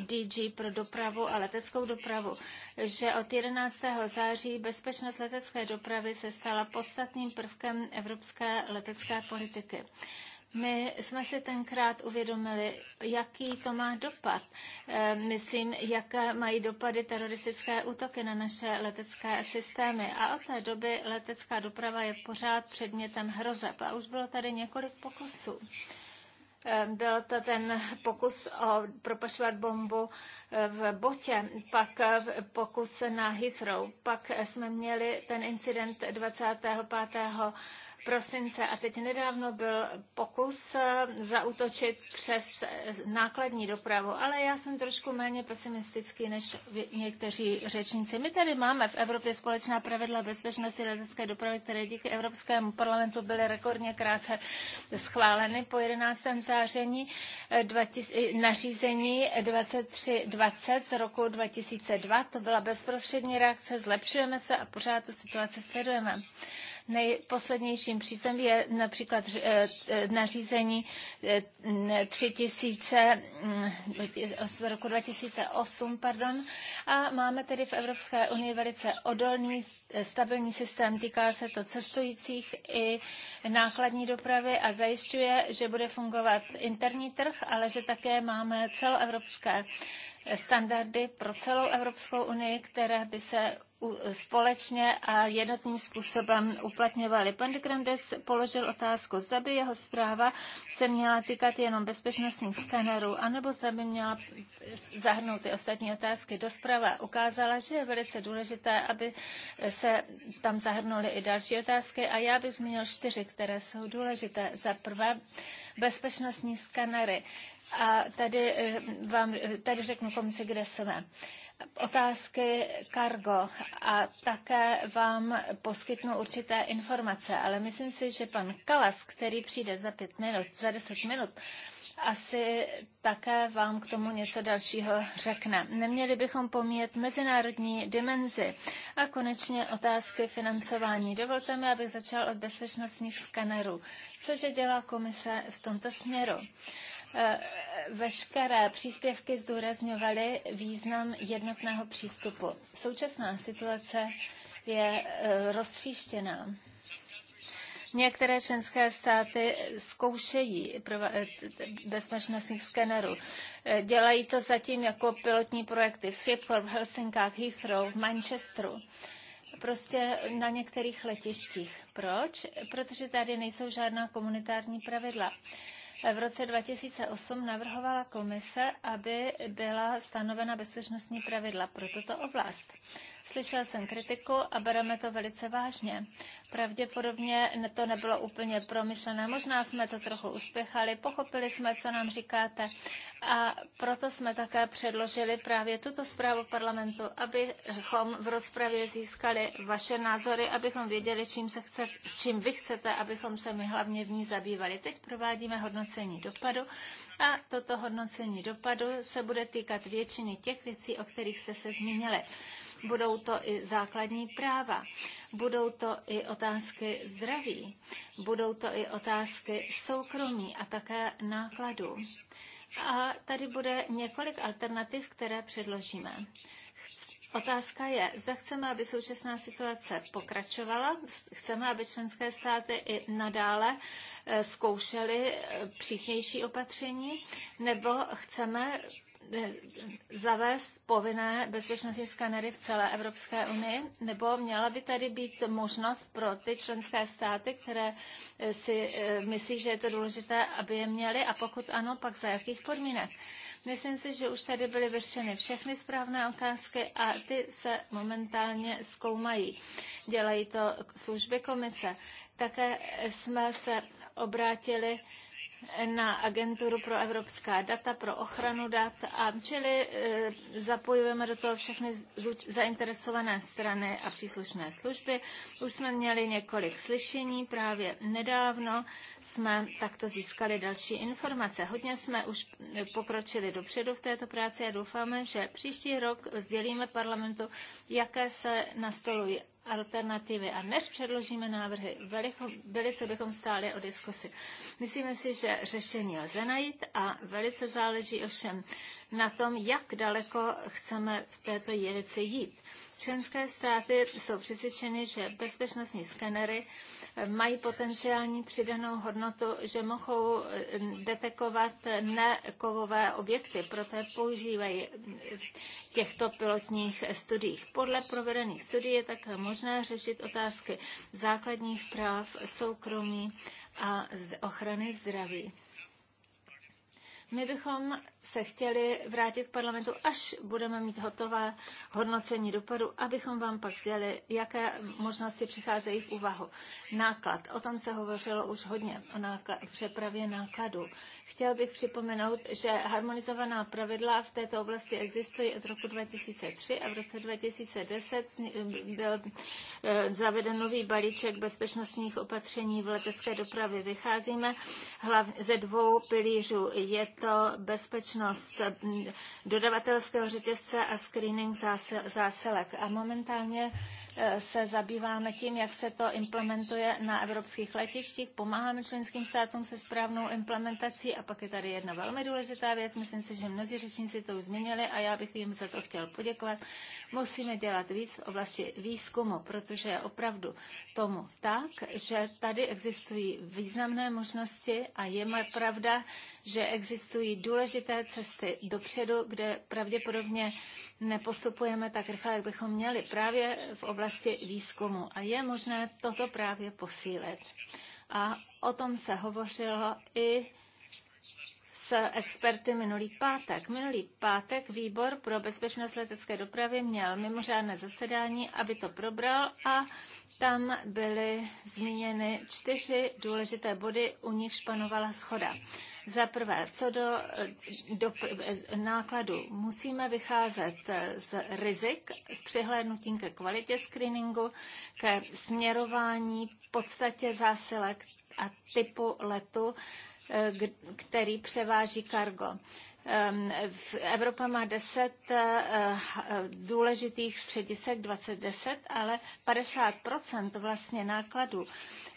DG eh, pro dopravu a leteckou dopravu, že od 11. září bezpečnost letecké dopravy se stala podstatným prvkem evropské letecké politiky. My jsme si tenkrát uvědomili, jaký to má dopad. Eh, myslím, jaké mají dopady teroristické útoky na naše letecké systémy. A od té doby letecká doprava je pořád předmětem hrozeb. A už bylo tady několik pokusů. Eh, byl to ten pokus o propašovat bombu eh, v Botě, pak pokus na Heathrow, pak jsme měli ten incident 25 prosince a teď nedávno byl pokus eh, zautočit přes eh, nákladní dopravu, ale já jsem trošku méně pesimistický než někteří řečníci. My tady máme v Evropě společná pravidla bezpečnosti letecké dopravy, které díky Evropskému parlamentu byly rekordně krátce schváleny po 11. záření 20, eh, nařízení 2320 z roku 2002. To byla bezprostřední reakce, zlepšujeme se a pořád tu situaci sledujeme. Nejposlednějším přísem je například eh, eh, nařízení 3000 eh, mm, z roku 2008 pardon, a máme tedy v Evropské unii velice odolný stabilní systém. Týká se to cestujících i nákladní dopravy a zajišťuje, že bude fungovat interní trh, ale že také máme celoevropské standardy pro celou Evropskou unii, které by se společně a jednotným způsobem uplatňovali. Pan de Grandes položil otázku, zda by jeho zpráva se měla týkat jenom bezpečnostních skanerů, anebo zda by měla zahrnout ty ostatní otázky. Do zpráva ukázala, že je velice důležité, aby se tam zahrnuly i další otázky a já bych zmínil čtyři, které jsou důležité. Za prvé, bezpečnostní skanery. A tady eh, vám eh, tady řeknu komisi, kde jsme otázky Cargo a také vám poskytnu určité informace, ale myslím si, že pan Kalas, který přijde za pět minut, za deset minut, asi také vám k tomu něco dalšího řekne. Neměli bychom pomíjet mezinárodní dimenzi. A konečně otázky financování. Dovolte mi, abych začal od bezpečnostních skanerů. Cože dělá komise v tomto směru? Eh, veškeré příspěvky zdůrazňovaly význam jednotného přístupu. Současná situace je eh, roztříštěná. Některé členské státy zkoušejí eh, bezpečnostních skenerů. Dělají to zatím jako pilotní projekty v Schiphol, v Helsinkách, Heathrow, v Manchesteru prostě na některých letištích. Proč? Protože tady nejsou žádná komunitární pravidla v roce 2008 navrhovala komise, aby byla stanovena bezpečnostní pravidla pro tuto oblast. Slyšel jsem kritiku a bereme to velice vážně. Pravděpodobně to nebylo úplně promyšlené. Možná jsme to trochu uspěchali, pochopili jsme, co nám říkáte. A proto jsme také předložili právě tuto zprávu parlamentu, abychom v rozpravě získali vaše názory, abychom věděli, čím, se chce, čím vy chcete, abychom se my hlavně v ní zabývali. Teď provádíme hodnocení dopadu a toto hodnocení dopadu se bude týkat většiny těch věcí, o kterých jste se zmínili. Budou to i základní práva, budou to i otázky zdraví, budou to i otázky soukromí a také nákladů. A tady bude několik alternativ, které předložíme. Otázka je, zda chceme, aby současná situace pokračovala, chceme, aby členské státy i nadále eh, zkoušely eh, přísnější opatření, nebo chceme Eh, zavést povinné bezpečnostní skanery v celé Evropské unii, nebo měla by tady být možnost pro ty členské státy, které eh, si eh, myslí, že je to důležité, aby je měly a pokud ano, pak za jakých podmínek. Myslím si, že už tady byly vyřešeny všechny správné otázky a ty se momentálně zkoumají. Dělají to služby komise. Také jsme se obrátili na agenturu pro evropská data, pro ochranu dat a čili e, zapojujeme do toho všechny zainteresované strany a příslušné služby. Už jsme měli několik slyšení, právě nedávno jsme takto získali další informace. Hodně jsme už pokročili dopředu v této práci a doufáme, že příští rok sdělíme parlamentu, jaké se nastolují alternativy a než předložíme návrhy, veliko, velice bychom stáli o diskusi. Myslíme si, že řešení lze najít a velice záleží ovšem na tom, jak daleko chceme v této věci jít. Členské státy jsou přesvědčeny, že bezpečnostní skenery mají potenciální přidanou hodnotu, že mohou eh, detekovat nekovové objekty, proto je používají v těchto pilotních studiích. Podle provedených studií je také možné řešit otázky základních práv, soukromí a ochrany zdraví. My bychom se chtěli vrátit v parlamentu, až budeme mít hotové hodnocení dopadu, abychom vám pak sdělili, jaké možnosti přicházejí v úvahu. Náklad. O tom se hovořilo už hodně, o náklad, přepravě nákladu. Chtěl bych připomenout, že harmonizovaná pravidla v této oblasti existují od roku 2003 a v roce 2010 byl e, zaveden nový balíček bezpečnostních opatření v letecké dopravě. Vycházíme hlavně ze dvou pilířů. Je to bezpečnost dodavatelského řetězce a screening zásilek. A momentálně E, se zabýváme tím, jak se to implementuje na evropských letištích, pomáháme členským státům se správnou implementací a pak je tady jedna velmi důležitá věc, myslím si, že mnozí řečníci to už změnili a já bych jim za to chtěl poděkovat. Musíme dělat víc v oblasti výzkumu, protože je opravdu tomu tak, že tady existují významné možnosti a je pravda, že existují důležité cesty dopředu, kde pravděpodobně nepostupujeme tak rychle, jak bychom měli právě v oblasti oblasti výzkumu a je možné toto právě posílit. A o tom se hovořilo i s experty minulý pátek. Minulý pátek výbor pro bezpečnost letecké dopravy měl mimořádné zasedání, aby to probral a tam byly zmíněny čtyři důležité body, u nichž panovala schoda. Za prvé, co do, do nákladu, musíme vycházet z rizik, z přihlédnutím ke kvalitě screeningu, ke směrování, podstatě zásilek a typu letu, eh, který převáží kargo. Ehm, Evropa má 10 eh, důležitých středisek, 2010, ale 50 vlastně nákladů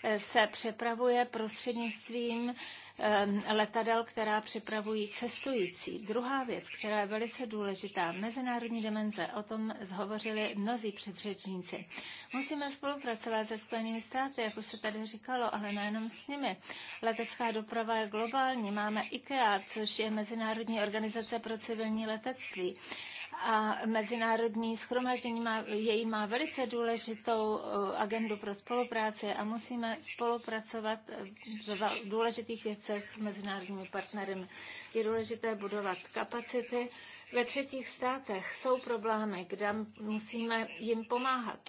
eh, se přepravuje prostřednictvím Ehm, letadel, která připravují cestující. Druhá věc, která je velice důležitá, mezinárodní dimenze, o tom zhovořili mnozí předřečníci. Musíme spolupracovat se Spojenými státy, jak už se tady říkalo, ale nejenom s nimi. Letecká doprava je globální. Máme IKEA, což je Mezinárodní organizace pro civilní letectví a mezinárodní schromáždění má, její má velice důležitou eh, agendu pro spolupráci a musíme spolupracovat eh, v důležitých věcech s mezinárodními partnery. Je důležité budovat kapacity. Ve třetích státech jsou problémy, kde musíme jim pomáhat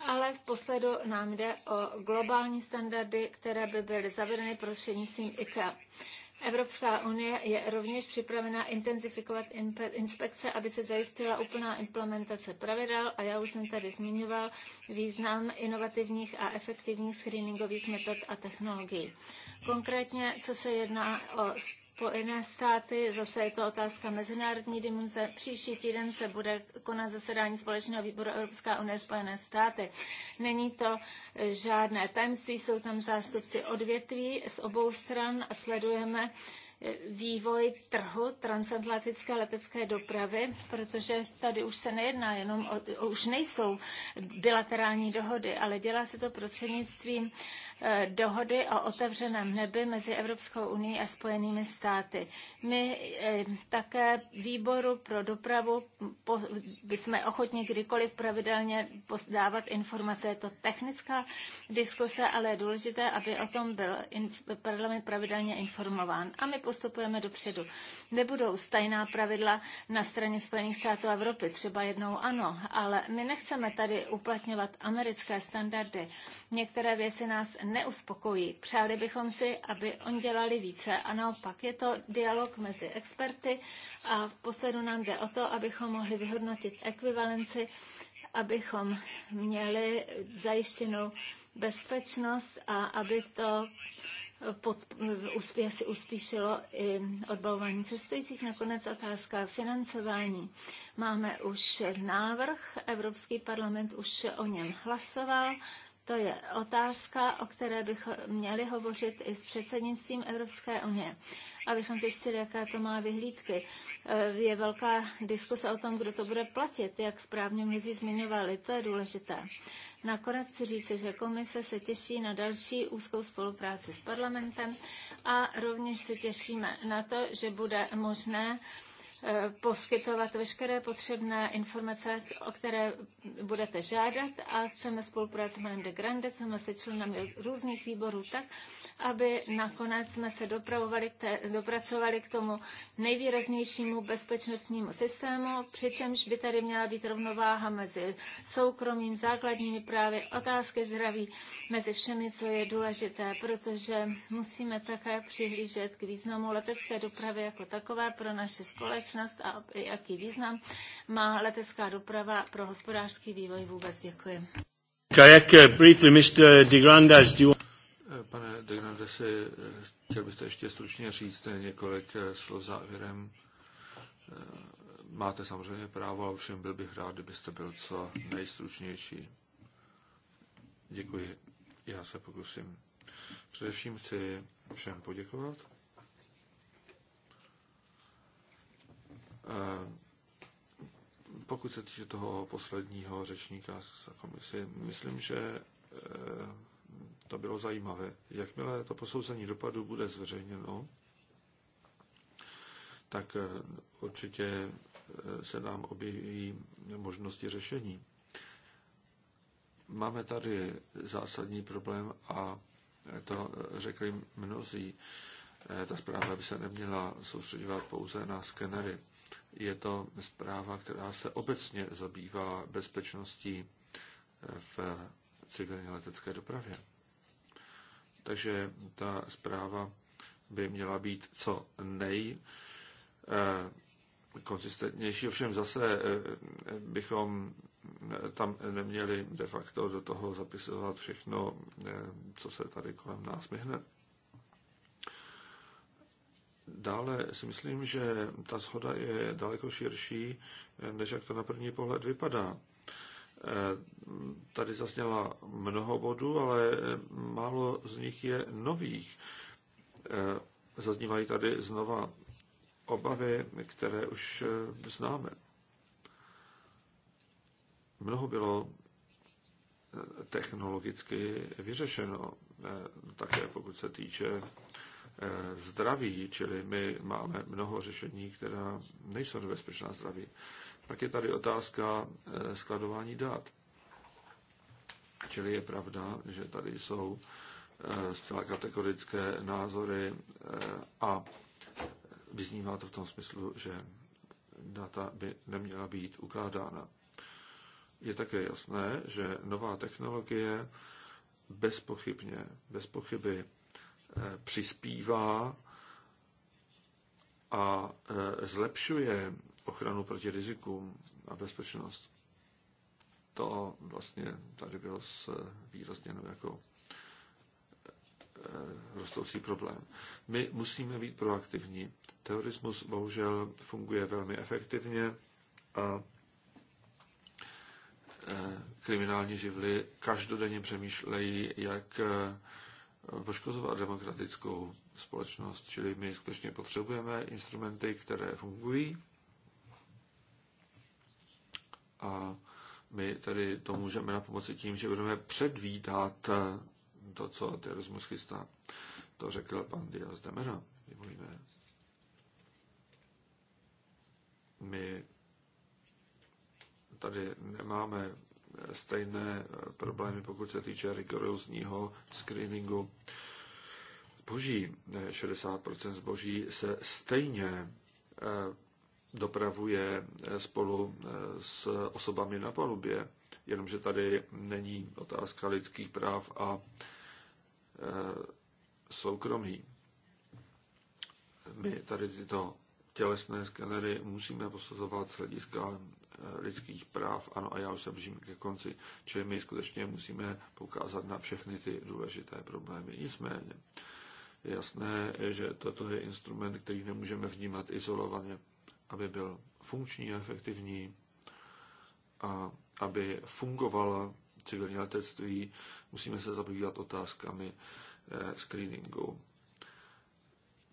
ale v posledu nám jde o globální standardy, které by byly zavedeny prostřednictvím IKEA. Evropská unie je rovněž připravena intenzifikovat inspekce, aby se zajistila úplná implementace pravidel a já už jsem tady zmiňoval význam inovativních a efektivních screeningových metod a technologií. Konkrétně, co se jedná o Spojené státy, zase je to otázka mezinárodní dimenze. Příští týden se bude konat zasedání společného výboru Evropská unie Spojené státy. Není to eh, žádné tajemství, jsou tam zástupci odvětví z obou stran a sledujeme, vývoj trhu transatlantické letecké dopravy, protože tady už se nejedná jenom o, už nejsou bilaterální dohody, ale dělá se to prostřednictvím eh, dohody o otevřeném nebi mezi Evropskou unii a Spojenými státy. My eh, také výboru pro dopravu jsme ochotni kdykoliv pravidelně dávat informace. Je to technická diskuse, ale je důležité, aby o tom byl parlament pravidelně informován. A my postupujeme dopředu. Nebudou stejná pravidla na straně Spojených států Evropy, třeba jednou ano, ale my nechceme tady uplatňovat americké standardy. Některé věci nás neuspokojí. Přáli bychom si, aby oni dělali více a naopak je to dialog mezi experty a v posledu nám jde o to, abychom mohli vyhodnotit ekvivalenci abychom měli zajištěnou bezpečnost a aby to pod, uspěš, uspíšilo i odbavování cestujících. Nakonec otázka financování. Máme už návrh, Evropský parlament už o něm hlasoval to je otázka, o které bychom měli hovořit i s předsednictvím Evropské unie, abychom zjistili, jaká to má vyhlídky. Eh, je velká diskuse o tom, kdo to bude platit, jak správně mnozí zmiňovali, to je důležité. Nakonec chci říci, že komise se těší na další úzkou spolupráci s parlamentem a rovněž se těšíme na to, že bude možné Eh, poskytovat veškeré potřebné informace, o které budete žádat a chceme spolupracovat s panem de Grande, jsme se členami různých výborů tak, aby nakonec jsme se dopravovali, te, dopracovali k tomu nejvýraznějšímu bezpečnostnímu systému, přičemž by tady měla být rovnováha mezi soukromým, základními právy, otázky zdraví, mezi všemi, co je důležité, protože musíme také přihlížet k významu letecké dopravy jako takové pro naše společnosti bezpečnost a jaký význam má letecká doprava pro hospodářský vývoj vůbec. Děkuji. Kajak, uh, briefly, Mr. De Grandes, do you... Eh, pane De Grandesi, eh, chtěl byste ještě stručně říct eh, několik slov závěrem. Máte samozřejmě právo, ale všem byl bych rád, kdybyste byl co nejstručnější. Děkuji. Já se pokusím. Především chci všem poděkovat Eh, pokud se týče toho posledního řečníka z myslím, že eh, to bylo zajímavé. Jakmile to posouzení dopadu bude zveřejněno, tak eh, určitě se nám objeví možnosti řešení. Máme tady zásadní problém a to řekli mnozí. Ta zpráva by se neměla soustředovat pouze na skenery. Je to zpráva, která se obecně zabývá bezpečností eh, v civilní letecké dopravě. Takže ta zpráva by měla být co nej eh, konzistentnější. Ovšem zase eh, bychom tam neměli de facto do toho zapisovat všechno, co se tady kolem nás myhne. Dále si myslím, že ta shoda je daleko širší, než jak to na první pohled vypadá. Eh, tady zazněla mnoho bodů, ale málo z nich je nových. Eh, zaznívají tady znova obavy, které už eh, známe. Mnoho bylo technologicky vyřešeno, také pokud se týče zdraví, čili my máme mnoho řešení, která nejsou nebezpečná zdraví. Pak je tady otázka eh, skladování dat. Čili je pravda, že tady jsou eh, zcela kategorické názory eh, a vyznívá to v tom smyslu, že data by neměla být ukládána. Je také jasné, že nová technologie bezpochybně, bez pochyby Eh, přispívá a eh, zlepšuje ochranu proti rizikům a bezpečnost. To vlastně tady bylo s eh, výrazněno jako rostoucí problém. My musíme být proaktivní. Terorismus bohužel funguje velmi efektivně a kriminální živly každodenně přemýšlejí, jak poškozovat demokratickou společnost. Čili my skutečně potřebujeme instrumenty, které fungují a my tady to můžeme na pomoci tím, že budeme předvídat to, co terorismus chystá. To řekl pan Diaz de Mera, mimo jiné. My tady nemáme stejné problémy, pokud se týče rigorózního screeningu zboží. 60% eh, zboží se stejně eh, dopravuje eh, spolu s osobami na palubě, jenomže tady není otázka lidských práv a soukromí. My tady tyto tělesné skenery musíme posuzovat z hlediska Eh, lidských práv. Ano, a já už se blížím ke konci, čili my skutečně musíme poukázat na všechny ty důležité problémy. Nicméně je jasné, že toto je instrument, který nemůžeme vnímat izolovaně, aby byl funkční a efektivní a aby fungovala civilní letectví, musíme se zabývat otázkami eh, screeningu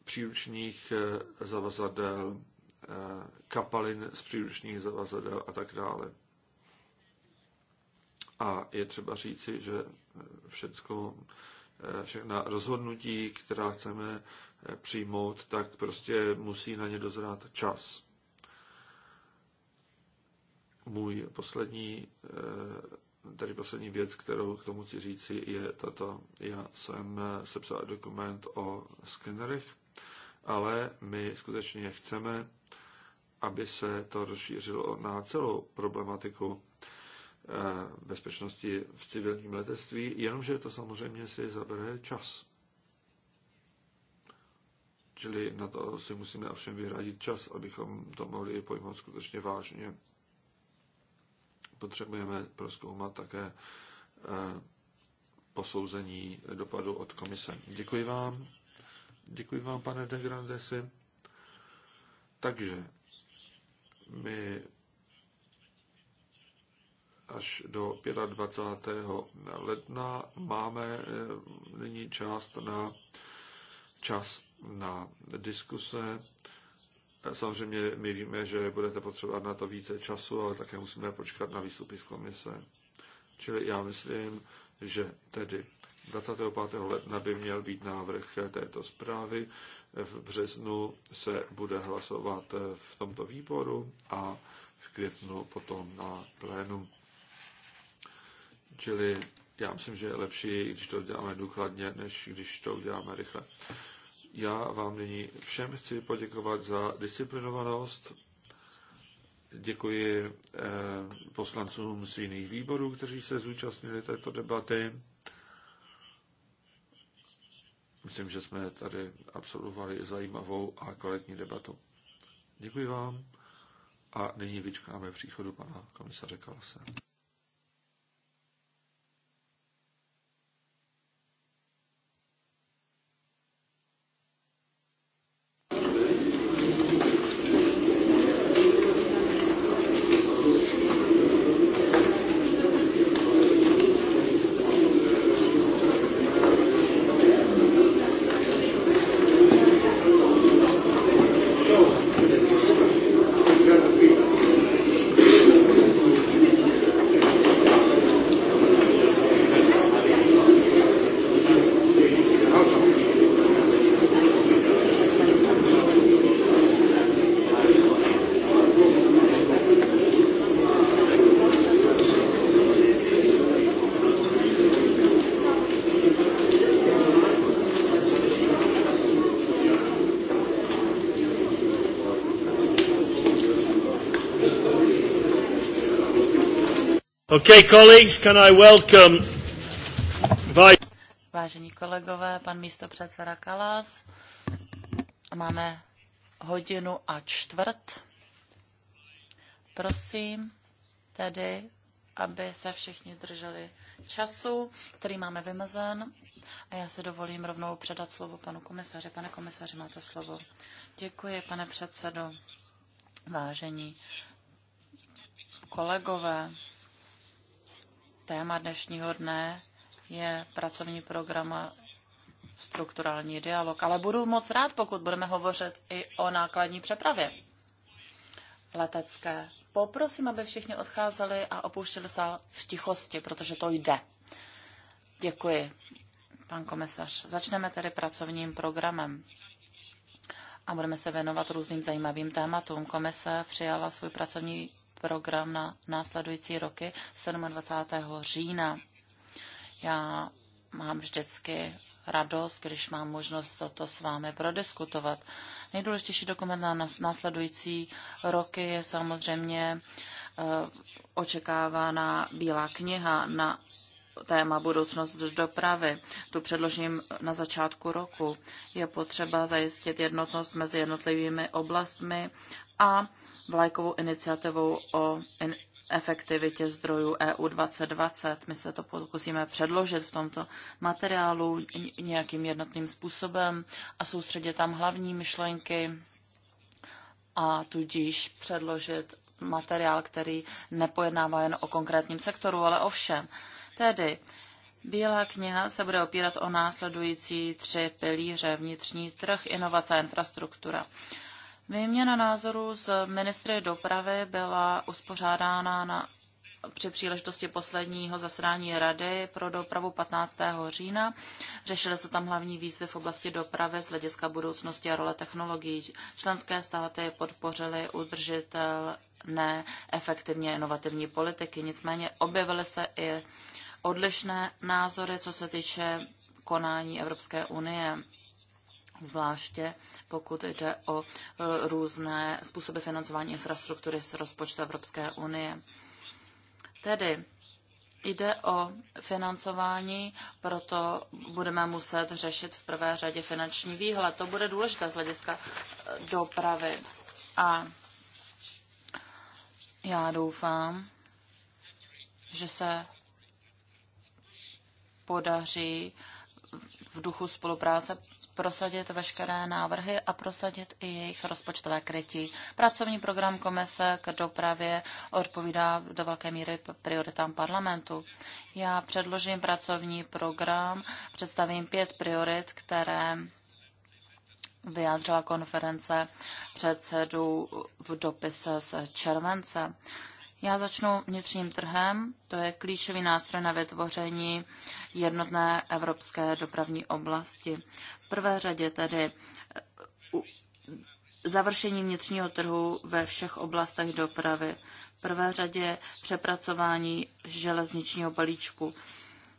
příručních eh, zavazadel, Eh, kapalin z příručních zavazadel a tak dále. A je třeba říci, že všecko, eh, všechna rozhodnutí, která chceme eh, přijmout, tak prostě musí na ně dozrát čas. Můj poslední, tedy poslední věc, kterou k tomu chci říci, je tato. Já jsem sepsal dokument o skenerech, ale my skutečně chceme aby se to rozšířilo na celou problematiku eh, bezpečnosti v civilním letectví, jenomže to samozřejmě si zabere čas. Čili na to si musíme ovšem vyhradit čas, abychom to mohli pojmout skutečně vážně. Potřebujeme proskoumat také eh, posouzení dopadu od komise. Děkuji vám. Děkuji vám, pane de Grandesi. Takže my až do 25. ledna máme eh, nyní část na čas na diskuse. Samozřejmě my víme, že budete potřebovat na to více času, ale také musíme počkat na výstupy z komise. Čili já myslím, že tedy 25. ledna by měl být návrh této zprávy. V březnu se bude hlasovat v tomto výboru a v květnu potom na plénu. Čili já myslím, že je lepší, když to děláme důkladně, než když to uděláme rychle. Já vám nyní všem chci poděkovat za disciplinovanost. Děkuji eh, poslancům z jiných výborů, kteří se zúčastnili této debaty. Myslím, že jsme tady absolvovali zajímavou a kvalitní debatu. Děkuji vám a nyní vyčkáme příchodu pana komisaře Kalase. Okay, colleagues, can I welcome Vice... Vážení kolegové, pan místo předseda Kalas. Máme hodinu a čtvrt. Prosím tedy, aby se všichni drželi času, který máme vymezen. A já se dovolím rovnou předat slovo panu komisaři. Pane komisaři, máte slovo. Děkuji, pane předsedo. Vážení kolegové, Téma dnešního dne je pracovní program strukturální dialog, ale budu moc rád, pokud budeme hovořit i o nákladní přepravě letecké. Poprosím, aby všichni odcházeli a opuštěli sál v tichosti, protože to jde. Děkuji, pan komisař. Začneme tedy pracovním programem a budeme se věnovat různým zajímavým tématům. Komise přijala svůj pracovní program na následující roky 27. října. Já mám vždycky radost, když mám možnost toto s vámi prodiskutovat. Nejdůležitější dokument na následující roky je samozřejmě eh, očekávána Bílá kniha na téma budoucnost dopravy. Tu předložím na začátku roku. Je potřeba zajistit jednotnost mezi jednotlivými oblastmi a vlajkovou iniciativou o in- efektivitě zdrojů EU 2020. My se to pokusíme předložit v tomto materiálu nějakým jednotným způsobem a soustředit tam hlavní myšlenky a tudíž předložit materiál, který nepojednává jen o konkrétním sektoru, ale o všem. Tedy Bílá kniha se bude opírat o následující tři pilíře vnitřní trh, inovace a infrastruktura. Výměna názorů s ministry dopravy byla uspořádána na, při příležitosti posledního zasedání Rady pro dopravu 15. října. Řešily se tam hlavní výzvy v oblasti dopravy z hlediska budoucnosti a role technologií. Členské státy podpořily udržitelné efektivně inovativní politiky. Nicméně objevily se i odlišné názory, co se týče konání Evropské unie zvláště pokud jde o e, různé způsoby financování infrastruktury z rozpočtu Evropské unie. Tedy Jde o financování, proto budeme muset řešit v prvé řadě finanční výhled. To bude důležité z hlediska e, dopravy. A já doufám, že se podaří v duchu spolupráce prosadit veškeré návrhy a prosadit i jejich rozpočtové krytí. Pracovní program komise k dopravě odpovídá do velké míry prioritám parlamentu. Já předložím pracovní program, představím pět priorit, které vyjádřila konference předsedů v dopise z července. Já začnu vnitřním trhem, to je klíčový nástroj na vytvoření jednotné evropské dopravní oblasti prvé řadě tedy završení vnitřního trhu ve všech oblastech dopravy. V prvé řadě přepracování železničního balíčku.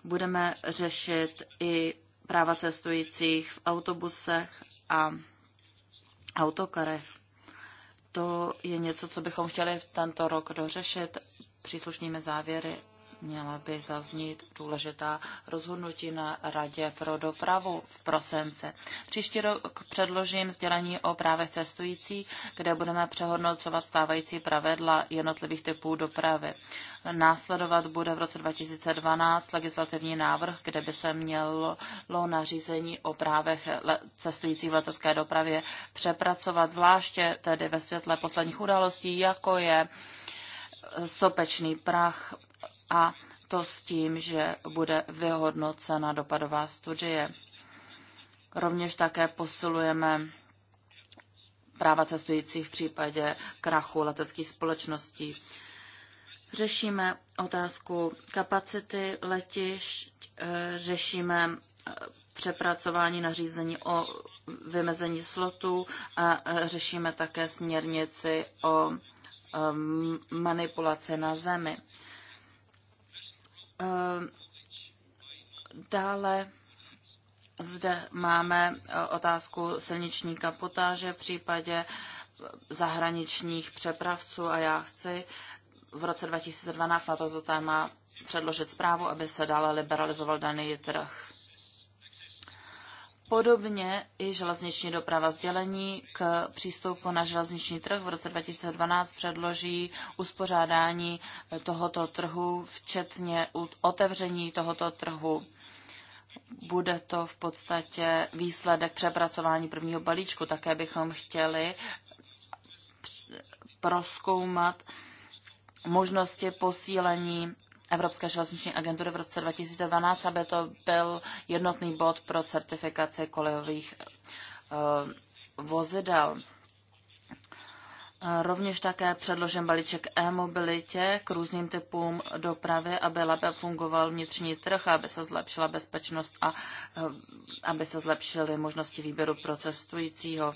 Budeme řešit i práva cestujících v autobusech a autokarech. To je něco, co bychom chtěli v tento rok dořešit příslušnými závěry měla by zaznít důležitá rozhodnutí na Radě pro dopravu v prosince. Příští rok předložím sdělení o právech cestující, kde budeme přehodnocovat stávající pravidla jednotlivých typů dopravy. Následovat bude v roce 2012 legislativní návrh, kde by se mělo nařízení o právech cestující v letecké dopravě přepracovat, zvláště tedy ve světle posledních událostí, jako je sopečný prach, a to s tím, že bude vyhodnocena dopadová studie. Rovněž také posilujeme práva cestujících v případě krachu leteckých společností. Řešíme otázku kapacity letišť, eh, řešíme eh, přepracování nařízení o vymezení slotů a eh, řešíme také směrnici o manipulaci na zemi. Eh, dále zde máme eh, otázku silniční kapotáže v případě eh, zahraničních přepravců a já chci v roce 2012 na toto téma předložit zprávu, aby se dále liberalizoval daný trh. Podobně i železniční doprava sdělení k přístupu na železniční trh v roce 2012 předloží uspořádání eh, tohoto trhu, včetně otevření tohoto trhu. Bude to v podstatě výsledek přepracování prvního balíčku. Také bychom chtěli eh, eh, proskoumat možnosti posílení Evropské železniční agentury v roce 2012, aby to byl jednotný bod pro certifikaci kolejových uh, vozidel. Eh, rovněž také předložen balíček e-mobilitě k různým typům dopravy, aby lépe fungoval vnitřní trh, aby se zlepšila bezpečnost a eh, aby se zlepšily možnosti výběru pro cestujícího.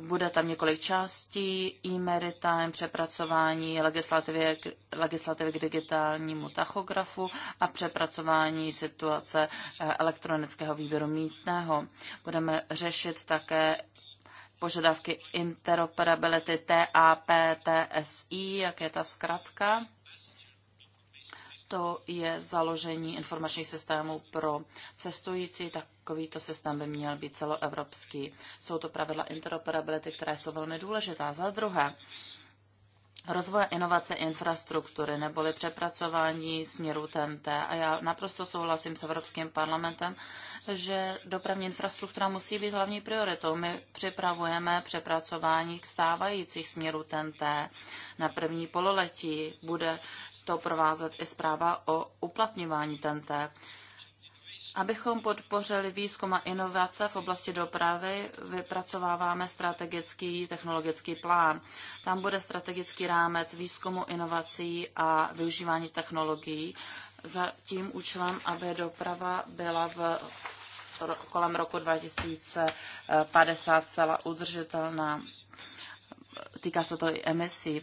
Bude tam několik částí, e-maritime, přepracování legislativy, legislativy k digitálnímu tachografu a přepracování situace eh, elektronického výběru mítného. Budeme řešit také požadavky interoperability TAP, TSI, jak je ta zkratka. To je založení informačních systémů pro cestující, tak Takovýto systém by měl být celoevropský. Jsou to pravidla interoperability, které jsou velmi důležitá. Za druhé, rozvoje inovace infrastruktury neboli přepracování směru TNT. A já naprosto souhlasím s Evropským parlamentem, že dopravní infrastruktura musí být hlavní prioritou. My připravujeme přepracování k stávajících směrů TNT na první pololetí. Bude to provázet i zpráva o uplatňování TNT. Abychom podpořili výzkum a inovace v oblasti dopravy, vypracováváme strategický technologický plán. Tam bude strategický rámec výzkumu, inovací a využívání technologií za tím účelem, aby doprava byla v kolem roku 2050 zcela udržitelná. Týká se to i emisí.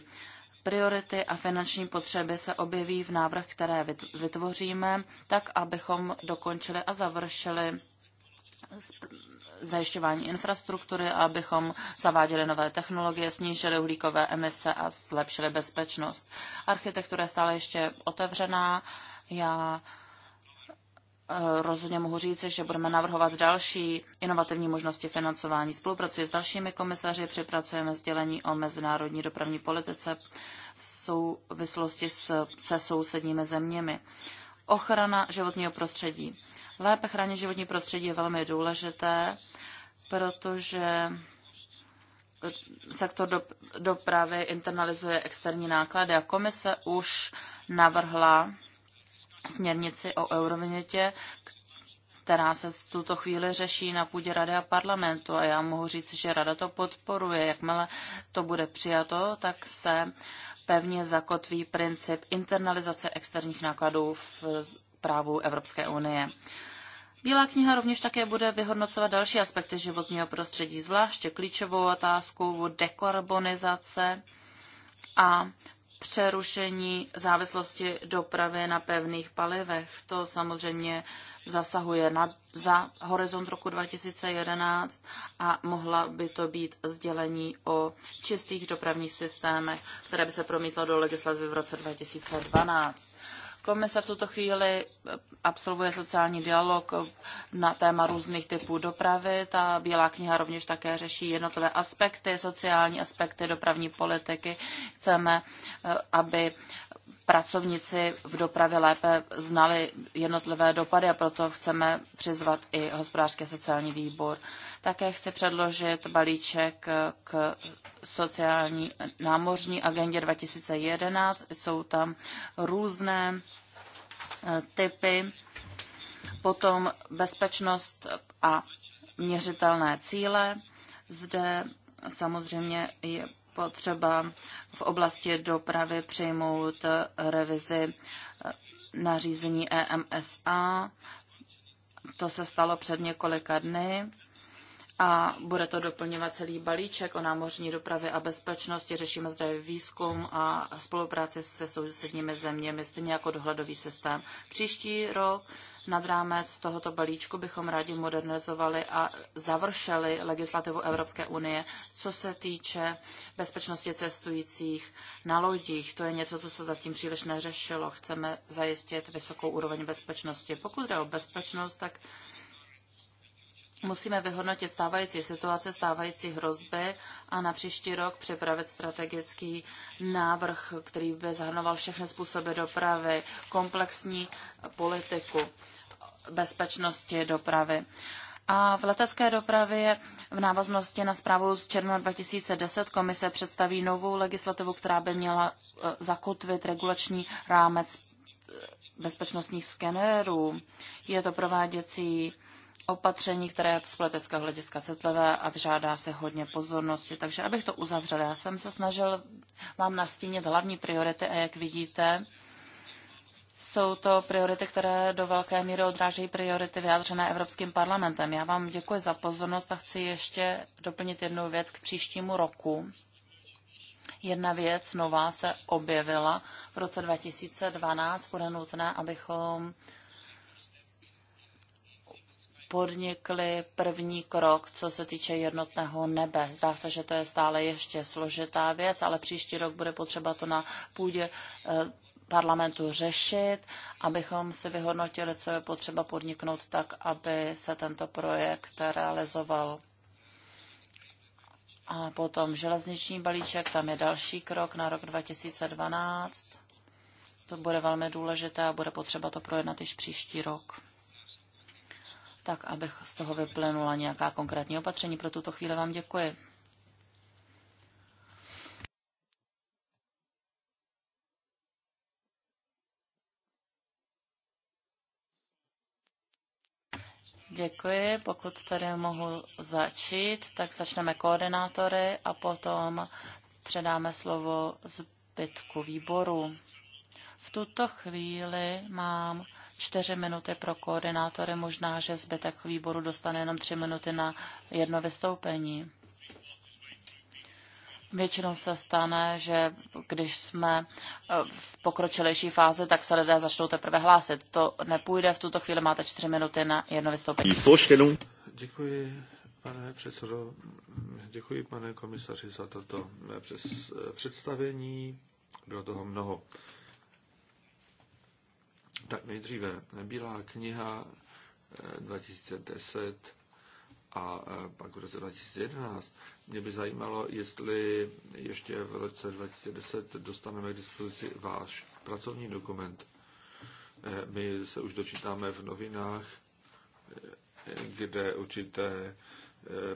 Priority a finanční potřeby se objeví v návrh, které vytvoříme, tak abychom dokončili a završili zajišťování infrastruktury, abychom zaváděli nové technologie, snížili uhlíkové emise a zlepšili bezpečnost. Architektura je stále ještě otevřená. Já Eh, rozhodně mohu říct, že budeme navrhovat další inovativní možnosti financování. Spolupracuji s dalšími komisaři, připracujeme sdělení o mezinárodní dopravní politice v souvislosti s, se sousedními zeměmi. Ochrana životního prostředí. Lépe chránit životní prostředí je velmi důležité, protože eh, sektor do, dopravy internalizuje externí náklady a komise už navrhla směrnici o eurovinětě, která se v tuto chvíli řeší na půdě Rady a parlamentu. A já mohu říct, že Rada to podporuje. Jakmile to bude přijato, tak se pevně zakotví princip internalizace externích nákladů v právu Evropské unie. Bílá kniha rovněž také bude vyhodnocovat další aspekty životního prostředí, zvláště klíčovou otázku dekarbonizace a přerušení závislosti dopravy na pevných palivech. To samozřejmě zasahuje na, za horizont roku 2011 a mohla by to být sdělení o čistých dopravních systémech, které by se promítlo do legislativy v roce 2012. Komise v tuto chvíli eh, absolvuje sociální dialog eh, na téma různých typů dopravy. Ta Bílá kniha rovněž také řeší jednotlivé aspekty, sociální aspekty dopravní politiky. Chceme, eh, aby pracovníci v dopravě lépe znali jednotlivé dopady a proto chceme přizvat i hospodářský sociální výbor. Také chci předložit balíček k sociální námořní agendě 2011. Jsou tam různé Eh, typy, potom bezpečnost a měřitelné cíle. Zde samozřejmě je potřeba v oblasti dopravy přijmout eh, revizi eh, nařízení EMSA. To se stalo před několika dny a bude to doplňovat celý balíček o námořní dopravě a bezpečnosti. Řešíme zde výzkum a spolupráci se sousedními zeměmi, stejně jako dohledový systém. Příští rok nad rámec tohoto balíčku bychom rádi modernizovali a završili legislativu Evropské unie, co se týče bezpečnosti cestujících na lodích. To je něco, co se zatím příliš neřešilo. Chceme zajistit vysokou úroveň bezpečnosti. Pokud jde o bezpečnost, tak Musíme vyhodnotit stávající situace, stávající hrozby a na příští rok připravit strategický návrh, který by zahrnoval všechny způsoby dopravy, komplexní politiku bezpečnosti dopravy. A v letecké dopravě v návaznosti na zprávu z června 2010 komise představí novou legislativu, která by měla eh, zakotvit regulační rámec eh, bezpečnostních skenérů. Je to prováděcí opatření, které je z politického hlediska citlivé a vyžádá se hodně pozornosti. Takže abych to uzavřela, já jsem se snažil vám nastínit hlavní priority a jak vidíte, jsou to priority, které do velké míry odrážejí priority vyjádřené Evropským parlamentem. Já vám děkuji za pozornost a chci ještě doplnit jednu věc k příštímu roku. Jedna věc nová se objevila. V roce 2012 bude nutné, abychom podnikli první krok, co se týče jednotného nebe. Zdá se, že to je stále ještě složitá věc, ale příští rok bude potřeba to na půdě eh, parlamentu řešit, abychom si vyhodnotili, co je potřeba podniknout tak, aby se tento projekt realizoval. A potom železniční balíček, tam je další krok na rok 2012. To bude velmi důležité a bude potřeba to projednat již příští rok tak abych z toho vyplenula nějaká konkrétní opatření. Pro tuto chvíli vám děkuji. Děkuji. Pokud tady mohu začít, tak začneme koordinátory a potom předáme slovo zbytku výboru. V tuto chvíli mám čtyři minuty pro koordinátory, možná, že zbytek výboru dostane jenom tři minuty na jedno vystoupení. Většinou se stane, že když jsme eh, v pokročilejší fázi, tak se lidé začnou teprve hlásit. To nepůjde, v tuto chvíli máte čtyři minuty na jedno vystoupení. Děkuji, pane předsedo, děkuji, pane komisaři, za toto eh, eh, představení. Bylo toho mnoho. Tak nejdříve eh, Bílá kniha 2010 eh, a eh, pak v roce 2011. Mě by zajímalo, jestli ještě v roce 2010 dostaneme k dispozici váš pracovní dokument. My se už dočítáme v novinách, kde určité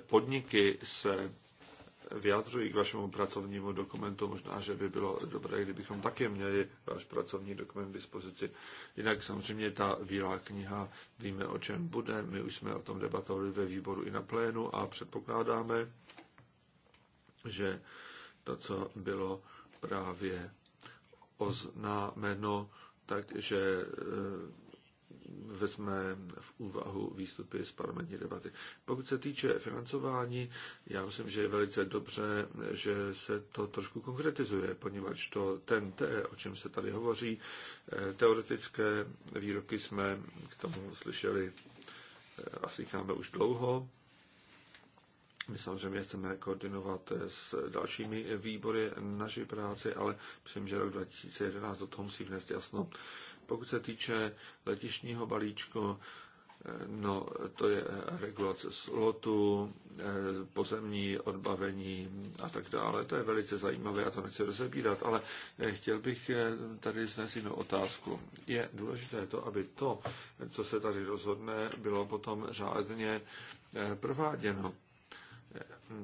podniky se vyjadřují k vašemu pracovnímu dokumentu. Možná, že by bylo dobré, kdybychom také měli váš pracovní dokument k dispozici. Jinak samozřejmě ta výlá kniha, víme, o čem bude. My už jsme o tom debatovali ve výboru i na plénu a předpokládáme, že to, co bylo právě oznámeno, takže eh, vezme v úvahu výstupy z parlamentní debaty. Pokud se týče financování, já myslím, že je velice dobře, že se to trošku konkretizuje, poněvadž to ten té, o čem se tady hovoří, eh, teoretické výroky jsme k tomu slyšeli eh, asi slycháme už dlouho. My samozřejmě chceme koordinovat eh, s dalšími výbory naší práci, ale myslím, že rok 2011 do toho musí vnést jasno. Pokud se týče letišního balíčku, eh, no to je regulace slotu, eh, pozemní odbavení a tak dále. To je velice zajímavé, já to nechci rozebírat, ale chtěl bych tady znést jinou otázku. Je důležité to, aby to, co se tady rozhodne, bylo potom řádně prováděno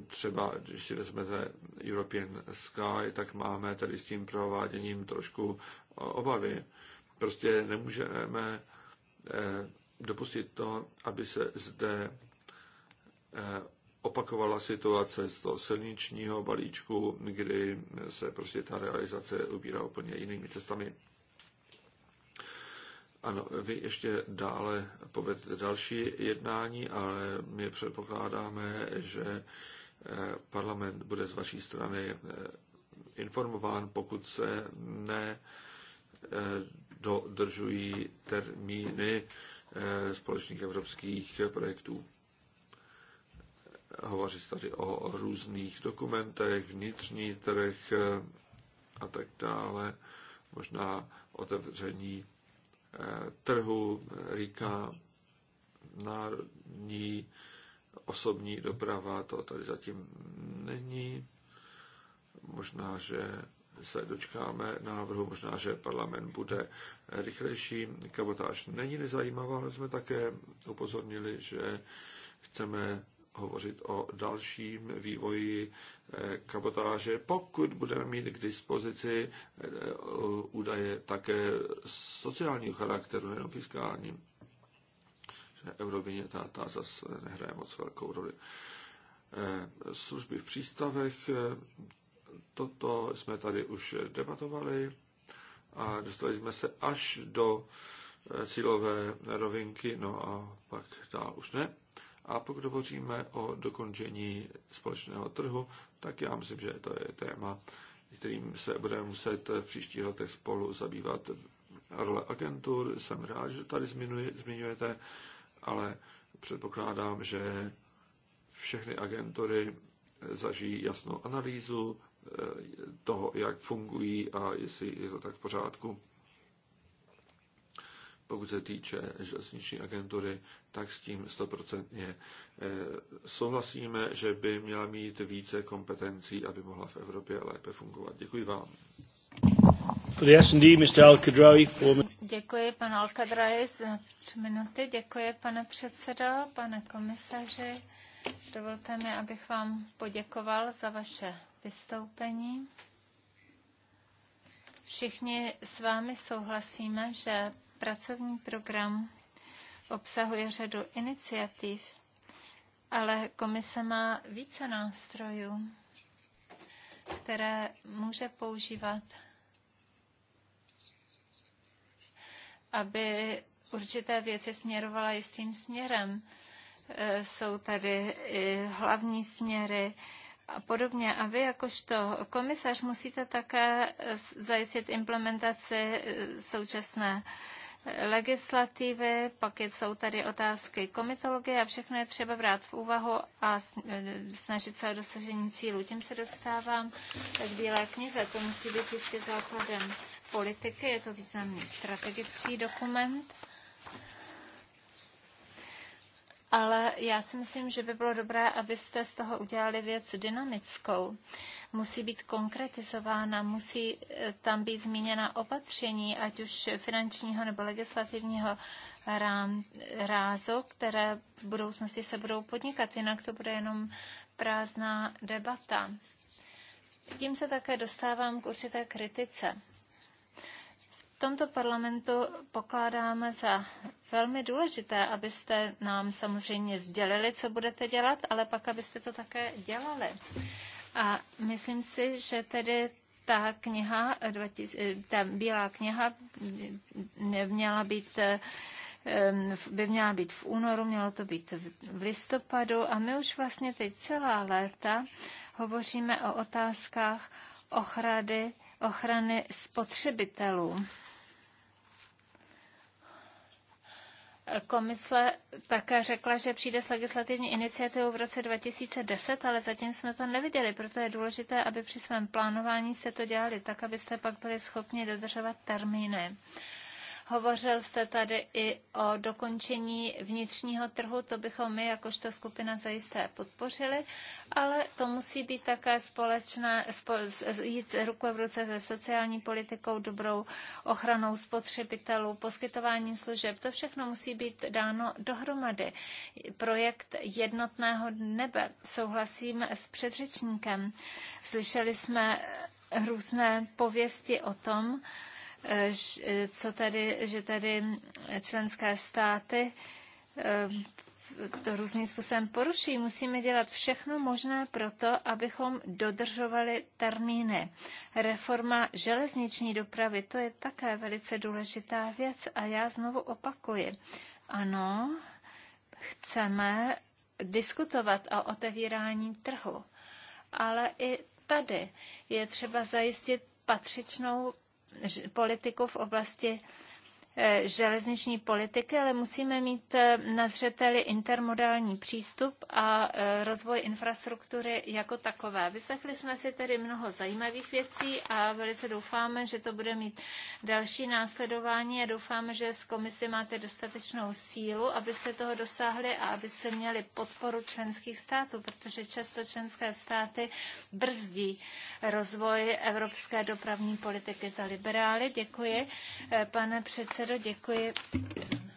třeba, když si vezmete European Sky, tak máme tady s tím prováděním trošku obavy. Prostě nemůžeme eh, dopustit to, aby se zde eh, opakovala situace z toho silničního balíčku, kdy se prostě ta realizace ubírá úplně jinými cestami. Ano, vy ještě dále povedete další jednání, ale my předpokládáme, že eh, parlament bude z vaší strany eh, informován, pokud se ne eh, dodržují termíny společných evropských projektů. Hovoří se tady o různých dokumentech, vnitřní trh a tak dále, možná otevření Eh, trhu, eh, říká národní osobní doprava, to tady zatím není. Možná, že se dočkáme návrhu, možná, že parlament bude rychlejší. Kabotáž není nezajímavá, ale jsme také upozornili, že chceme hovořit o dalším vývoji eh, kabotáže, pokud budeme mít k dispozici eh, údaje také sociálního charakteru, nejenom fiskální. ta, ta zase nehraje moc velkou roli. Eh, služby v přístavech, toto jsme tady už debatovali a dostali jsme se až do cílové rovinky, no a pak dál už ne. A pokud hovoříme o dokončení společného trhu, tak já myslím, že to je téma, kterým se budeme muset v příštích letech spolu zabývat role agentur. Jsem rád, že tady zmiňujete, ale předpokládám, že všechny agentury zažijí jasnou analýzu eh, toho, jak fungují a jestli je to tak v pořádku pokud se týče železniční agentury, tak s tím stoprocentně eh, souhlasíme, že by měla mít více kompetencí, aby mohla v Evropě lépe fungovat. Děkuji vám. Děkuji, pan Alkadraj, za tři minuty. Děkuji, pane předsedo, pane komisaři. Dovolte mi, abych vám poděkoval za vaše vystoupení. Všichni s vámi souhlasíme, že pracovní program obsahuje řadu iniciativ, ale komise má více nástrojů, které může používat, aby určité věci směrovala jistým směrem. E, jsou tady i hlavní směry, a podobně. A vy jakožto komisař musíte také zajistit implementaci e, současné legislativy, pak jsou tady otázky komitologie a všechno je třeba brát v úvahu a e, snažit se o dosažení cílů. Tím se dostávám k Bílé knize, to musí být jistě základem politiky, je to významný strategický dokument ale já si myslím, že by bylo dobré, abyste z toho udělali věc dynamickou. Musí být konkretizována, musí eh, tam být zmíněna opatření, ať už finančního nebo legislativního rám, rázu, které v budoucnosti se budou podnikat, jinak to bude jenom prázdná debata. Tím se také dostávám k určité kritice. V tomto parlamentu pokládáme za velmi důležité, abyste nám samozřejmě sdělili, co budete dělat, ale pak, abyste to také dělali. A myslím si, že tedy ta kniha, ta bílá kniha měla být by měla být v únoru, mělo to být v listopadu a my už vlastně teď celá léta hovoříme o otázkách ochrady, ochrany spotřebitelů. Komise také řekla, že přijde s legislativní iniciativou v roce 2010, ale zatím jsme to neviděli, proto je důležité, aby při svém plánování se to dělali tak, abyste pak byli schopni dodržovat termíny. Hovořil jste tady i o dokončení vnitřního trhu, to bychom my jakožto skupina zajisté podpořili, ale to musí být také společné, spo, jít ruku v ruce se sociální politikou, dobrou ochranou spotřebitelů, poskytováním služeb. To všechno musí být dáno dohromady. Projekt jednotného nebe. Souhlasím s předřečníkem. Slyšeli jsme různé pověsti o tom, co tady, že tady členské státy eh, to různým způsobem poruší. Musíme dělat všechno možné pro to, abychom dodržovali termíny. Reforma železniční dopravy, to je také velice důležitá věc a já znovu opakuji. Ano, chceme diskutovat o otevírání trhu, ale i tady je třeba zajistit patřičnou politiku v oblasti Eh, železniční politiky, ale musíme mít eh, na zřeteli intermodální přístup a eh, rozvoj infrastruktury jako takové. Vyslechli jsme si tedy mnoho zajímavých věcí a velice doufáme, že to bude mít další následování a doufáme, že z komisy máte dostatečnou sílu, abyste toho dosáhli a abyste měli podporu členských států, protože často členské státy brzdí rozvoj evropské dopravní politiky za liberály. Děkuji, pane předsedo předsedo, děkuji.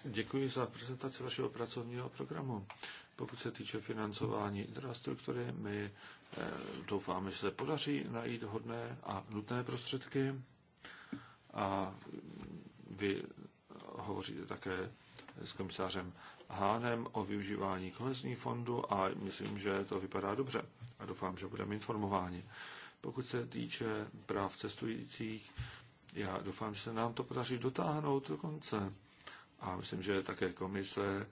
Děkuji za prezentaci vašeho pracovního programu. Pokud se týče financování infrastruktury, my eh, doufáme, že se podaří najít hodné a nutné prostředky. A vy hovoříte také s komisářem Hánem o využívání kohezních fondu a myslím, že to vypadá dobře a doufám, že budeme informováni. Pokud se týče práv cestujících, já doufám, že se nám to podaří dotáhnout do konce. A myslím, že také komise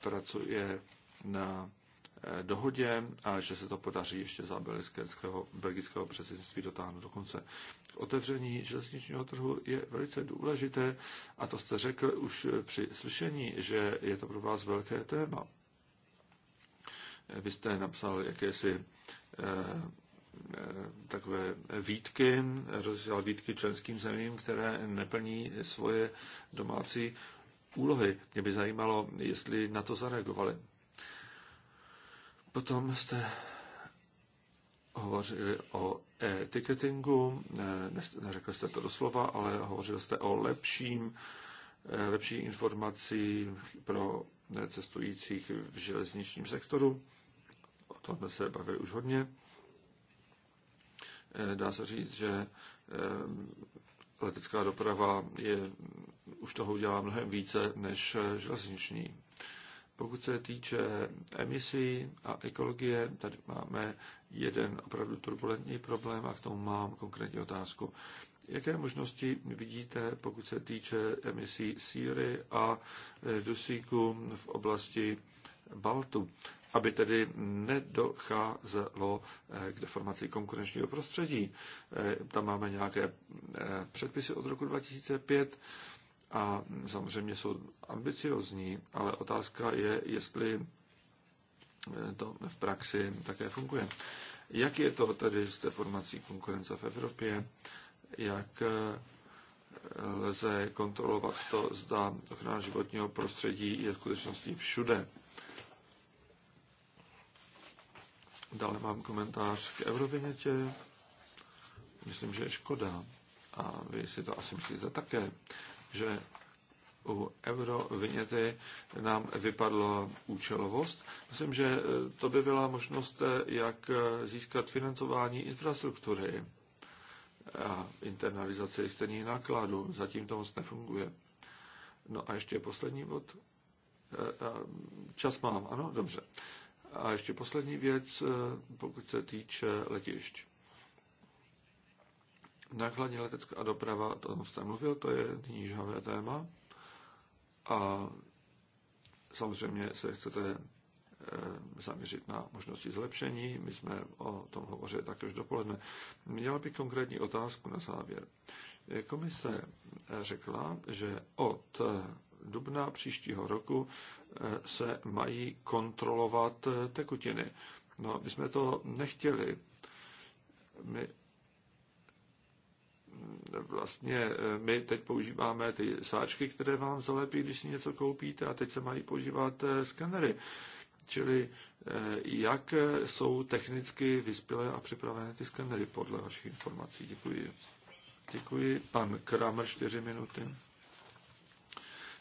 pracuje na eh, dohodě a že se to podaří ještě za belgického, belgického předsednictví dotáhnout do konce. Otevření železničního trhu je velice důležité a to jste řekl už při slyšení, že je to pro vás velké téma. Vy jste napsal jakési eh, Eh, takové výtky, rozesílal výtky členským zemím, které neplní svoje domácí úlohy. Mě by zajímalo, jestli na to zareagovali. Potom jste hovořili o etiketingu, ticketingu eh, neřekl jste to doslova, ale hovořil jste o lepším, eh, lepší informací pro cestujících v železničním sektoru. O tom jsme se bavili už hodně. Eh, dá se říct, že eh, letecká doprava je, už toho udělá mnohem více než eh, železniční. Pokud se týče emisí a ekologie, tady máme jeden opravdu turbulentní problém a k tomu mám konkrétní otázku. Jaké možnosti vidíte, pokud se týče emisí síry a dusíku v oblasti Baltu? aby tedy nedocházelo eh, k deformaci konkurenčního prostředí. Eh, tam máme nějaké eh, předpisy od roku 2005 a samozřejmě jsou ambiciozní, ale otázka je, jestli to v praxi také funguje. Jak je to tedy s deformací konkurence v Evropě? Jak lze kontrolovat to, zda ochrana životního prostředí je skutečností všude? Dále mám komentář k eurovinětě. Myslím, že je škoda, a vy si to asi myslíte také, že u Eurovinety nám vypadla účelovost. Myslím, že to by byla možnost, jak získat financování infrastruktury a internalizace externích nákladů. Zatím to moc nefunguje. No a ještě poslední bod. E, e, čas mám, ano? Dobře. A ještě poslední věc, eh, pokud se týče letišť. Nákladní letecká doprava, to tom jste mluvil, to je nyní žhavé téma. A samozřejmě se chcete eh, zaměřit na možnosti zlepšení. My jsme o tom hovořili také už dopoledne. Měla bych konkrétní otázku na závěr. Komise řekla, že od eh, dubna příštího roku eh, se mají kontrolovat eh, tekutiny. No, my jsme to nechtěli. My mm, vlastně eh, my teď používáme ty sáčky, které vám zalepí, když si něco koupíte a teď se mají používat skenery. Čili jak jsou technicky vyspělé a připravené ty skenery podle vašich informací? Děkuji. Děkuji. Pan Kramer, čtyři minuty.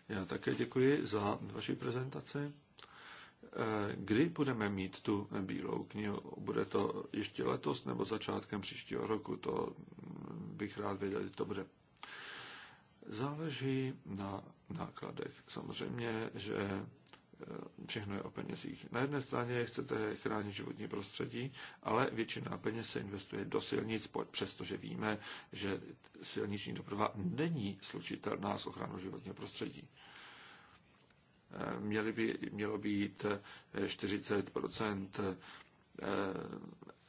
Já také děkuji za vaši prezentaci. Eh, kdy budeme mít tu bílou knihu? Bude to ještě letos nebo začátkem příštího roku? To mm, bych rád věděl, to bude. Záleží na nákladech. Samozřejmě, že Eh, všechno je o penězích. Na jedné straně chcete chránit životní prostředí, ale většina peněz se investuje do silnic, přestože víme, že silniční doprava není slučitelná s ochranou životního prostředí. Eh, měly by, mělo být 40 eh,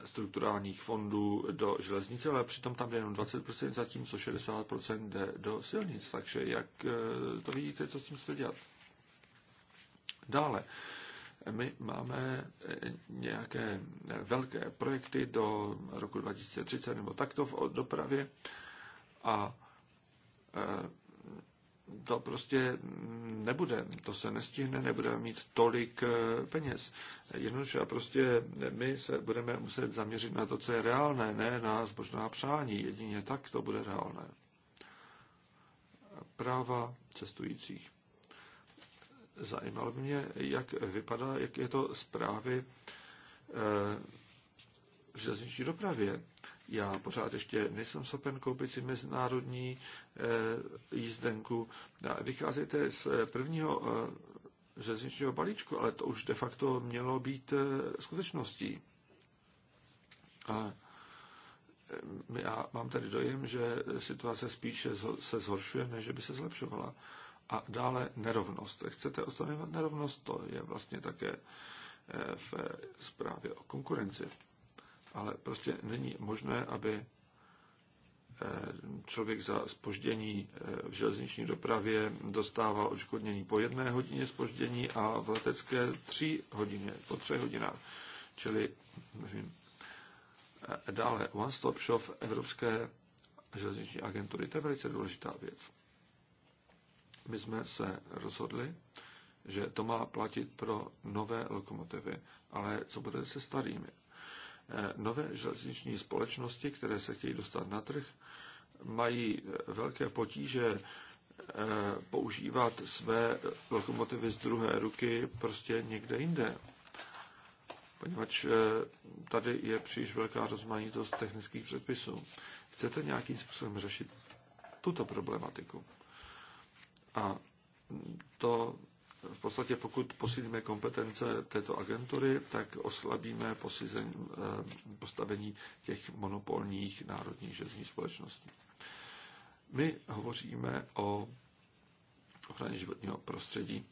strukturálních fondů do železnice, ale přitom tam jde jenom 20%, zatímco 60% jde do silnic. Takže jak to vidíte, co s tím chcete dělat? Dále, my máme eh, nějaké eh, velké projekty do roku 2030 nebo takto v dopravě a eh, to prostě nebude, to se nestihne, nebudeme mít tolik peněz. Jednoduše a prostě my se budeme muset zaměřit na to, co je reálné, ne na zbožná přání. Jedině tak to bude reálné. Práva cestujících zajímalo mě, jak vypadá, jak je to zprávy eh, v železniční dopravě. Já pořád ještě nejsem schopen koupit si mezinárodní eh, jízdenku. Vycházíte z prvního eh, železničního balíčku, ale to už de facto mělo být skutečností. A já mám tady dojem, že situace spíše se zhoršuje, než by se zlepšovala. A dále nerovnost. Chcete odstraňovat nerovnost? To je vlastně také eh, v eh, zprávě o konkurenci. Ale prostě není možné, aby eh, člověk za spoždění v železniční dopravě dostával odškodnění po jedné hodině spoždění a v letecké tři hodině, po třech hodinách. Čili, nevím, dále One Stop Shop Evropské železniční agentury, to je velice důležitá věc my jsme se rozhodli, že to má platit pro nové lokomotivy. Ale co bude se starými? Eh, nové železniční společnosti, které se chtějí dostat na trh, mají eh, velké potíže eh, používat své lokomotivy z druhé ruky prostě někde jinde. Poněvadž tady je příliš velká rozmanitost technických předpisů. Chcete nějakým způsobem řešit tuto problematiku? A to v podstatě, pokud posílíme kompetence této agentury, tak oslabíme posízen, eh, postavení těch monopolních národních železních společností. My hovoříme o ochraně životního prostředí.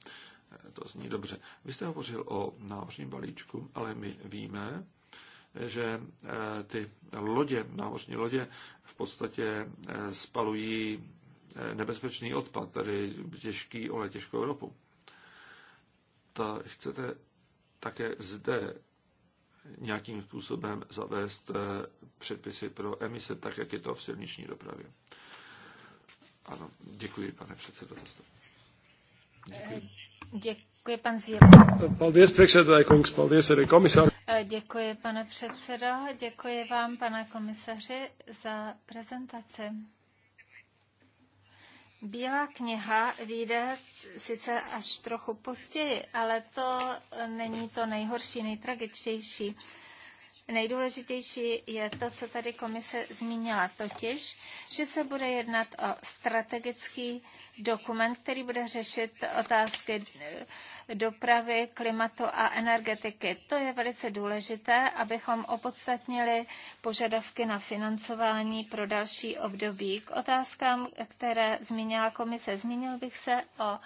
Eh, to zní dobře. Vy jste hovořil o námořním balíčku, ale my víme, že eh, ty lodě, námořní lodě v podstatě spalují nebezpečný odpad, tady těžký olej, těžkou ropu. Ta chcete také zde nějakým způsobem zavést eh, předpisy pro emise, tak jak je to v silniční dopravě. Ano, děkuji, pane předsedo. Děkuji. Eh, děkuji, pan eh, Děkuji, pane předsedo, děkuji vám, pane komisaři, za prezentaci. Bílá kniha vyjde sice až trochu později, ale to není to nejhorší, nejtragičtější. Nejdůležitější je to, co tady komise zmínila, totiž, že se bude jednat o strategický dokument, který bude řešit otázky eh, dopravy, klimatu a energetiky. To je velice důležité, abychom opodstatnili požadavky na financování pro další období. K otázkám, které zmínila komise, zmínil bych se o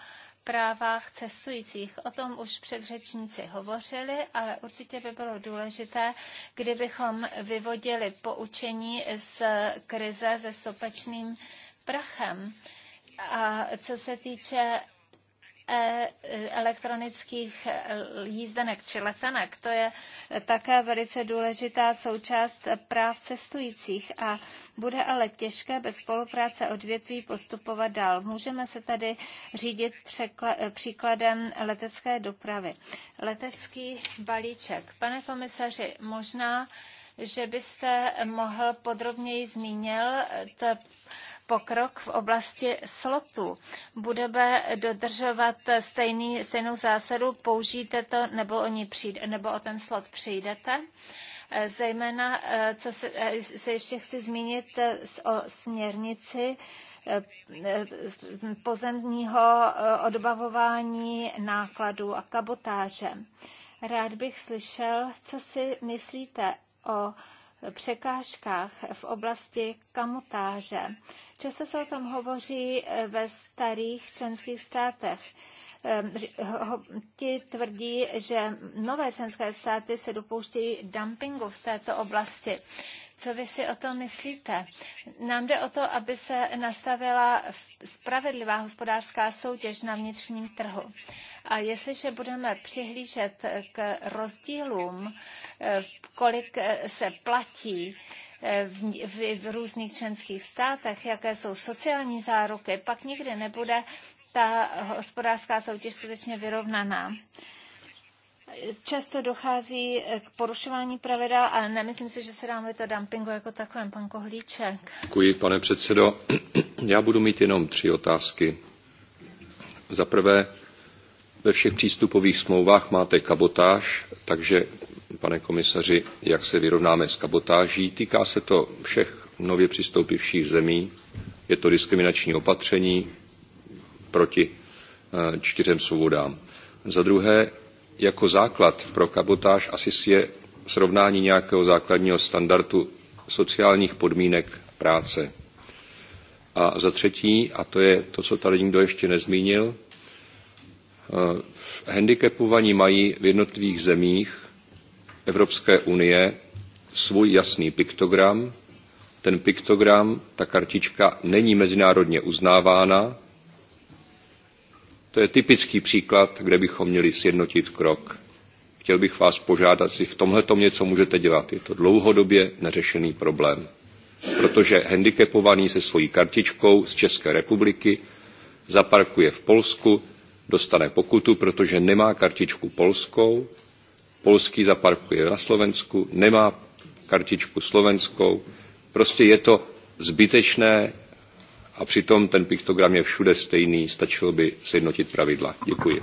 právách cestujících. O tom už předřečníci hovořili, ale určitě by bylo důležité, kdybychom vyvodili poučení z krize se sopečným prachem. A co se týče Eh, elektronických eh, jízdenek či letenek. To je také velice důležitá součást práv cestujících a bude ale těžké bez spolupráce odvětví postupovat dál. Můžeme se tady řídit eh, příkladem letecké dopravy. Letecký balíček. Pane komisaři, možná že byste mohl podrobněji zmínil pokrok v oblasti slotu. Budeme dodržovat stejný, stejnou zásadu, použijte to nebo o, ní přijde, nebo o ten slot přijdete. Eh, zejména eh, co se, eh, se ještě chci zmínit o směrnici, pozemního odbavování nákladů a kabotáže. Rád bych slyšel, co si myslíte o překážkách v oblasti kamotáže, Často se o tom hovoří eh, ve starých členských státech ehm, ti tvrdí, že nové členské státy se dopouštějí dumpingu v této oblasti. Co vy si o tom myslíte? Nám jde o to, aby se nastavila spravedlivá hospodářská soutěž na vnitřním trhu. A jestliže budeme přihlížet k rozdílům, eh, kolik eh, se platí, Eh, v, v, různých členských státech, jaké jsou sociální záruky, pak nikdy nebude ta hospodářská soutěž skutečně vyrovnaná. Často dochází eh, k porušování pravidel, ale nemyslím si, že se dáme to dumpingu jako takovém, pan Kohlíček. Děkuji, pane předsedo. Já budu mít jenom tři otázky. Za prvé, ve všech přístupových smlouvách máte kabotáž, takže pane komisaři, jak se vyrovnáme s kabotáží. Týká se to všech nově přistoupivších zemí. Je to diskriminační opatření proti eh, čtyřem svobodám. Za druhé, jako základ pro kabotáž asi je srovnání nějakého základního standardu sociálních podmínek práce. A za třetí, a to je to, co tady nikdo ještě nezmínil, eh, handicapovaní mají v jednotlivých zemích Evropské unie svůj jasný piktogram. Ten piktogram, ta kartička, není mezinárodně uznávána. To je typický příklad, kde bychom měli sjednotit krok. Chtěl bych vás požádat, si v tomhle tom něco můžete dělat. Je to dlouhodobě neřešený problém. Protože handicapovaný se svojí kartičkou z České republiky zaparkuje v Polsku, dostane pokutu, protože nemá kartičku polskou, polský zaparkuje na Slovensku, nemá kartičku slovenskou. Prostě je to zbytečné a přitom ten piktogram je všude stejný, stačilo by sjednotit pravidla. Děkuji.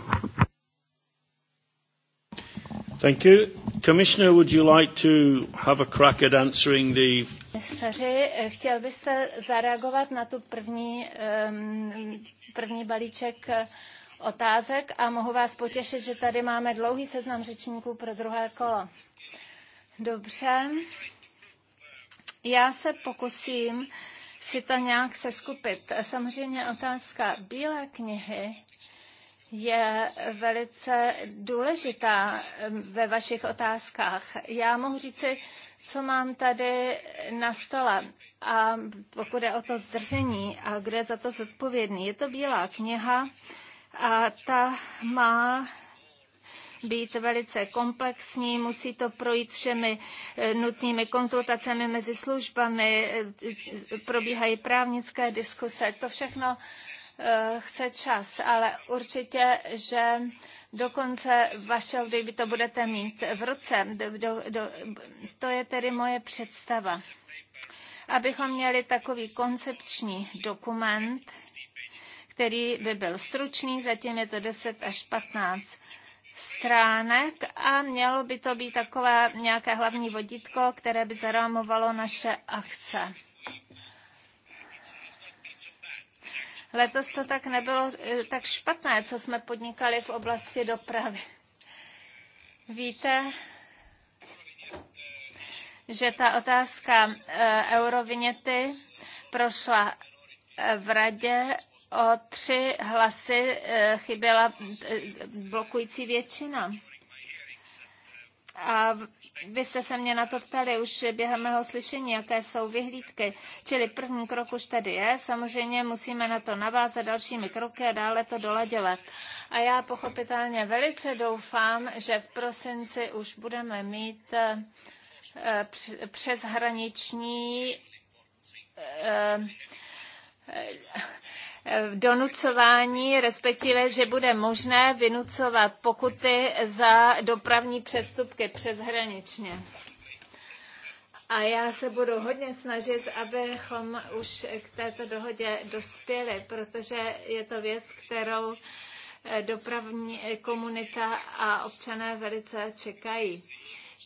Thank you. Commissioner, would you like to have a crack at answering the... Saři, eh, chtěl byste zareagovat na tu první, um, první balíček eh, otázek a mohu vás potěšit, že tady máme dlouhý seznam řečníků pro druhé kolo. Dobře. Já se pokusím si to nějak seskupit. Samozřejmě otázka Bílé knihy je velice důležitá eh, ve vašich otázkách. Já mohu říci, co mám tady na stole. A pokud je o to zdržení a kdo je za to zodpovědný. Je to Bílá kniha, a ta má být velice komplexní, musí to projít všemi eh, nutnými konzultacemi mezi službami, eh, probíhají právnické diskuse, to všechno eh, chce čas, ale určitě, že do konce vašeho, kdyby to budete mít v roce, do, do, do, to je tedy moje představa. Abychom měli takový koncepční dokument, který by byl stručný, zatím je to 10 až 15 stránek a mělo by to být takové nějaké hlavní vodítko, které by zarámovalo naše akce. Letos to tak nebylo eh, tak špatné, co jsme podnikali v oblasti dopravy. Víte, že ta otázka eh, eurovinety prošla eh, v radě o tři hlasy eh, chyběla eh, blokující většina. A vy jste se mě na to ptali už během mého slyšení, jaké jsou vyhlídky. Čili první krok už tady je, samozřejmě musíme na to navázat dalšími kroky a dále to dolaďovat. A já pochopitelně velice doufám, že v prosinci už budeme mít eh, přeshraniční donucování, respektive, že bude možné vynucovat pokuty za dopravní přestupky přeshraničně. A já se budu hodně snažit, abychom už k této dohodě dospěli, protože je to věc, kterou eh, dopravní eh, komunita a občané velice čekají.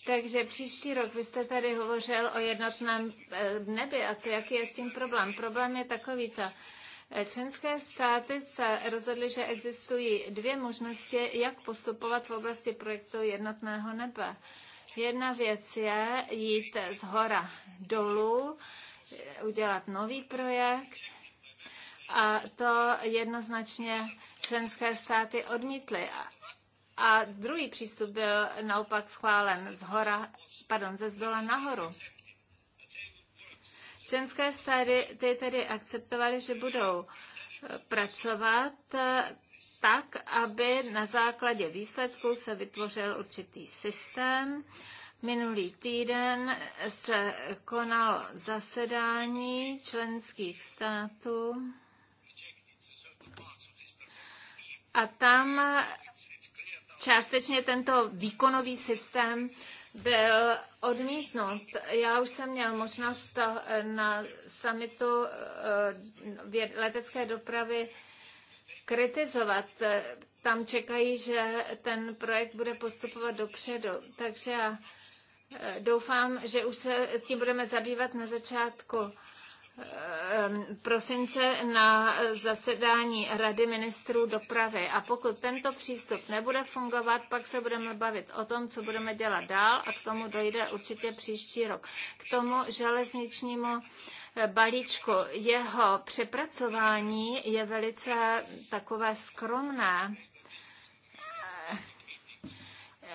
Takže příští rok, vy jste tady hovořil o jednotném eh, nebi a co, jaký je s tím problém? Problém je takový to, Eh, členské státy se rozhodly, že existují dvě možnosti, jak postupovat v oblasti projektu jednotného nebe. Jedna věc je jít z hora dolů, eh, udělat nový projekt, a to jednoznačně členské státy odmítly. A druhý přístup byl naopak schválen z hora, pardon, ze zdola nahoru. Členské státy ty tedy akceptovaly, že budou eh, pracovat eh, tak, aby na základě výsledků se vytvořil určitý systém. Minulý týden se konalo zasedání členských států a tam částečně tento výkonový systém byl odmítnut. Já už jsem měl možnost eh, na samitu eh, letecké dopravy kritizovat. Tam čekají, že ten projekt bude postupovat dopředu. Takže já eh, doufám, že už se s tím budeme zabývat na začátku Ehm, prosince na zasedání Rady ministrů dopravy. A pokud tento přístup nebude fungovat, pak se budeme bavit o tom, co budeme dělat dál a k tomu dojde určitě příští rok. K tomu železničnímu eh, balíčku. Jeho přepracování je velice takové skromné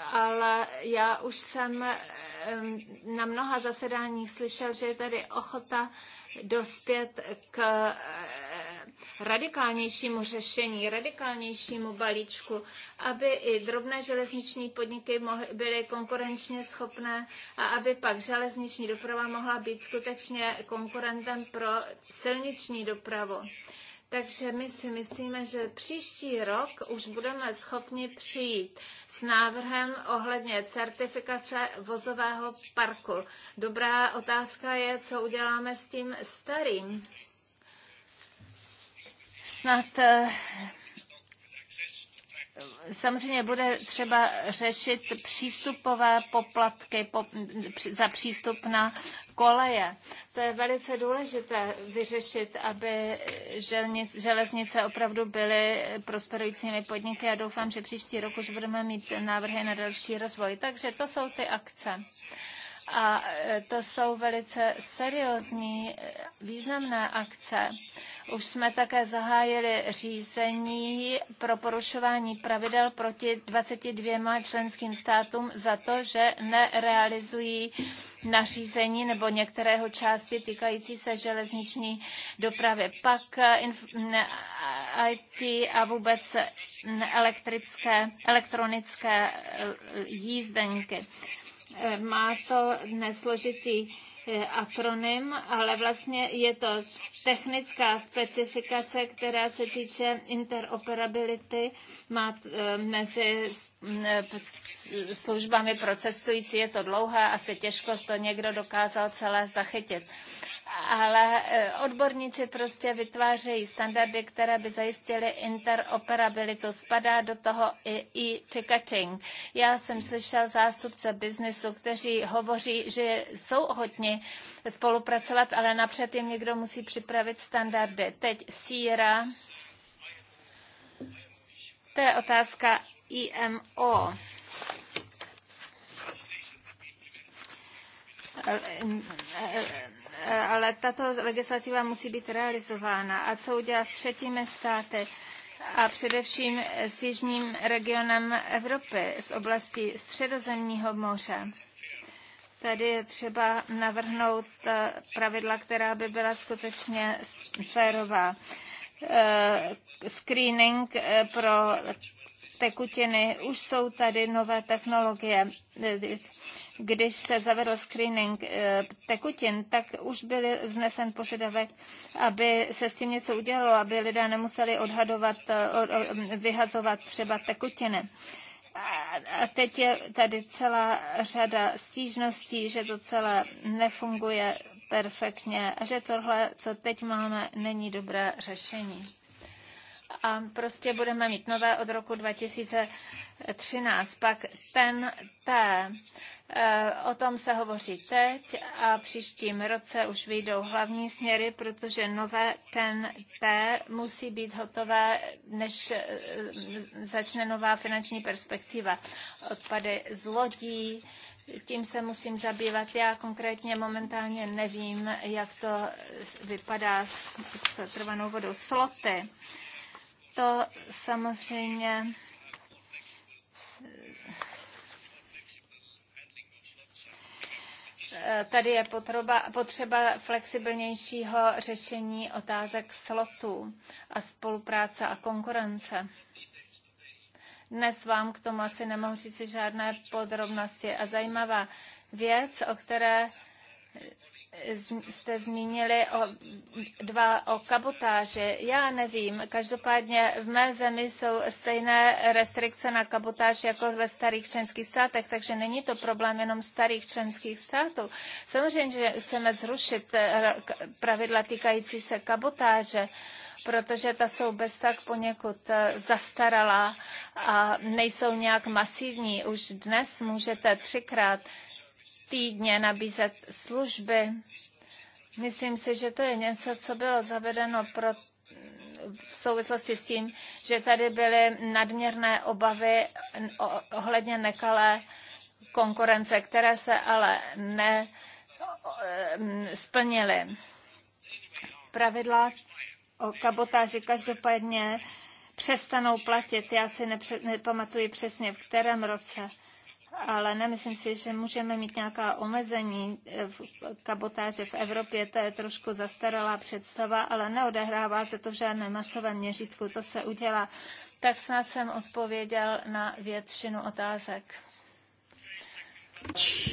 ale já už jsem na mnoha zasedáních slyšel, že je tady ochota dospět k eh, radikálnějšímu řešení, radikálnějšímu balíčku, aby i drobné železniční podniky mohly, byly konkurenčně schopné a aby pak železniční doprava mohla být skutečně konkurentem pro silniční dopravu. Takže my si myslíme, že příští rok už budeme schopni přijít s návrhem ohledně certifikace vozového parku. Dobrá otázka je, co uděláme s tím starým. Snad eh, Samozřejmě bude třeba řešit přístupové poplatky po, za přístup na koleje. To je velice důležité vyřešit, aby želnic, železnice opravdu byly prosperujícími podniky a doufám, že příští rok už budeme mít návrhy na další rozvoj. Takže to jsou ty akce. A e, to jsou velice seriózní, e, významné akce. Už jsme také zahájili řízení pro porušování pravidel proti 22 členským státům za to, že nerealizují nařízení nebo některého části týkající se železniční dopravy. Pak e, IT a vůbec elektrické, elektronické jízdenky. Má to nesložitý e, akronym, ale vlastně je to technická specifikace, která se týče interoperability má e, mezi e, službami procesující. Je to dlouhé, asi těžko to někdo dokázal celé zachytit ale e, odborníci prostě vytvářejí standardy, které by zajistily interoperabilitu. Spadá do toho i, i ticketing. Já jsem slyšel zástupce biznesu, kteří hovoří, že jsou ochotni spolupracovat, ale napřed jim někdo musí připravit standardy. Teď síra. To je otázka IMO. Eh, ale tato legislativa musí být realizována. A co udělá s třetími státy? a především s jižním regionem Evropy, z oblasti Středozemního moře. Tady je třeba navrhnout eh, pravidla, která by byla skutečně férová. Eh, screening pro tekutiny, už jsou tady nové technologie když se zavedl screening eh, tekutin, tak už byl vznesen požadavek, aby se s tím něco udělalo, aby lidé nemuseli odhadovat, eh, vyhazovat třeba tekutiny. A teď je tady celá řada stížností, že to celé nefunguje perfektně a že tohle, co teď máme, není dobré řešení. A prostě budeme mít nové od roku 2013. Pak ten ta Eh, o tom se hovoří teď a příštím roce už vyjdou hlavní směry, protože nové ten T musí být hotové, než eh, začne nová finanční perspektiva. Odpady z lodí, tím se musím zabývat. Já konkrétně momentálně nevím, jak to vypadá s trvanou vodou. Sloty, to samozřejmě Eh, tady je potřeba, flexibilnějšího řešení otázek slotů a spolupráce a konkurence. Dnes vám k tomu asi nemohu říct žádné podrobnosti. A zajímavá věc, o které jste zmínili o, dva o kabotáži. Já nevím, každopádně v mé zemi jsou stejné restrikce na kabotáž jako ve starých členských státech, takže není to problém jenom starých členských států. Samozřejmě, že chceme zrušit eh, pravidla týkající se kabotáže, protože ta jsou bez tak poněkud eh, zastaralá a nejsou nějak masivní. Už dnes můžete třikrát týdně nabízet služby. Myslím si, že to je něco, co bylo zavedeno pro v souvislosti s tím, že tady byly nadměrné obavy ohledně nekalé konkurence, které se ale nesplnily. Pravidla o kabotáži každopádně přestanou platit. Já si nepamatuji přesně, v kterém roce ale nemyslím si, že můžeme mít nějaká omezení eh, v kabotáže v Evropě. To je trošku zastaralá představa, ale neodehrává se to v žádném masovém měřítku. To se udělá. Tak snad jsem odpověděl na většinu otázek.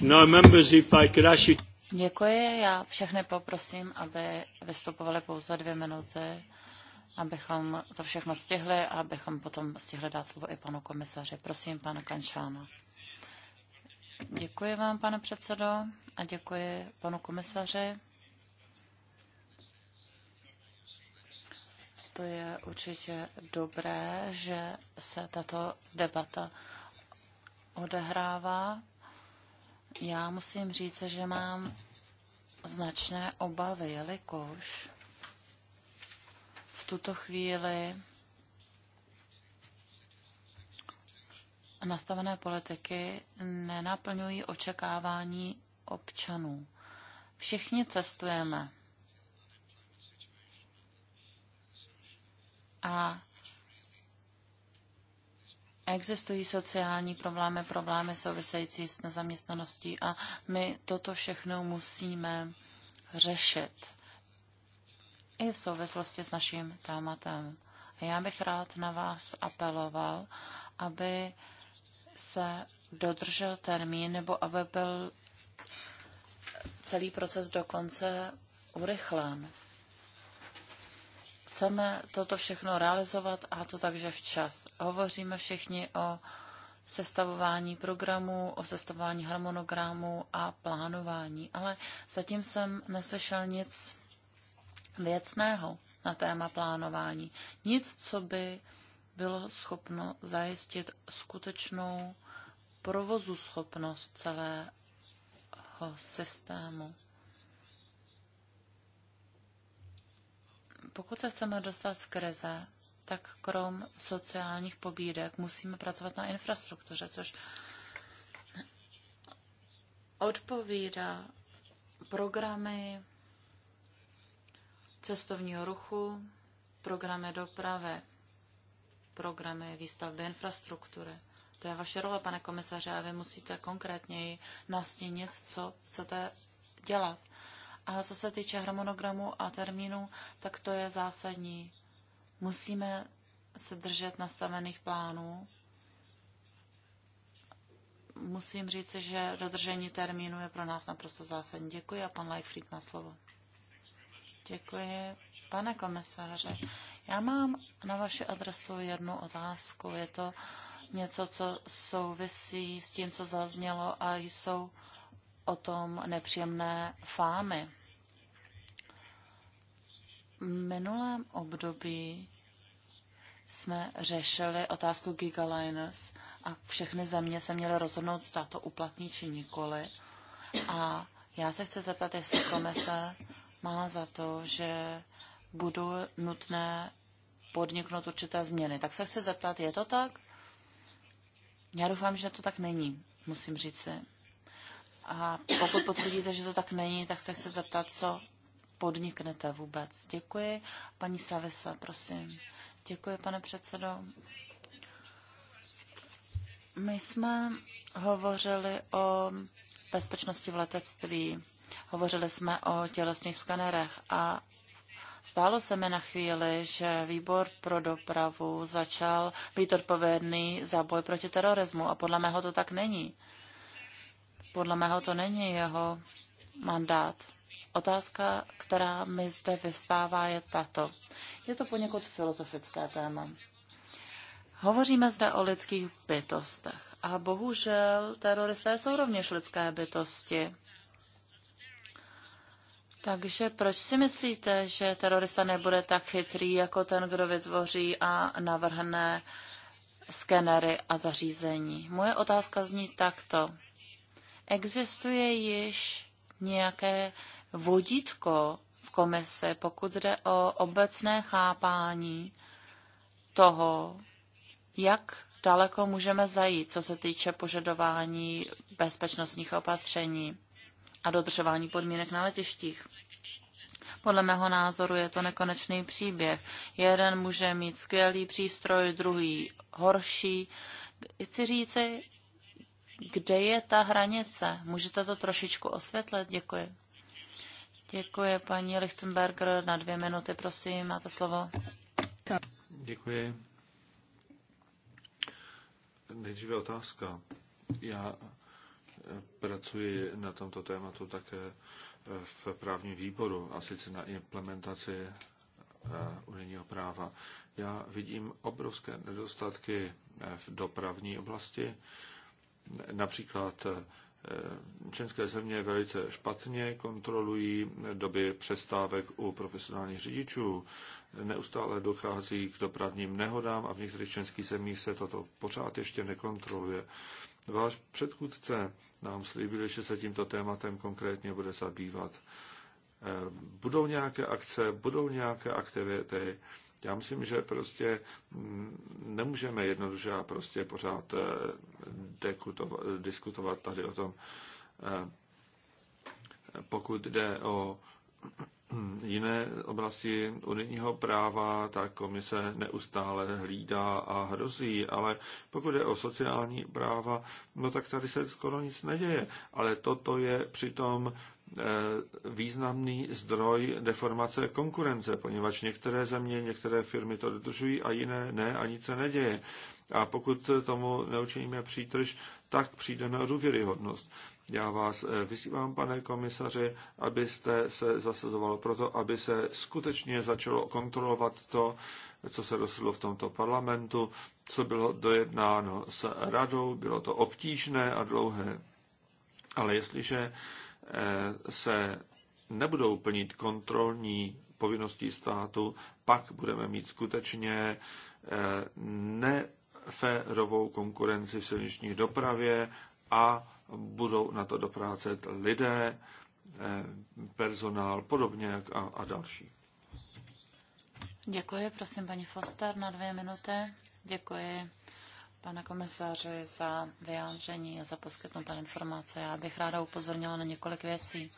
No, members, if I could ask you... Děkuji. Já všechny poprosím, aby vystupovali pouze dvě minuty, abychom to všechno stihli a abychom potom stihli dát slovo i panu komisaři. Prosím, pana Kančána. Děkuji vám, pane předsedo, a děkuji panu komisaři. To je určitě dobré, že se tato debata odehrává. Já musím říct, že mám značné obavy, jelikož v tuto chvíli nastavené politiky nenaplňují očekávání občanů. Všichni cestujeme. A existují sociální problémy, problémy související s nezaměstnaností a my toto všechno musíme řešit i v souvislosti s naším tématem. A já bych rád na vás apeloval, aby se dodržel termín nebo aby byl celý proces dokonce urychlen. Chceme toto všechno realizovat a to takže včas. Hovoříme všichni o sestavování programů, o sestavování harmonogramů a plánování, ale zatím jsem neslyšel nic věcného na téma plánování. Nic, co by bylo schopno zajistit skutečnou provozu schopnost celého systému. Pokud se chceme dostat z krize, tak krom sociálních pobídek musíme pracovat na infrastruktuře, což odpovídá programy cestovního ruchu, programy dopravy programy výstavby infrastruktury. To je vaše role, pane komisaře, a vy musíte konkrétněji nastínit, co chcete dělat. A co se týče harmonogramu a termínu, tak to je zásadní. Musíme se držet nastavených plánů. Musím říct, že dodržení termínu je pro nás naprosto zásadní. Děkuji a pan Leifried má slovo. Děkuji, pane komisaře. Já mám na vaši adresu jednu otázku. Je to něco, co souvisí s tím, co zaznělo a jsou o tom nepříjemné fámy. V minulém období jsme řešili otázku Gigaliners a všechny země se měly rozhodnout, zda to uplatní či nikoli. A já se chci zeptat, jestli komise má za to, že budou nutné podniknout určité změny. Tak se chci zeptat, je to tak? Já doufám, že to tak není, musím říct si. A pokud potvrdíte, že to tak není, tak se chci zeptat, co podniknete vůbec. Děkuji. Paní Savisa, prosím. Děkuji, pane předsedo. My jsme hovořili o bezpečnosti v letectví. Hovořili jsme o tělesných skanerech a Stálo se mi na chvíli, že výbor pro dopravu začal být odpovědný za boj proti terorismu a podle mého to tak není. Podle mého to není jeho mandát. Otázka, která mi zde vyvstává, je tato. Je to poněkud filozofické téma. Hovoříme zde o lidských bytostech a bohužel teroristé jsou rovněž lidské bytosti. Takže proč si myslíte, že terorista nebude tak chytrý jako ten, kdo vytvoří a navrhne skenery a zařízení? Moje otázka zní takto. Existuje již nějaké vodítko v komise, pokud jde o obecné chápání toho, jak daleko můžeme zajít, co se týče požadování bezpečnostních opatření a dodržování podmínek na letištích. Podle mého názoru je to nekonečný příběh. Jeden může mít skvělý přístroj, druhý horší. Chci říci, kde je ta hranice? Můžete to trošičku osvětlit? Děkuji. Děkuji, paní Lichtenberger. Na dvě minuty, prosím, máte slovo. Děkuji. Nejdříve otázka. Já pracuji na tomto tématu také eh, v právním výboru, a sice na implementaci eh, unijního práva. Já vidím obrovské nedostatky eh, v dopravní oblasti. Například České země velice špatně kontrolují doby přestávek u profesionálních řidičů. Neustále dochází k dopravním nehodám a v některých českých zemích se toto pořád ještě nekontroluje. Váš předchůdce nám slíbil, že se tímto tématem konkrétně bude zabývat. Eh, budou nějaké akce, budou nějaké aktivity. Já myslím, že prostě mm, nemůžeme jednoduše a prostě pořád eh, diskutovat tady o tom, eh, pokud jde o jiné oblasti unijního práva ta komise neustále hlídá a hrozí, ale pokud je o sociální práva, no tak tady se skoro nic neděje. Ale toto je přitom eh, významný zdroj deformace konkurence, poněvadž některé země, některé firmy to dodržují a jiné ne a nic se neděje. A pokud tomu neučiníme přítrž, tak přijde na důvěryhodnost. Já vás eh, vyzývám, pane komisaři, abyste se zasazoval proto, aby se skutečně začalo kontrolovat to, co se rozhodlo v tomto parlamentu, co bylo dojednáno s radou, bylo to obtížné a dlouhé. Ale jestliže eh, se nebudou plnit kontrolní povinnosti státu, pak budeme mít skutečně eh, ne férovou konkurenci v silniční dopravě a budou na to doprácet lidé, eh, personál, podobně jak a, a další. Děkuji, prosím paní Foster na dvě minuty. Děkuji pane komisáři za vyjádření a za poskytnuté informace. Já bych ráda upozornila na několik věcí.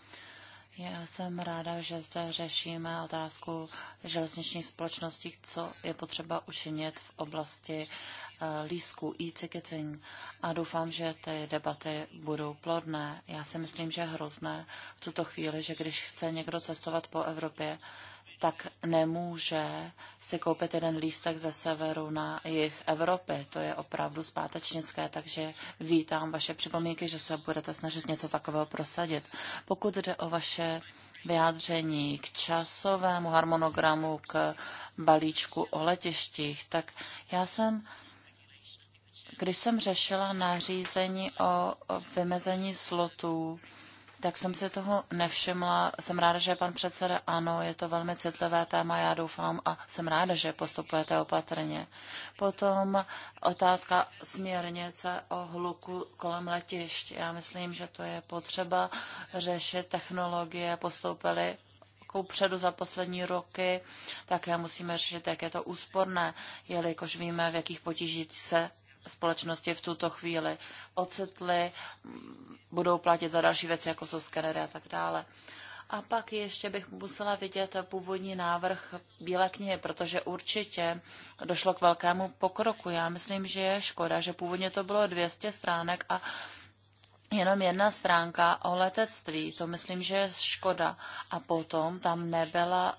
Já jsem ráda, že zde řešíme otázku železničních společností, co je potřeba učinit v oblasti eh, lísku e ticketing. A doufám, že ty debaty budou plodné. Já si myslím, že je hrozné v tuto chvíli, že když chce někdo cestovat po Evropě, tak nemůže si koupit jeden lístek ze severu na jih Evropy. To je opravdu zpátečnické, takže vítám vaše připomínky, že se budete snažit něco takového prosadit. Pokud jde o vaše vyjádření k časovému harmonogramu, k balíčku o letištích, tak já jsem když jsem řešila nařízení o vymezení slotů tak jsem si toho nevšimla. Jsem ráda, že je pan předseda ano, je to velmi citlivé téma, já doufám a jsem ráda, že postupujete opatrně. Potom otázka směrnice o hluku kolem letišť. Já myslím, že to je potřeba řešit. Technologie postoupily předu za poslední roky, také musíme řešit, jak je to úsporné, jelikož víme, v jakých potížích se společnosti v tuto chvíli ocitly, budou platit za další věci, jako jsou skenery a tak dále. A pak ještě bych musela vidět původní návrh Bílé knihy, protože určitě došlo k velkému pokroku. Já myslím, že je škoda, že původně to bylo 200 stránek a jenom jedna stránka o letectví. To myslím, že je škoda. A potom tam nebyla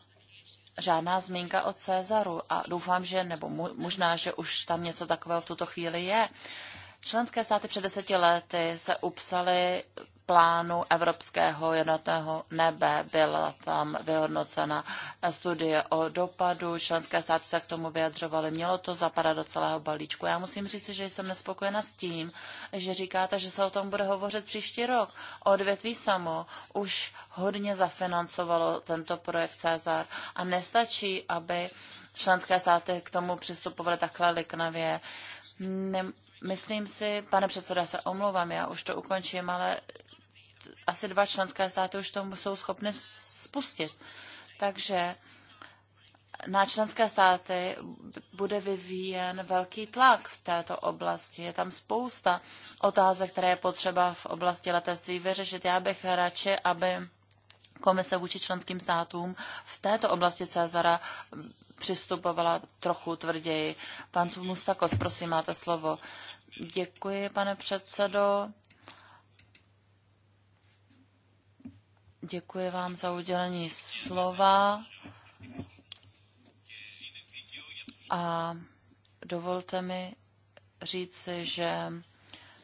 žádná zmínka o Cezaru a doufám, že, nebo možná, že už tam něco takového v tuto chvíli je. Členské státy před deseti lety se upsaly plánu Evropského jednotného nebe. Byla tam vyhodnocena studie o dopadu, členské státy se k tomu vyjadřovaly, mělo to zapadat do celého balíčku. Já musím říct, že jsem nespokojena s tím, že říkáte, že se o tom bude hovořit příští rok. Odvětví samo už hodně zafinancovalo tento projekt Cezar a nestačí, aby členské státy k tomu přistupovaly takhle liknavě. Ne, myslím si, pane předsedo, já se omlouvám, já už to ukončím, ale asi dva členské státy už to jsou schopny spustit. Takže na členské státy bude vyvíjen velký tlak v této oblasti. Je tam spousta otázek, které je potřeba v oblasti letectví vyřešit. Já bych radši, aby komise vůči členským státům v této oblasti Cezara přistupovala trochu tvrději. Pan Mustakos, prosím, máte slovo. Děkuji, pane předsedo. Děkuji vám za udělení slova a dovolte mi říci, že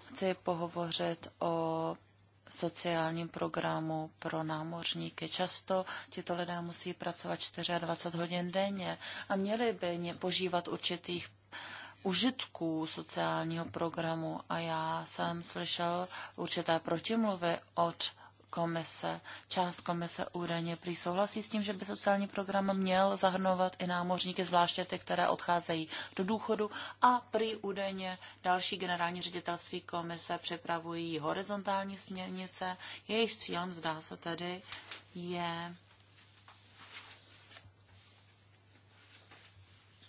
chci pohovořit o sociálním programu pro námořníky. Často tito lidé musí pracovat 24 hodin denně a měli by požívat určitých užitků sociálního programu a já jsem slyšel určité protimluvy od komise, část komise údajně prý souhlasí s tím, že by sociální program měl zahrnovat i námořníky, zvláště ty, které odcházejí do důchodu a prý údajně další generální ředitelství komise připravují horizontální směrnice. Jejich cílem, zdá se tedy, je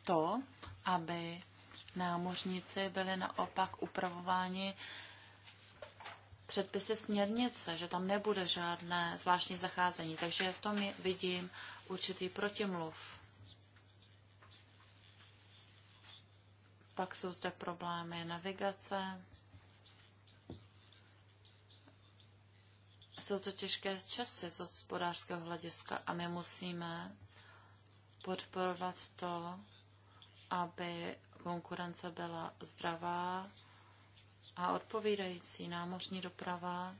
to, aby námořníci byli naopak upravováni předpisy směrnice, že tam nebude žádné zvláštní zacházení. Takže v tom vidím určitý protimluv. Pak jsou zde problémy navigace. Jsou to těžké časy z hospodářského hlediska a my musíme podporovat to, aby konkurence byla zdravá, a odpovídající námořní doprava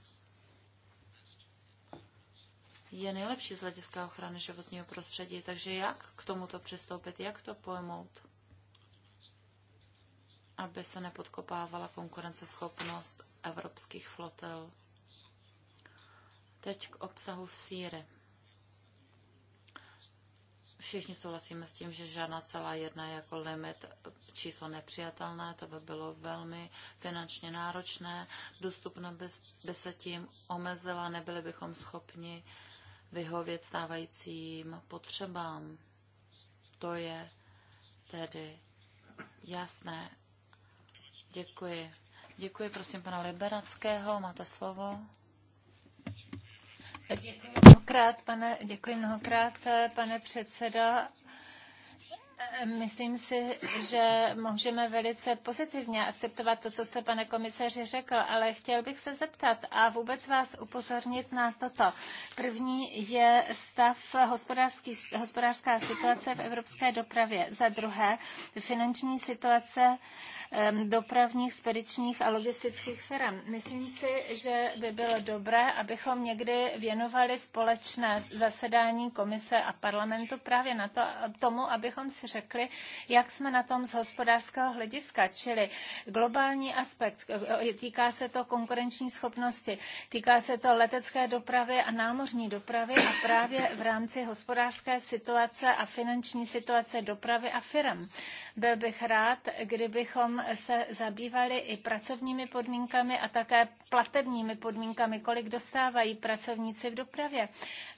je nejlepší z hlediska ochrany životního prostředí. Takže jak k tomuto přistoupit, jak to pojmout, aby se nepodkopávala konkurenceschopnost evropských flotel. Teď k obsahu síry. Všichni souhlasíme s tím, že žádná celá jedna jako limit číslo nepřijatelné, to by bylo velmi finančně náročné, dostupno by, by se tím omezila, nebyli bychom schopni vyhovět stávajícím potřebám. To je tedy jasné. Děkuji. Děkuji, prosím, pana Liberackého, máte slovo. Děkuji mnohokrát, pane, děkuji mnohokrát, pane předseda. Myslím si, že můžeme velice pozitivně akceptovat to, co jste, pane komisaři, řekl, ale chtěl bych se zeptat a vůbec vás upozornit na toto. První je stav hospodářský, hospodářská situace v evropské dopravě. Za druhé, finanční situace dopravních, spedičních a logistických firm. Myslím si, že by bylo dobré, abychom někdy věnovali společné zasedání komise a parlamentu právě na to, tomu, abychom si řekli, jak jsme na tom z hospodářského hlediska, čili globální aspekt, eh, týká se to konkurenční schopnosti, týká se to letecké dopravy a námořní dopravy a právě v rámci hospodářské situace a finanční situace dopravy a firm. Byl bych rád, kdybychom se zabývali i pracovními podmínkami a také platebními podmínkami, kolik dostávají pracovníci v dopravě.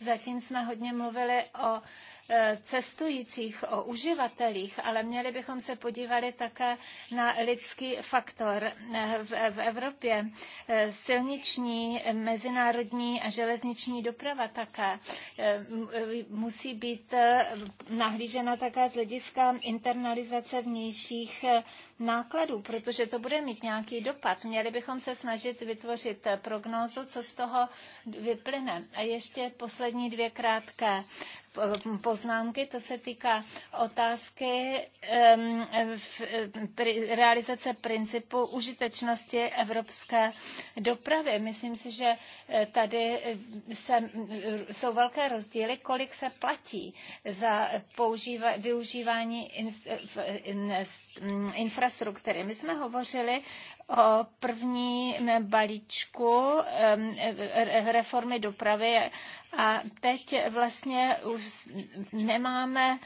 Zatím jsme hodně mluvili o e, cestujících, o uživatelích, ale měli bychom se podívali také na lidský faktor. E, v, v Evropě e, silniční, mezinárodní a železniční doprava také musí být nahlížena také z hlediska internalizace kompenzace vnějších eh, nákladů, protože to bude mít nějaký dopad. Měli bychom se snažit vytvořit eh, prognózu, co z toho vyplyne. A ještě poslední dvě krátké Eh, poznámky, to se týká otázky eh, realizace principu užitečnosti evropské dopravy. Myslím si, že eh, tady se, jsou velké rozdíly, kolik se platí za používa, využívání in, in, infrastruktury. My jsme hovořili o prvním balíčku eh, reformy dopravy a teď vlastně už nemáme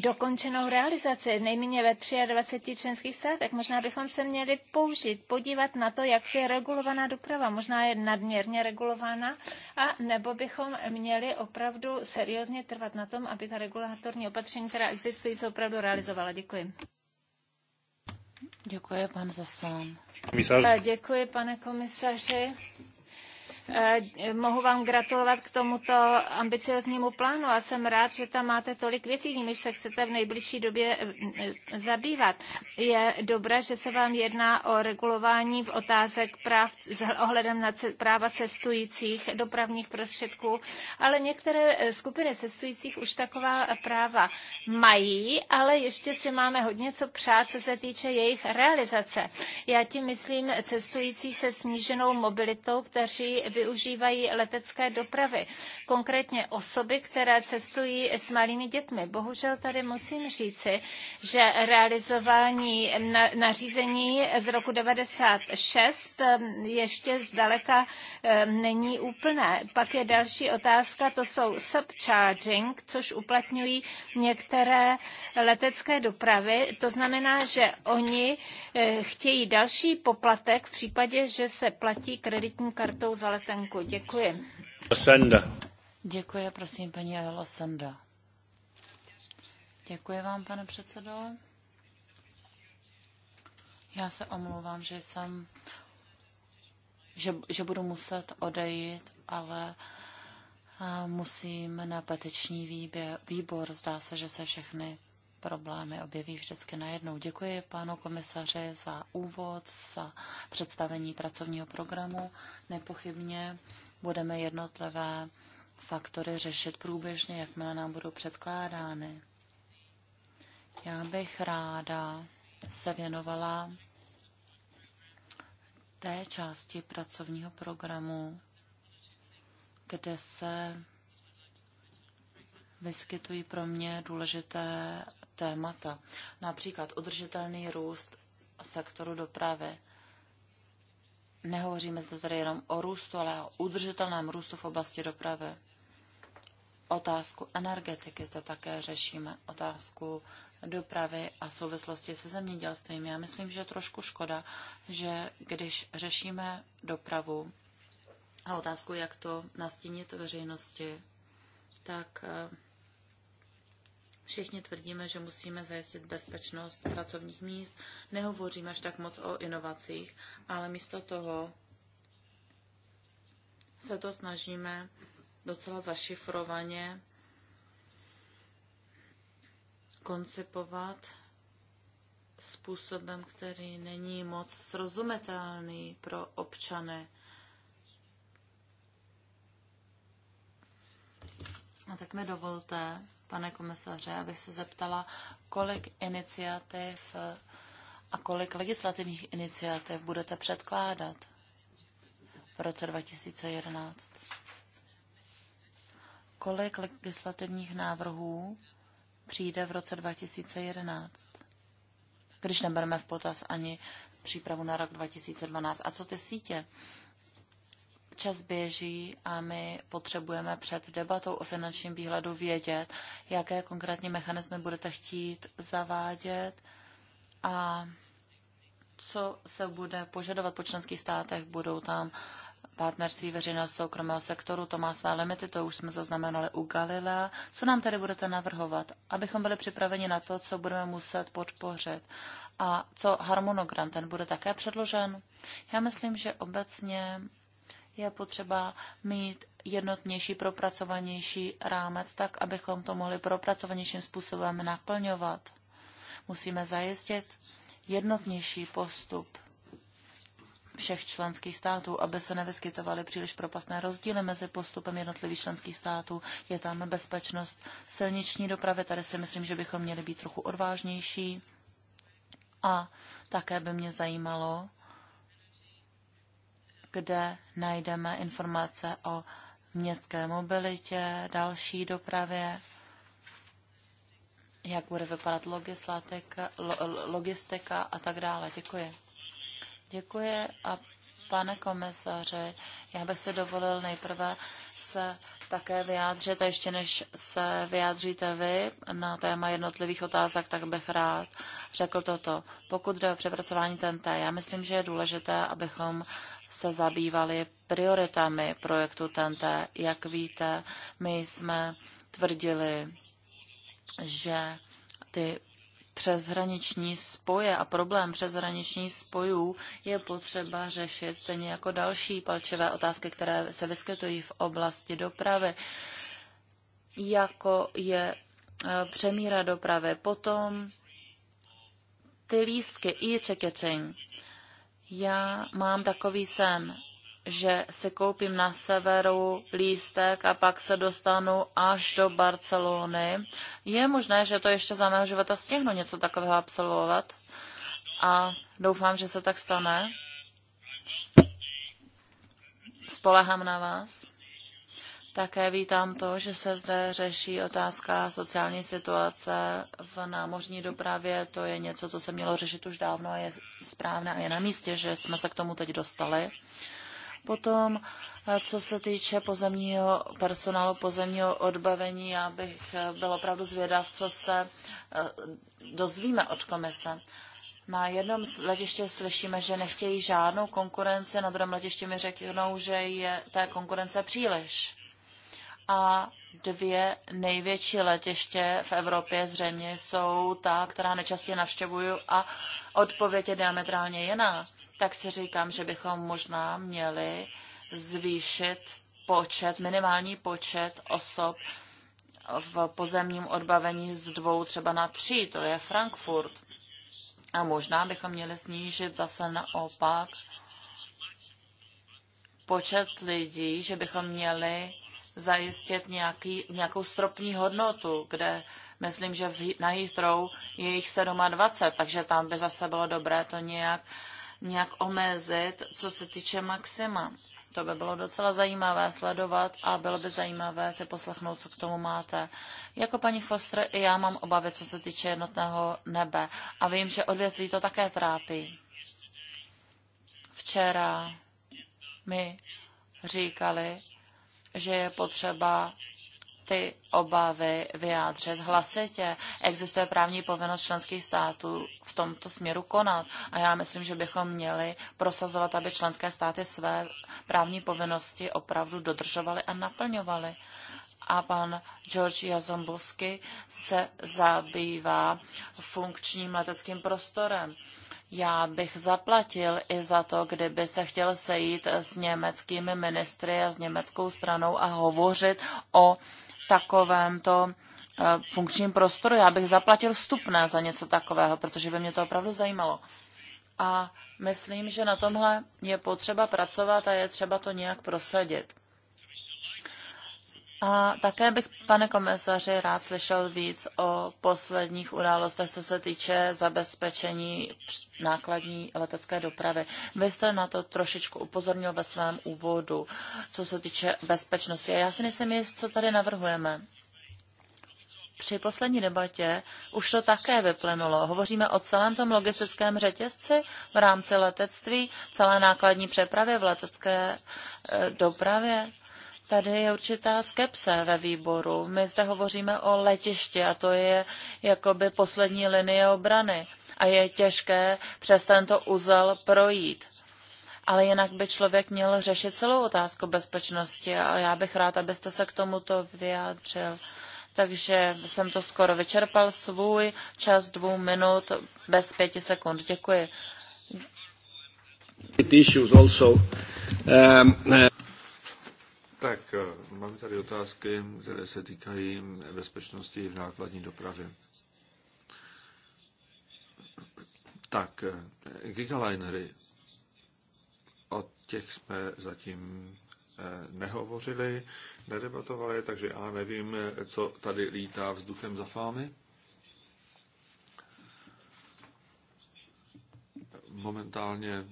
dokončenou realizaci, nejméně ve 23 členských státech. Možná bychom se měli použít, podívat na to, jak je regulovaná doprava. Možná je nadměrně regulována a nebo bychom měli opravdu seriózně trvat na tom, aby ta regulatorní opatření, která existují, se opravdu realizovala. Děkuji. Děkuji, pan Zasán. Eh, děkuji, pane komisaři. Eh, mohu vám gratulovat k tomuto ambicioznímu plánu a jsem rád, že tam máte tolik věcí, nimiž se chcete v nejbližší době eh, eh, zabývat. Je dobré, že se vám jedná o regulování v otázek práv s ohledem na práva cestujících dopravních prostředků, ale některé skupiny cestujících už taková práva mají, ale ještě si máme hodně co přát, co se týče jejich realizace. Já tím myslím cestující se sníženou mobilitou, kteří využívají letecké dopravy, konkrétně osoby, které cestují s malými dětmi. Bohužel tady musím říci, že realizování nařízení z roku 96 ještě zdaleka není úplné. Pak je další otázka, to jsou subcharging, což uplatňují některé letecké dopravy. To znamená, že oni eh, chtějí další poplatek v případě, že se platí kreditní kartou za let Tenku. Děkuji. Sanda. Děkuji, prosím, paní Ayala Sanda. Děkuji vám, pane předsedo. Já se omlouvám, že jsem, že, že budu muset odejít, ale musím na petiční výběr, výbor. Zdá se, že se všechny problémy objeví vždycky najednou. Děkuji pánu komisaři za úvod, za představení pracovního programu. Nepochybně budeme jednotlivé faktory řešit průběžně, jakmile nám budou předkládány. Já bych ráda se věnovala té části pracovního programu, kde se vyskytují pro mě důležité témata, například udržitelný růst sektoru dopravy. Nehovoříme zde tedy jenom o růstu, ale o udržitelném růstu v oblasti dopravy. Otázku energetiky zde také řešíme, otázku dopravy a souvislosti se zemědělstvím. Já myslím, že je trošku škoda, že když řešíme dopravu a otázku, jak to nastínit veřejnosti, tak eh, Všichni tvrdíme, že musíme zajistit bezpečnost pracovních míst, nehovoříme až tak moc o inovacích, ale místo toho se to snažíme docela zašifrovaně koncipovat způsobem, který není moc srozumitelný pro občany. A tak mi dovolte, pane komisaře, abych se zeptala, kolik iniciativ a kolik legislativních iniciativ budete předkládat v roce 2011? Kolik legislativních návrhů přijde v roce 2011? Když nebereme v potaz ani přípravu na rok 2012. A co ty sítě? Čas běží a my potřebujeme před debatou o finančním výhledu vědět, jaké konkrétní mechanismy budete chtít zavádět a co se bude požadovat po členských státech. Budou tam partnerství veřejného soukromého sektoru, to má své limity, to už jsme zaznamenali u Galilea. Co nám tedy budete navrhovat, abychom byli připraveni na to, co budeme muset podpořit? A co harmonogram, ten bude také předložen? Já myslím, že obecně je potřeba mít jednotnější, propracovanější rámec, tak abychom to mohli propracovanějším způsobem naplňovat. Musíme zajistit jednotnější postup všech členských států, aby se nevyskytovaly příliš propastné rozdíly mezi postupem jednotlivých členských států. Je tam bezpečnost silniční dopravy, tady si myslím, že bychom měli být trochu odvážnější. A také by mě zajímalo, kde najdeme informace o městské mobilitě, další dopravě, jak bude vypadat logistika, logistika a tak dále. Děkuji. Děkuji a pane komisaři, já bych si dovolil nejprve se také vyjádřit a ještě než se vyjádříte vy na téma jednotlivých otázek, tak bych rád řekl toto. Pokud jde o přepracování TNT, já myslím, že je důležité, abychom se zabývali prioritami projektu TNT. Jak víte, my jsme tvrdili, že ty přeshraniční spoje a problém přeshraničních spojů je potřeba řešit, stejně jako další palčivé otázky, které se vyskytují v oblasti dopravy, jako je e, přemíra dopravy. Potom ty lístky, e-ticketing, já mám takový sen, že si koupím na severu lístek a pak se dostanu až do Barcelony. Je možné, že to ještě za mého života stihnu něco takového absolvovat a doufám, že se tak stane. Spolehám na vás. Také vítám to, že se zde řeší otázka sociální situace v námořní dopravě. To je něco, co se mělo řešit už dávno a je správné a je na místě, že jsme se k tomu teď dostali. Potom, co se týče pozemního personálu, pozemního odbavení, já bych byl opravdu zvědav, co se eh, dozvíme od komise. Na jednom letiště slyšíme, že nechtějí žádnou konkurenci, na druhém letiště mi řeknou, že je té konkurence příliš a dvě největší letiště v Evropě zřejmě jsou ta, která nejčastěji navštěvuju a odpověď je diametrálně jiná. Tak si říkám, že bychom možná měli zvýšit počet, minimální počet osob v pozemním odbavení z dvou třeba na tři, to je Frankfurt. A možná bychom měli snížit zase naopak počet lidí, že bychom měli zajistit nějaký, nějakou stropní hodnotu, kde myslím, že v, na Heathrow je jich 27, takže tam by zase bylo dobré to nějak, nějak omezit, co se týče maxima. To by bylo docela zajímavé sledovat a bylo by zajímavé si poslechnout, co k tomu máte. Jako paní Foster i já mám obavy, co se týče jednotného nebe a vím, že odvětví to také trápí. Včera mi říkali, že je potřeba ty obavy vyjádřit hlasitě. Existuje právní povinnost členských států v tomto směru konat a já myslím, že bychom měli prosazovat, aby členské státy své právní povinnosti opravdu dodržovaly a naplňovaly. A pan George Jazombovsky se zabývá funkčním leteckým prostorem. Já bych zaplatil i za to, kdyby se chtěl sejít s německými ministry a s německou stranou a hovořit o takovémto eh, funkčním prostoru. Já bych zaplatil vstupné za něco takového, protože by mě to opravdu zajímalo. A myslím, že na tomhle je potřeba pracovat a je třeba to nějak prosadit. A také bych, pane komisaři, rád slyšel víc o posledních událostech, co se týče zabezpečení nákladní letecké dopravy. Vy jste na to trošičku upozornil ve svém úvodu, co se týče bezpečnosti. A já si nejsem jist, co tady navrhujeme. Při poslední debatě už to také vyplynulo. Hovoříme o celém tom logistickém řetězci v rámci letectví, celé nákladní přepravě v letecké eh, dopravě. Tady je určitá skepse ve výboru. My zde hovoříme o letišti a to je jakoby poslední linie obrany a je těžké přes tento uzel projít. Ale jinak by člověk měl řešit celou otázku bezpečnosti a já bych rád, abyste se k tomuto vyjádřil. Takže jsem to skoro vyčerpal svůj čas dvou minut bez pěti sekund. Děkuji. Issues also. Um, uh... Tak, eh, máme tady otázky, které se týkají bezpečnosti v nákladní dopravě. Tak, eh, gigalinery, o těch jsme zatím eh, nehovořili, nedebatovali, takže já nevím, co tady lítá vzduchem za fámy. Momentálně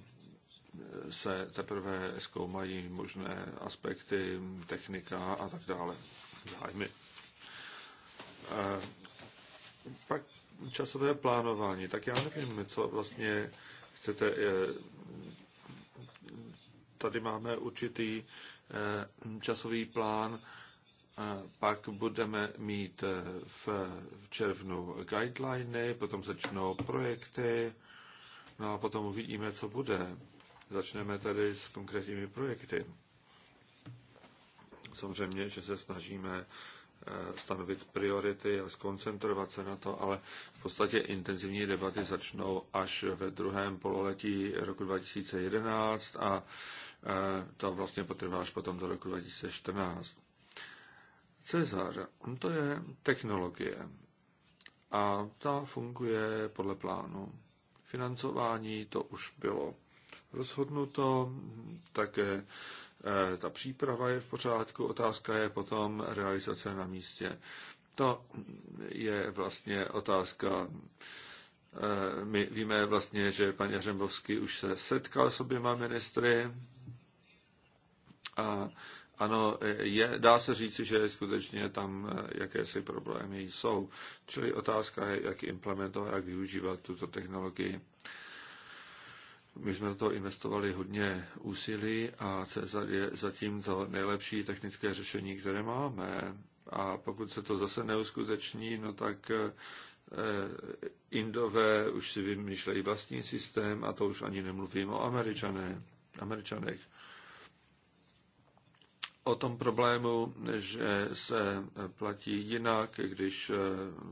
se teprve zkoumají možné aspekty, technika a tak dále, zájmy. Pak časové plánování. Tak já nevím, co vlastně chcete. Eh, tady máme určitý eh, časový plán, pak budeme mít eh, v červnu guideliny, potom začnou projekty, no a potom uvidíme, co bude. Začneme tady s konkrétními projekty. Samozřejmě, že se snažíme eh, stanovit priority a skoncentrovat se na to, ale v podstatě intenzivní debaty začnou až ve druhém pololetí roku 2011 a eh, to vlastně potrvá až potom do roku 2014. Cezar, to je technologie a ta funguje podle plánu. Financování to už bylo rozhodnuto, Tak eh, ta příprava je v pořádku, otázka je potom realizace na místě. To je vlastně otázka. Eh, my víme vlastně, že pan Jařembovský už se setkal s oběma ministry a ano, je, dá se říci, že skutečně tam eh, jakési problémy jsou. Čili otázka je, jak implementovat, jak využívat tuto technologii. My jsme do toho investovali hodně úsilí a Cezar je zatím to nejlepší technické řešení, které máme. A pokud se to zase neuskuteční, no tak eh, Indové už si vymýšlejí vlastní systém a to už ani nemluvím o Američané, Američanech o tom problému, že se platí jinak, když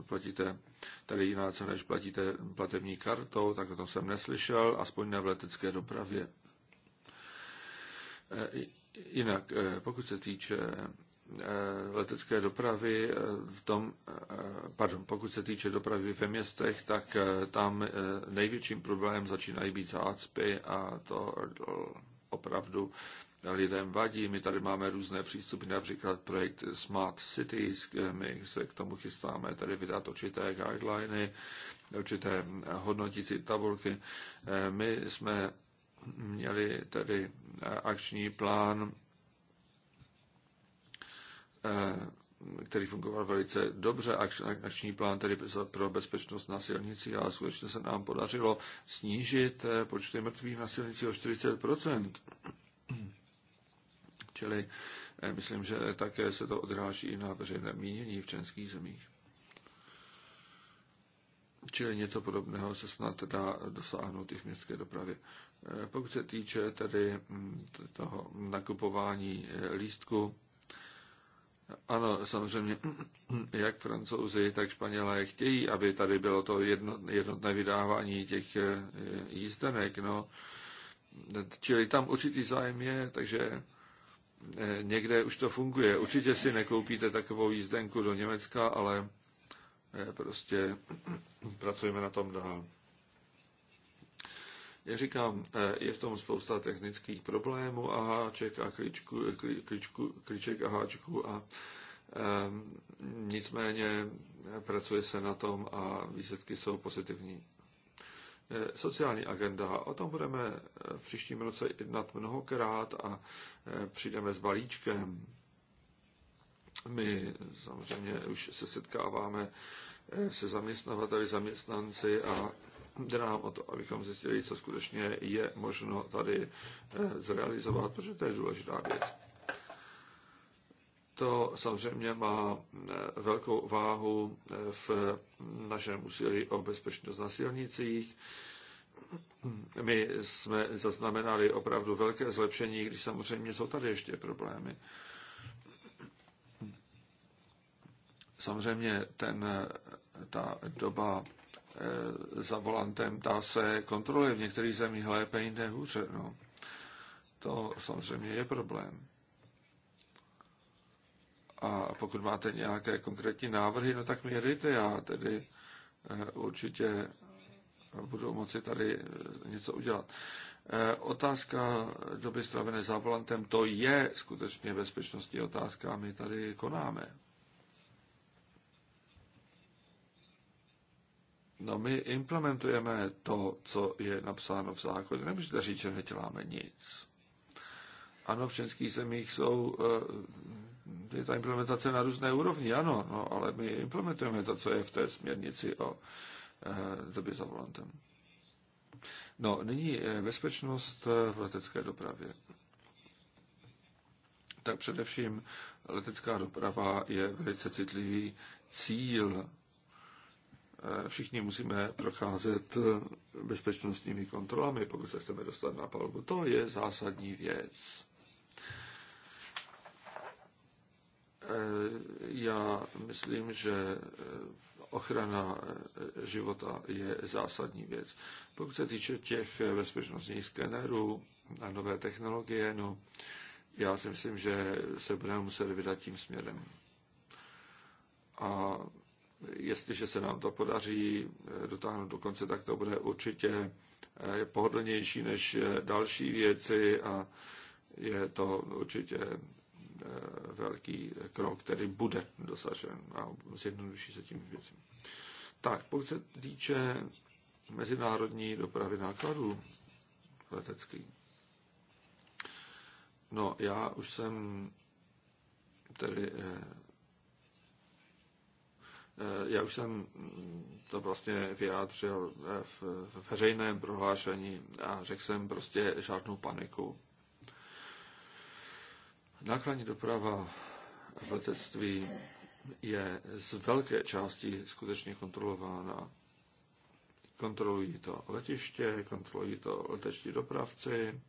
platíte tady jiná cena, než platíte platební kartou, tak o tom jsem neslyšel, aspoň ne v letecké dopravě. E, jinak, e, pokud se týče e, letecké dopravy v tom, pardon, pokud se týče dopravy ve městech, tak tam největším problémem začínají být zácpy a to opravdu lidem vadí. My tady máme různé přístupy, například projekt Smart Cities, my se k tomu chystáme tady vydat určité guideliny, určité hodnotící tabulky. Eh, my jsme měli tedy eh, akční plán, eh, který fungoval velice dobře, akční plán tedy pro bezpečnost na silnicích, a skutečně se nám podařilo snížit počty mrtvých na silnicích o 40 čili eh, myslím, že také se to odráží i na veřejné mínění v českých zemích. Čili něco podobného se snad dá dosáhnout i v městské dopravě. Eh, pokud se týče tedy hm, toho nakupování eh, lístku, ano, samozřejmě, jak francouzi, tak španělé chtějí, aby tady bylo to jednotné vydávání těch jízdenek, no. Čili tam určitý zájem je, takže Eh, někde už to funguje. Určitě si nekoupíte takovou jízdenku do Německa, ale eh, prostě pracujeme na tom dál. Jak říkám, eh, je v tom spousta technických problémů a háček a kličku, kličku, kliček a háčku a um, nicméně pracuje se na tom a výsledky jsou pozitivní. Eh, sociální agenda. O tom budeme eh, v příštím roce jednat mnohokrát a eh, přijdeme s balíčkem. My samozřejmě už se setkáváme se zaměstnavateli, zaměstnanci a jde nám o to, abychom zjistili, co skutečně je možno tady zrealizovat, protože to je důležitá věc. To samozřejmě má eh, velkou váhu eh, v našem úsilí o bezpečnost na silnicích. My jsme zaznamenali opravdu velké zlepšení, když samozřejmě jsou tady ještě problémy. Samozřejmě ten, eh, ta doba za volantem, ta se kontroluje v některých zemích lépe, jinde hůře. No. To samozřejmě je problém. A pokud máte nějaké konkrétní návrhy, no tak mi dejte, já tedy eh, určitě budu moci tady eh, něco udělat. Eh, otázka doby stravené za volantem, to je skutečně bezpečnostní otázka, my tady konáme. No my implementujeme to, co je napsáno v zákoně. Nemůžete říct, že neděláme nic. Ano, v českých zemích jsou je ta implementace na různé úrovni, ano, no, ale my implementujeme to, co je v té směrnici o eh, době za volantem. No, nyní eh, bezpečnost eh, v letecké dopravě. Tak především letecká doprava je velice citlivý cíl. Všichni musíme procházet bezpečnostními kontrolami, pokud se chceme dostat na palubu. To je zásadní věc. já myslím, že ochrana života je zásadní věc. Pokud se týče těch bezpečnostních skenerů a nové technologie, no, já si myslím, že se budeme muset vydat tím směrem. A jestliže se nám to podaří dotáhnout do konce, tak to bude určitě pohodlnější než další věci a je to určitě Eh, velký krok, který bude dosažen a zjednoduší se tím věcem. Tak, pokud se týče mezinárodní dopravy nákladů letecký. No, já už jsem tedy eh, eh, já už jsem to vlastně vyjádřil v veřejném prohlášení a řekl jsem prostě žádnou paniku. Nákladní doprava v letectví je z velké části skutečně kontrolována. Kontrolují to letiště, kontrolují to leteční dopravci.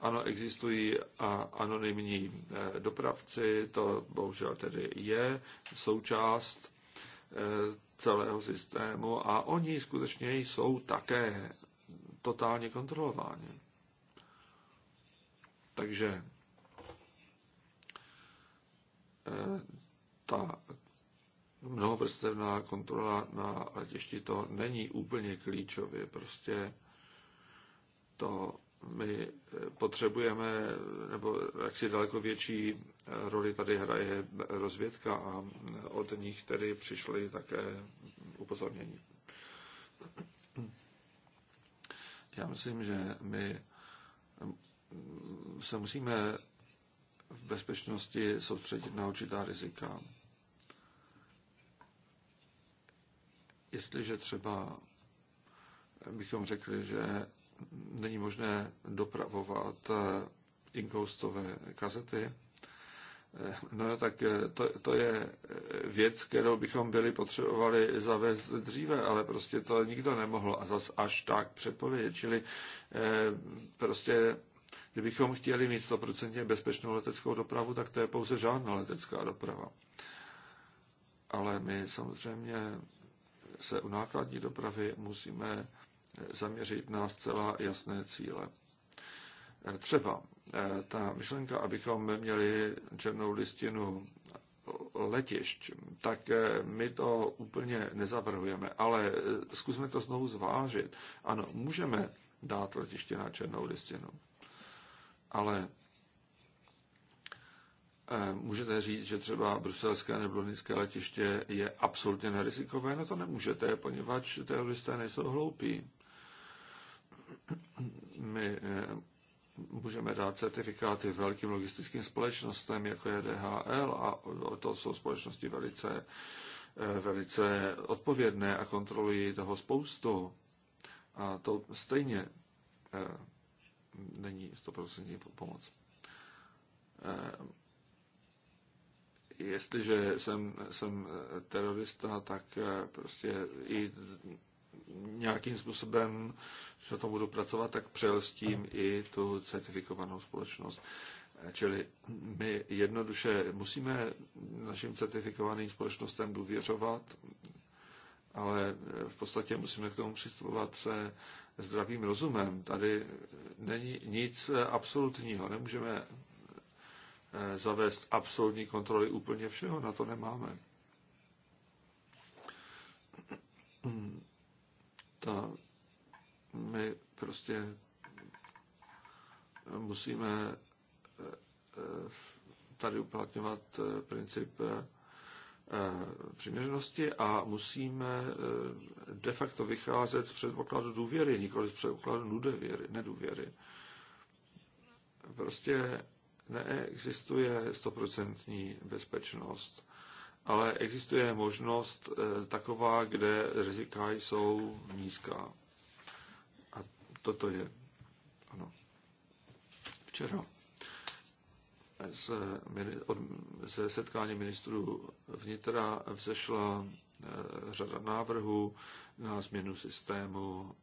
Ano, existují a anonymní eh, dopravci, to bohužel tedy je součást eh, celého systému a oni skutečně jsou také totálně kontrolováni. Takže ta mnohovrstevná kontrola na letišti to není úplně klíčově. Prostě to my eh, potřebujeme, nebo jak si daleko větší eh, roli tady hraje rozvědka a od nich tedy přišly také upozornění. Já myslím, že my se musíme v bezpečnosti soustředit na určitá rizika. Jestliže třeba bychom řekli, že není možné dopravovat inkoustové kazety, No tak to, to je věc, kterou bychom byli potřebovali zavést dříve, ale prostě to nikdo nemohl a zas až tak předpovědět. Čili eh, prostě Kdybychom chtěli mít 100% bezpečnou leteckou dopravu, tak to je pouze žádná letecká doprava. Ale my samozřejmě se u nákladní dopravy musíme zaměřit na zcela jasné cíle. Třeba eh, ta myšlenka, abychom měli černou listinu letišť, tak eh, my to úplně nezavrhujeme, ale eh, zkusme to znovu zvážit. Ano, můžeme dát letiště na černou listinu ale eh, můžete říct, že třeba bruselské nebo londýnské letiště je absolutně nerizikové, no to nemůžete, poněvadž teroristé nejsou hloupí. My eh, můžeme dát certifikáty velkým logistickým společnostem, jako je DHL, a to jsou společnosti velice, eh, velice odpovědné a kontrolují toho spoustu. A to stejně není 100% pomoc. Eh, jestliže jsem, jsem eh, terorista, tak eh, prostě i nějakým způsobem, že na tom budu pracovat, tak přelstím i tu certifikovanou společnost. Čili my jednoduše musíme našim certifikovaným společnostem důvěřovat, ale eh, v podstatě musíme k tomu přistupovat se zdravým rozumem. Tady není nic eh, absolutního. Nemůžeme eh, zavést absolutní kontroly úplně všeho, na to nemáme. Ta, my prostě musíme tady uplatňovat princip Eh, přiměřenosti a musíme eh, de facto vycházet z předpokladu důvěry, nikoli z předpokladu nudevěry, nedůvěry. Prostě neexistuje stoprocentní bezpečnost, ale existuje možnost eh, taková, kde rizika jsou nízká. A toto je. Ano. Včera ze setkání ministrů vnitra vzešla eh, řada návrhů na změnu systému.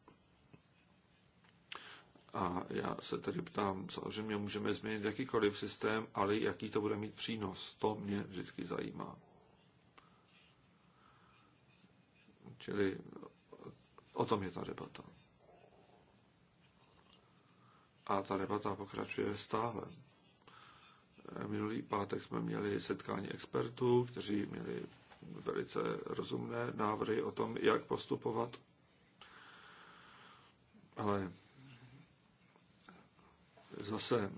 A já se tedy ptám, samozřejmě můžeme změnit jakýkoliv systém, ale jaký to bude mít přínos, to mě vždycky zajímá. Čili o tom je ta debata. A ta debata pokračuje stále. Minulý pátek jsme měli setkání expertů, kteří měli velice rozumné návrhy o tom, jak postupovat. Ale zase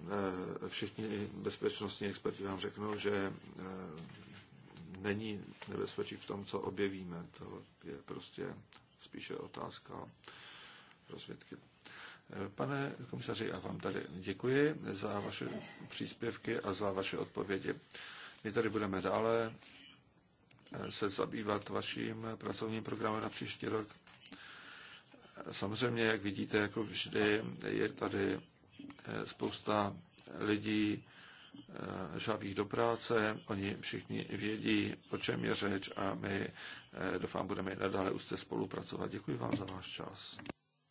eh, všichni bezpečnostní experti vám řeknou, že eh, není nebezpečí v tom, co objevíme. To je prostě spíše otázka rozvědky. Pane komisaři, já vám tady děkuji za vaše příspěvky a za vaše odpovědi. My tady budeme dále eh, se zabývat vaším pracovním programem na příští rok. Samozřejmě, jak vidíte, jako vždy, je tady eh, spousta lidí eh, žavých do práce. Oni všichni vědí, o čem je řeč a my, doufám, budeme i nadále úzce spolupracovat. Děkuji vám za váš čas.